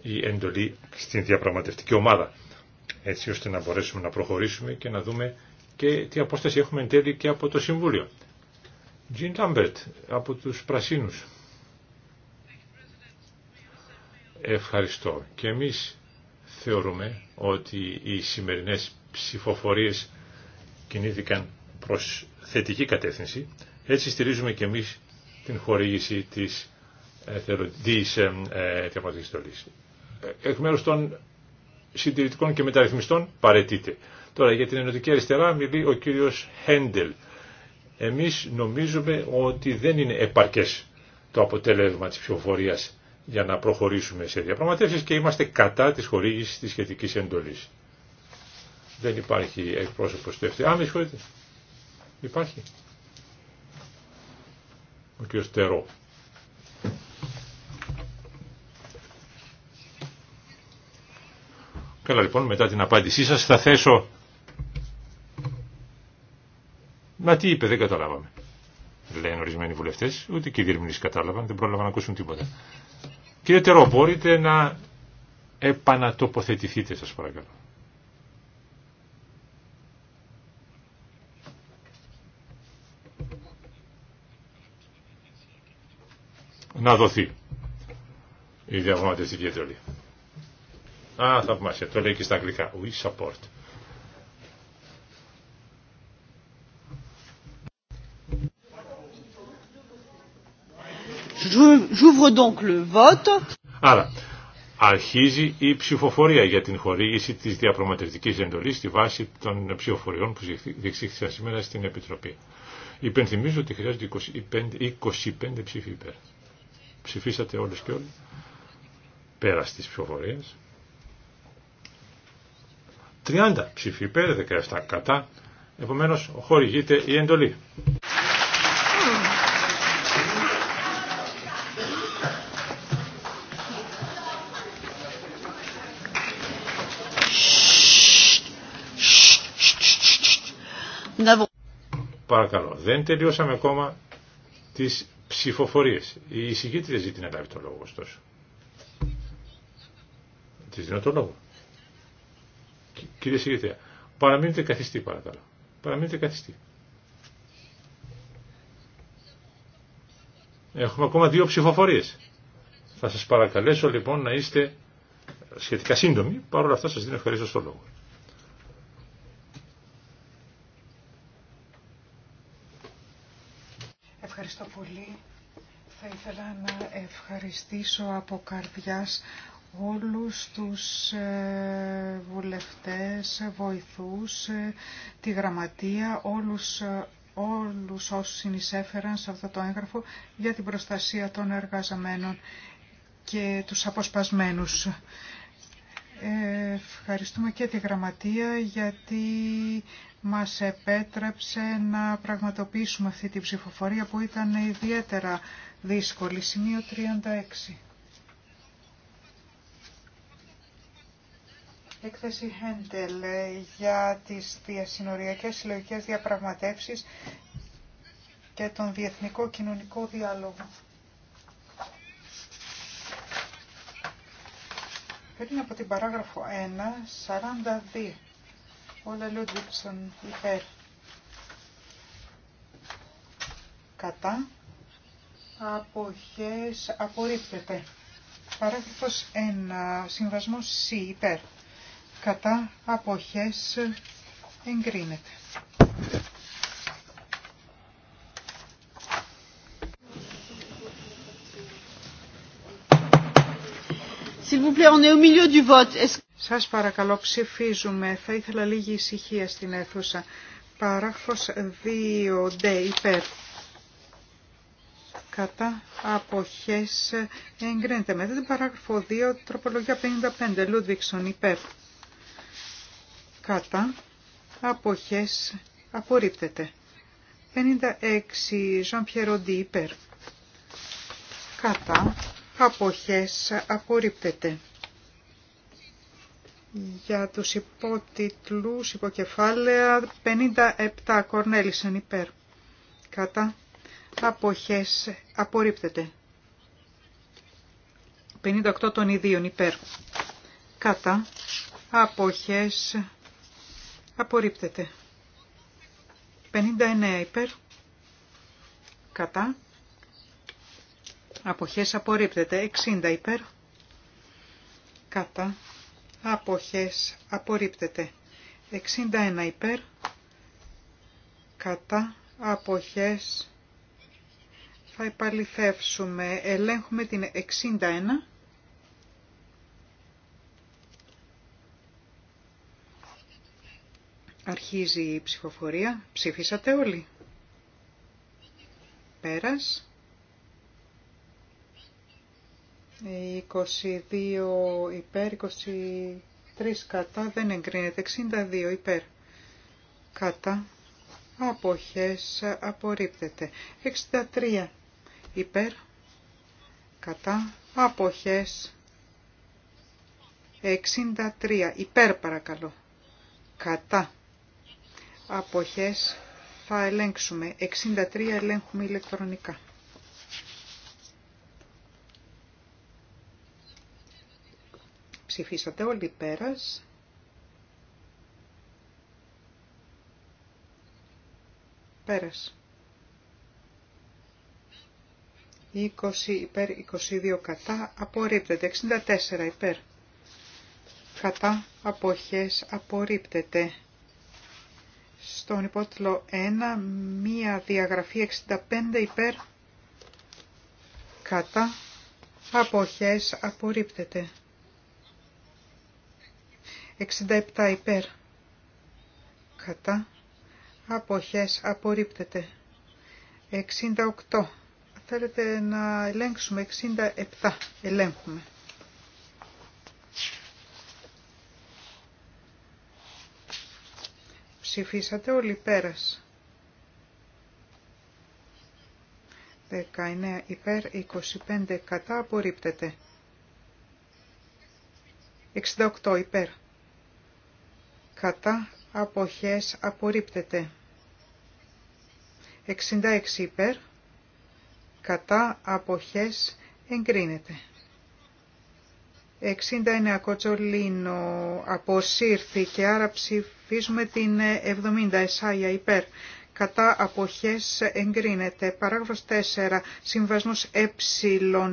η εντολή στην διαπραγματευτική ομάδα έτσι ώστε να μπορέσουμε να προχωρήσουμε και να δούμε και τι απόσταση έχουμε εν τέλει και από το Συμβούλιο. Τζιν από τους Πρασίνους. Ευχαριστώ. Και εμείς θεωρούμε ότι οι σημερινές ψηφοφορίες κινήθηκαν προς θετική κατεύθυνση. Έτσι στηρίζουμε και εμείς την χορήγηση της εθελοντής ε, ε, διαπραγματικής στολής. Ε, εκ μέρους των συντηρητικών και μεταρρυθμιστών παρετείται. Τώρα για την ενωτική αριστερά μιλεί ο κύριος Χέντελ. Εμείς νομίζουμε ότι δεν είναι επαρκές το αποτέλεσμα της ψηφοφορίας για να προχωρήσουμε σε διαπραγματεύσεις και είμαστε κατά της χορήγησης της σχετικής εντολής. Δεν υπάρχει εκπρόσωπος του Α, με συγχωρείτε. Υπάρχει. Ο κ. Στερό. Καλά λοιπόν, μετά την απάντησή σας θα θέσω... να τι είπε, δεν καταλάβαμε. Λένε ορισμένοι βουλευτές, ούτε και οι διερμηνείς κατάλαβαν, δεν πρόλαβαν να ακούσουν τίποτα. Κύριε Τερό, μπορείτε να επανατοποθετηθείτε σας παρακαλώ. Να δοθεί η διαπραγματευτική εντολή. Α, θαυμάσια, το λέει και στα αγγλικά. We support. J'ouvre donc le vote. Άρα, αρχίζει η ψηφοφορία για την χορήγηση της διαπραγματευτικής εντολής στη βάση των ψηφοφοριών που διεξήχθησαν σήμερα στην Επιτροπή. Υπενθυμίζω ότι χρειάζονται 25, 25 ψήφοι υπέρ. Ψηφίσατε όλες και όλοι πέρα στις ψηφοφορίες. 30 ψήφοι υπέρ, 17 κατά. Επομένως, χορηγείται η εντολή. Παρακαλώ, δεν τελειώσαμε ακόμα τις ψηφοφορίες. Η εισηγήτρια ζήτη να λάβει το λόγο, ωστόσο. Τη δίνω το λόγο. Κύριε εισηγήτρια, παραμείνετε καθιστή, παρακαλώ. Παραμείνετε καθιστή. Έχουμε ακόμα δύο ψηφοφορίες. Θα σας παρακαλέσω λοιπόν να είστε σχετικά σύντομοι, όλα αυτά σας δίνω ευχαρίστω στο λόγο. Ευχαριστώ πολύ. Θα ήθελα να ευχαριστήσω από καρδιάς όλους τους ε, βουλευτές, βοηθούς, ε, τη γραμματεία, όλους ε, όλους όσους συνεισέφεραν σε αυτό το έγγραφο για την προστασία των εργαζαμένων και τους αποσπασμένους. Ευχαριστούμε και τη Γραμματεία γιατί μας επέτρεψε να πραγματοποιήσουμε αυτή τη ψηφοφορία που ήταν ιδιαίτερα δύσκολη. Σημείο 36. Έκθεση Χέντελ για τις διασυνοριακές συλλογικές διαπραγματεύσεις και τον διεθνικό κοινωνικό διάλογο. Πριν από την παράγραφο 1, 42. Όλα Λούντβικσον υπέρ. Κατά. Αποχές απορρίπτεται. Παράγραφος 1. Συμβασμός C υπέρ. Κατά. Αποχές εγκρίνεται. S'il vous plaît, on est au milieu du vote. Σας παρακαλώ ψηφίζουμε. Θα ήθελα λίγη ησυχία στην αίθουσα. Παράγραφος 2. Ντε υπέρ. Κατά αποχές εγκρίνεται. Μετά την παράγραφο 2 τροπολογία 55. Λούντβικσον υπέρ. Κατά αποχές απορρίπτεται. 56. Ζαν Πιεροντή υπέρ. Κατά αποχές απορρίπτεται για τους υπότιτλους, υποκεφάλαια 57 κορνέλησαν υπέρ. Κατά αποχές απορρίπτεται. 58 των ιδίων υπέρ. Κατά αποχές απορρίπτεται. 59 υπέρ. Κατά αποχές απορρίπτεται. 60 υπέρ. Κατά αποχές απορρίπτεται. 61 υπέρ κατά αποχές θα επαληθεύσουμε. Ελέγχουμε την 61. Αρχίζει η ψηφοφορία. Ψήφισατε όλοι. Πέρας. 22 υπέρ, 23 κατά, δεν εγκρίνεται, 62 υπέρ, κατά, αποχές, απορρίπτεται, 63 υπέρ, κατά, αποχές, 63 υπέρ παρακαλώ, κατά, αποχές, θα ελέγξουμε, 63 ελέγχουμε ηλεκτρονικά. Ψηφίσατε όλοι πέρας. Πέρας. 20 υπέρ, 22 κατά, απορρίπτεται. 64 υπέρ. Κατά, αποχές, απορρίπτεται. Στον υπότιτλο 1, μία διαγραφή 65 υπέρ. Κατά, αποχές, απορρίπτεται. 67 υπέρ. Κατά. Αποχές απορρίπτεται. 68. Θέλετε να ελέγξουμε 67. Ελέγχουμε. Ψηφίσατε όλοι πέρας. 19 υπέρ, 25 κατά απορρίπτεται. 68 υπέρ κατά αποχές απορρίπτεται. 66 υπέρ κατά αποχές εγκρίνεται. 69 κοτσολίνο αποσύρθηκε, άρα ψηφίζουμε την 70 εσάγια υπέρ. Κατά αποχές εγκρίνεται. Παράγραφος 4. Συμβασμός ε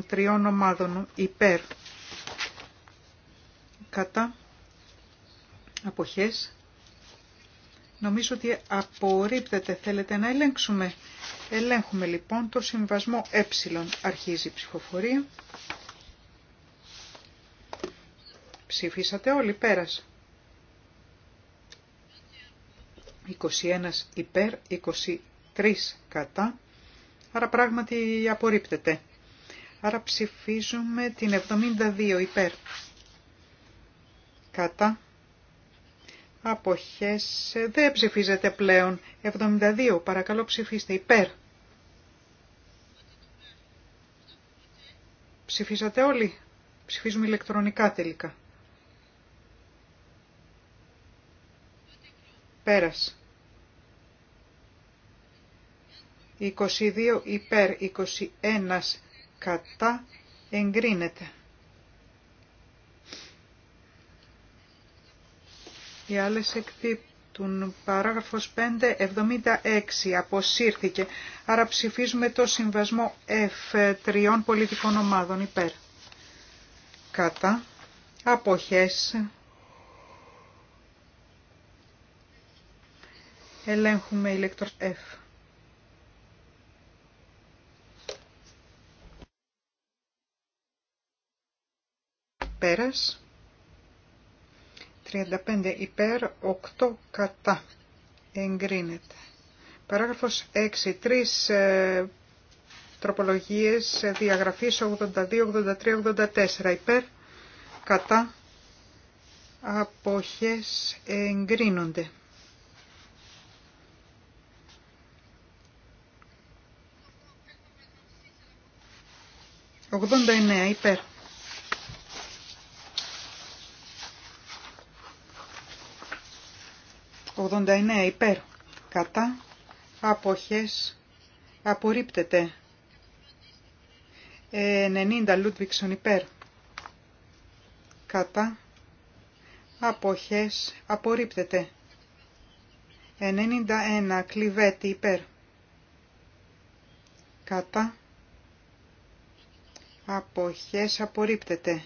τριών ομάδων υπέρ. Κατά αποχές. Νομίζω ότι απορρίπτεται. Θέλετε να ελέγξουμε. Ελέγχουμε λοιπόν το συμβασμό ε. Αρχίζει η ψηφοφορία. Ψηφίσατε όλοι. Πέρας. 21 υπέρ, 23 κατά. Άρα πράγματι απορρίπτεται. Άρα ψηφίζουμε την 72 υπέρ. Κατά. Αποχές δεν ψηφίζετε πλέον. 72. Παρακαλώ ψηφίστε υπέρ. Ψηφίσατε όλοι. Ψηφίζουμε ηλεκτρονικά τελικά. Πέρας. 22 υπέρ 21 κατά εγκρίνεται. Οι άλλες εκδίπτουν. Παράγραφος 5.76 αποσύρθηκε. Άρα ψηφίζουμε το συμβασμό F τριών πολιτικών ομάδων υπέρ. Κατά. Αποχές. Ελέγχουμε ηλεκτρο F. Πέρας. 35 υπέρ, 8 κατά. Εγκρίνεται. Παράγραφος 6. Τρεις ε, τροπολογίες ε, διαγραφής 82, 83, 84 υπέρ, κατά. Αποχές εγκρίνονται. «89 υπέρ». 89 υπέρ κατά αποχές απορρίπτεται 90 ε, Λούτβικσον υπέρ κατά αποχές απορρίπτεται 91 κλειβέτη υπέρ κατά αποχές απορρίπτεται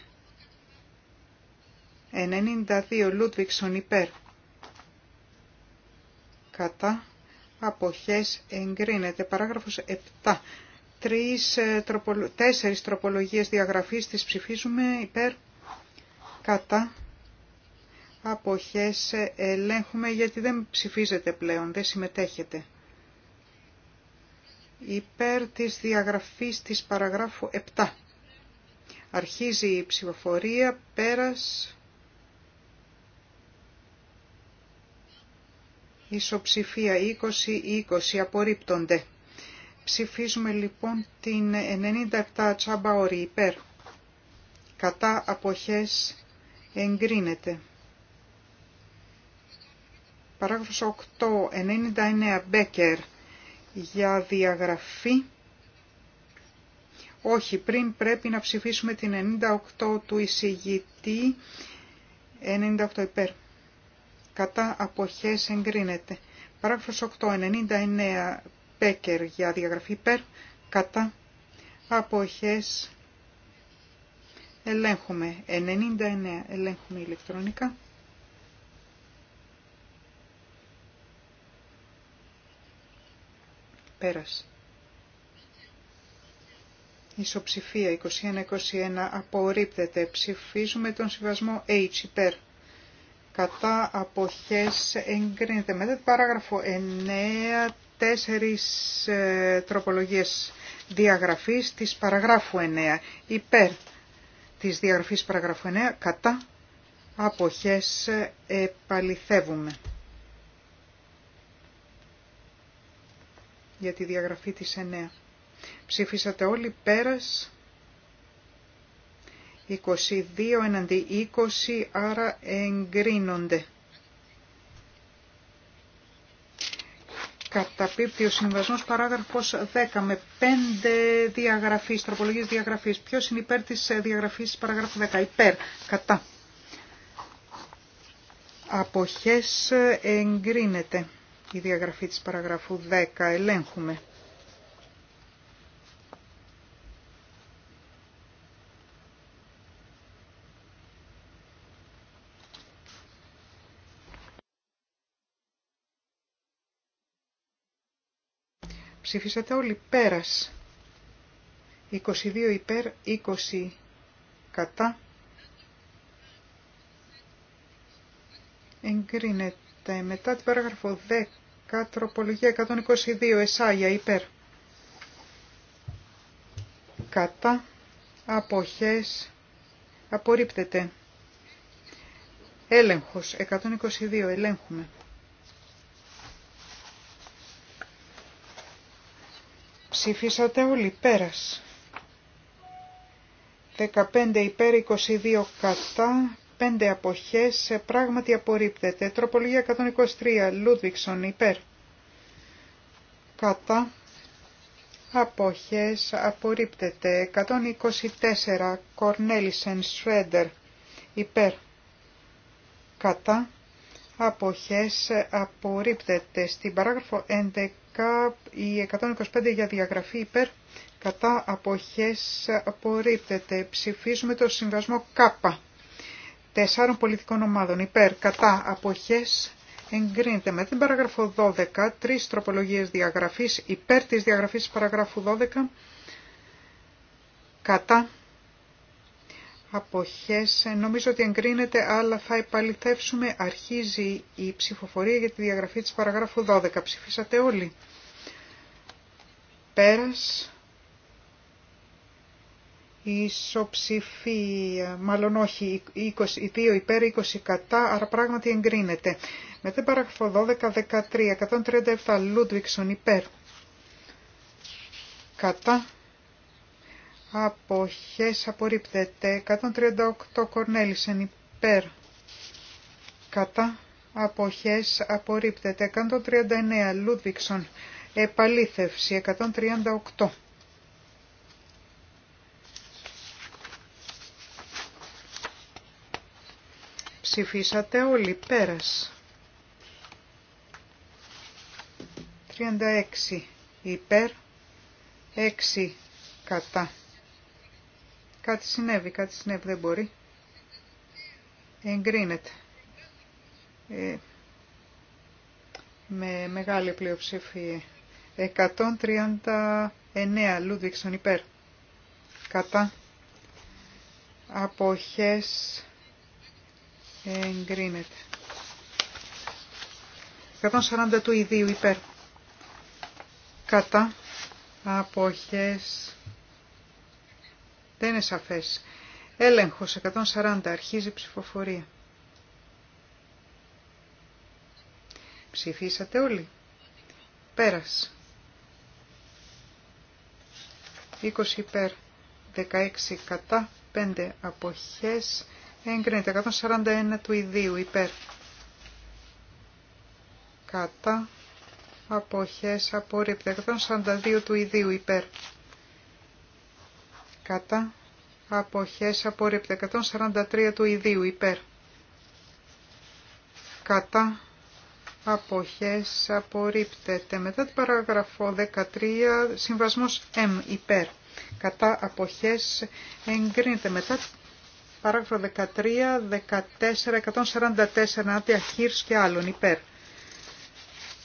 92 Λούτβικσον υπέρ κατά αποχές εγκρίνεται. Παράγραφος 7. Τρεις, ε, τροπολο... Τέσσερις τροπολογίες διαγραφής τις ψηφίζουμε υπέρ κατά αποχές ε, ελέγχουμε γιατί δεν ψηφίζεται πλέον, δεν συμμετέχετε. Υπέρ της διαγραφής της παραγράφου 7. Αρχίζει η ψηφοφορία πέρας Ισοψηφία 20-20 απορρίπτονται. Ψηφίζουμε λοιπόν την 97 τσάμπα όρη υπέρ. Κατά αποχές εγκρίνεται. Παράγραφος 8, 99 Μπέκερ για διαγραφή. Όχι, πριν πρέπει να ψηφίσουμε την 98 του εισηγητή. 98 υπέρ κατά αποχές εγκρίνεται. Παράγραφος 899 Πέκερ για διαγραφή ΠΕΡ. κατά αποχές ελέγχουμε. 99 ελέγχουμε ηλεκτρονικά. Πέρασε. Ισοψηφία 21-21 απορρίπτεται. Ψηφίζουμε τον συμβασμό H υπέρ κατά αποχές εγκρίνεται. Μετά την παράγραφο 9, τέσσερις ε, τροπολογίες διαγραφής της παραγράφου 9. Υπέρ της διαγραφής παραγράφου 9, κατά αποχές επαληθεύουμε. Για τη διαγραφή της 9. Ψήφισατε όλοι πέρας 22 εναντί 20, άρα εγκρίνονται. Καταπίπτει ο συμβασμός παράγραφος 10 με 5 διαγραφή, τροπολογίες διαγραφή. Ποιος είναι υπέρ της διαγραφής παράγραφου 10, υπέρ, κατά. Αποχές εγκρίνεται η διαγραφή της παραγραφού 10, ελέγχουμε. Ψήφισατε όλοι πέρας. 22 υπέρ, 20 κατά. Εγκρίνεται μετά την παράγραφο 10, τροπολογία 122, εσάγια υπέρ. Κατά, αποχές, απορρίπτεται. Έλεγχος, 122, ελέγχουμε. Ψήφισατε όλοι. Πέρας. 15 υπέρ 22 κατά 5 αποχές πράγματι απορρίπτεται. Τροπολογία 123 Λούδβιξον υπέρ. Κατά αποχές απορρίπτεται. 124 Κορνέλισεν Σρέντερ υπέρ. Κατά αποχές απορρίπτεται. Στην παράγραφο 11 η 125 για διαγραφή υπέρ κατά αποχές απορρίπτεται. Ψηφίζουμε το συμβασμό Κ. Τεσσάρων πολιτικών ομάδων υπέρ κατά αποχές εγκρίνεται. Με την παράγραφο 12 τρεις τροπολογίες διαγραφής υπέρ της διαγραφής παραγράφου 12 κατά αποχές. Νομίζω ότι εγκρίνεται, αλλά θα επαληθεύσουμε. Αρχίζει η ψηφοφορία για τη διαγραφή της παραγράφου 12. Ψηφίσατε όλοι. Πέρας. ισοψηφία, μάλλον όχι, δύο υπέρ, 20 κατά, άρα πράγματι εγκρίνεται. Μετά παραγραφό 12, 13, 137, Λούντβιξον υπέρ. Κατά αποχές απορρίπτεται 138 κορνέλισεν υπέρ κατά αποχές απορρίπτεται 139 Λούτβικσον. επαλήθευση 138 Ψηφίσατε όλοι, πέρας. 36 υπέρ, 6 κατά. Κάτι συνέβη, κάτι συνέβη, δεν μπορεί. Εγκρίνεται. Ε, με μεγάλη πλειοψηφία. 139 Λούδιξον υπέρ. Κατά. Αποχές εγκρίνεται. 140 του ιδίου υπέρ. Κατά. Αποχές δεν είναι σαφές. Έλεγχος 140. Αρχίζει ψηφοφορία. Ψηφίσατε όλοι. Πέρας. 20 υπέρ. 16 κατά. 5 αποχές. Έγκρινεται 141 του ιδίου υπέρ. Κατά. Αποχές Απορρίπτε 142 του ιδίου υπέρ κατά αποχές απορρίπτεται 143 του ιδίου υπέρ κατά αποχές απορρίπτεται μετά την παράγραφο 13 συμβασμός M υπέρ κατά αποχές εγκρίνεται μετά παράγραφο 13 14 144 Νάτια και άλλων υπέρ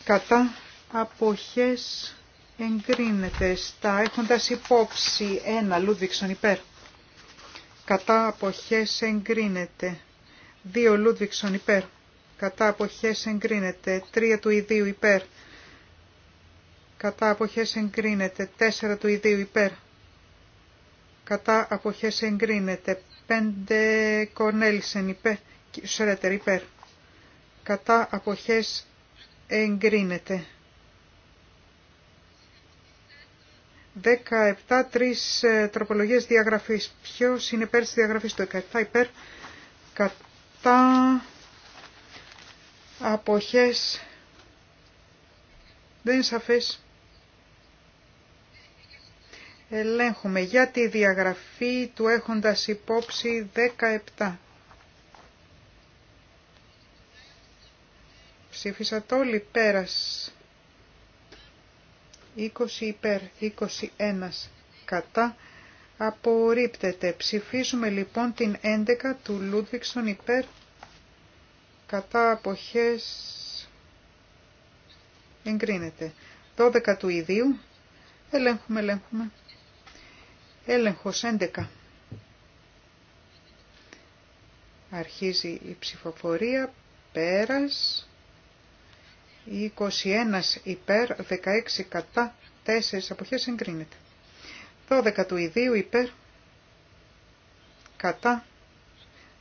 κατά αποχές εγκρίνεται στα έχοντας υπόψη 1 Λούδικσον υπέρ. Κατά αποχές εγκρίνεται 2 Λούδικσον υπέρ. Κατά αποχές εγκρίνεται 3 του ιδίου υπέρ. Κατά αποχές εγκρίνεται 4 του ιδίου υπέρ. Κατά αποχές εγκρίνεται 5 Κορνέλισεν υπέρ. Σρέτερ υπέρ. Κατά αποχές εγκρίνεται. 17, τρεις ε, τροπολογίες διαγραφής. Ποιος είναι υπέρ της διαγραφής του 17, υπέρ, κατά, αποχές, δεν είναι σαφές. Ελέγχουμε για τη διαγραφή του έχοντας υπόψη 17. Ψήφισα το όλοι πέρας. 20 υπέρ, 21 κατά. Απορρίπτεται. Ψηφίζουμε λοιπόν την 11 του Λούδβιξον υπέρ κατά αποχές εγκρίνεται. 12 του ιδίου. Ελέγχουμε, ελέγχουμε. Έλεγχος 11. Αρχίζει η ψηφοφορία. Πέρας. 21 υπέρ, 16 κατά, 4 αποχές εγκρίνεται. 12 του ιδίου υπέρ, κατά,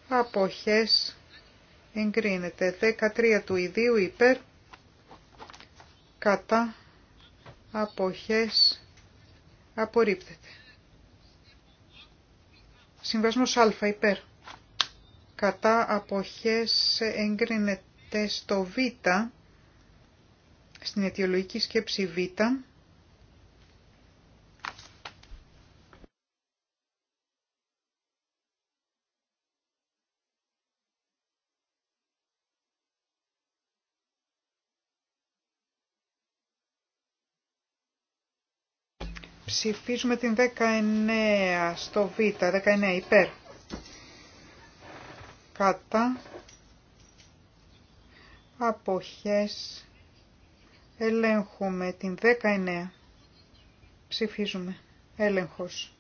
αποχές εγκρίνεται. 13 του ιδίου υπέρ, κατά, αποχές απορρίπτεται. Συμβασμός α υπέρ. Κατά αποχές εγκρίνεται στο β στην αιτιολογική σκέψη Β ψηφίζουμε την 19 στο Β, 19 υπέρ. Κατά. Αποχές. Ελέγχουμε την 19. Ψηφίζουμε. Έλεγχος.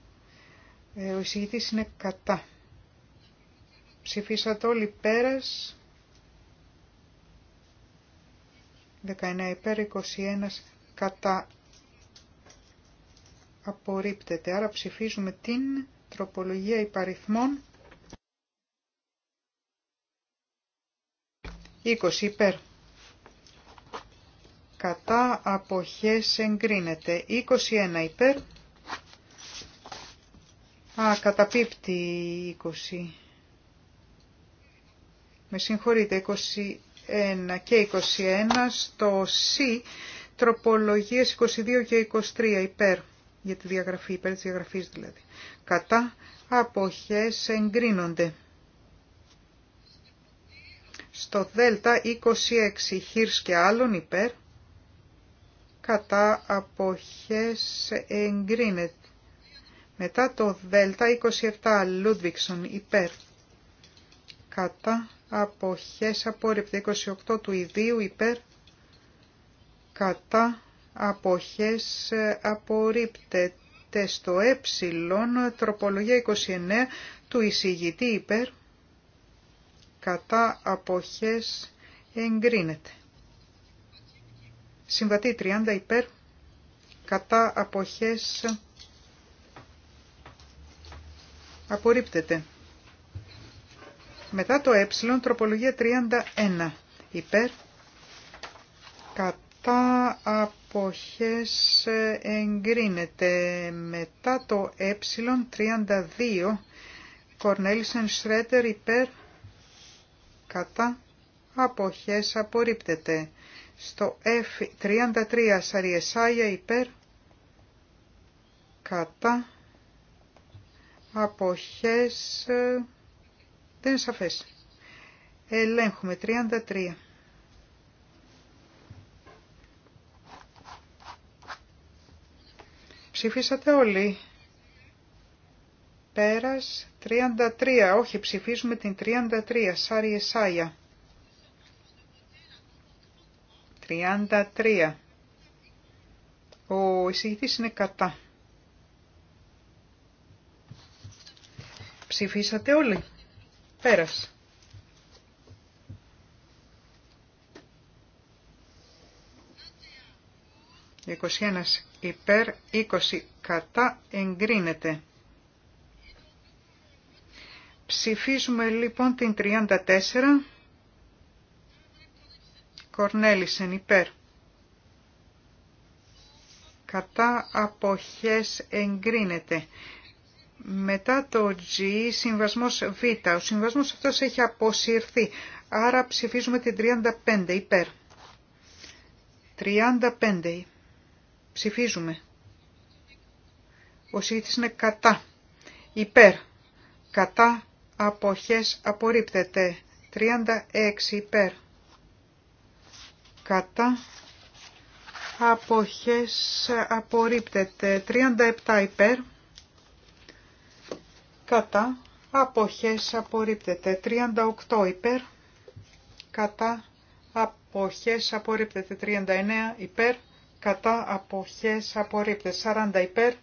Ε, ο εισηγητής είναι κατά. Ψηφίσατε όλοι πέρας. 19 υπέρ, 21 κατά. Απορρίπτεται. Άρα ψηφίζουμε την τροπολογία υπαριθμών. 20 υπέρ κατά αποχές εγκρίνεται. 21 υπέρ. Α, καταπίπτει 20. Με συγχωρείτε, 21 και 21 στο C, τροπολογίες 22 και 23 υπέρ, για τη διαγραφή, υπέρ της διαγραφής δηλαδή. Κατά αποχές εγκρίνονται. Στο Δέλτα 26 χείρς και άλλων υπέρ, κατά αποχές εγκρίνεται. Μετά το Δέλτα 27 Λούντβιξον υπέρ. Κατά αποχές απόρριπτα 28 του ιδίου υπέρ. Κατά αποχές απορρίπτεται στο ε τροπολογία 29 του εισηγητή υπέρ. Κατά αποχές εγκρίνεται. Συμβατεί 30 υπέρ κατά αποχές απορρίπτεται. Μετά το ε, τροπολογία 31 υπέρ κατά αποχές ε, εγκρίνεται. Μετά το ε, 32 Κορνέλισεν Σρέτερ υπέρ κατά αποχές απορρίπτεται στο F33 Σαριεσάια υπέρ κατά αποχές ε, δεν είναι σαφές. Ελέγχουμε 33. Ψηφίσατε όλοι. Πέρας 33. Όχι, ψηφίζουμε την 33. Σάρι 33. Ο εισηγητής είναι κατά. Ψηφίσατε όλοι. Πέρασε. 21 υπέρ, 20 κατά, εγκρίνεται. Ψηφίζουμε λοιπόν την 34 Κορνέλησεν. υπέρ. Κατά αποχές εγκρίνεται. Μετά το G, συμβασμός Β. Ο συμβασμός αυτός έχει αποσυρθεί. Άρα ψηφίζουμε την 35 υπέρ. 35. Ψηφίζουμε. Ο συγκρίτης είναι κατά. Υπέρ. Κατά αποχές απορρίπτεται. 36 υπέρ κατά αποχές απορρίπτεται 37 υπέρ κατά αποχές απορρίπτεται 38 υπέρ κατά αποχές απορρίπτεται 39 υπέρ κατά αποχές απορρίπτεται 40 υπέρ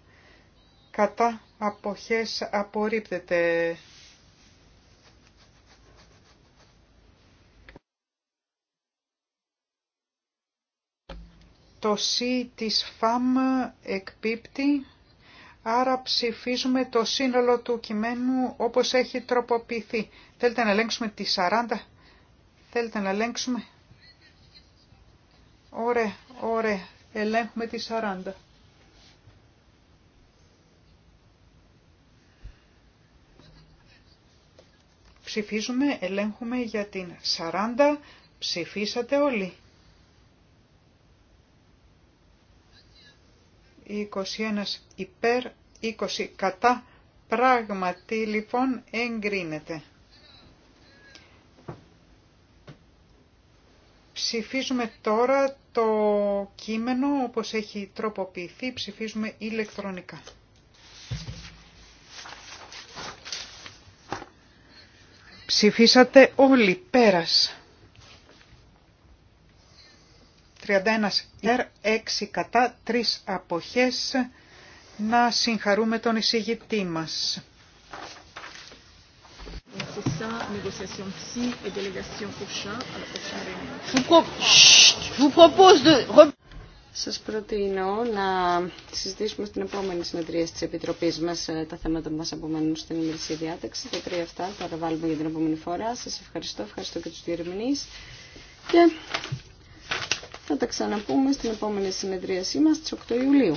κατά αποχές απορρίπτεται Το C της ΦΑΜ εκπίπτει, άρα ψηφίζουμε το σύνολο του κειμένου όπως έχει τροποποιηθεί. Θέλετε να ελέγξουμε τη 40, θέλετε να ελέγξουμε. Ωραία, ωραία, ελέγχουμε τη 40. Ψηφίζουμε, ελέγχουμε για την 40, ψηφίσατε όλοι. 21 υπέρ, 20 κατά. Πράγματι λοιπόν εγκρίνεται. Ψηφίζουμε τώρα το κείμενο όπως έχει τροποποιηθεί, ψηφίζουμε ηλεκτρονικά. Ψηφίσατε όλοι πέρας. 31 6 κατά, 3 αποχές. Να συγχαρούμε τον εισηγητή μας. Σα προτείνω να συζητήσουμε στην επόμενη συνεδρία τη επιτροπή μα ε, τα θέματα που μας απομένουν στην ημερησία διάταξη. Τα τρία αυτά τα βάλουμε για την επόμενη φορά. Σα ευχαριστώ, ευχαριστώ και του διερμηνείς. Και θα τα ξαναπούμε στην επόμενη συνεδρίασή μας στις 8 Ιουλίου.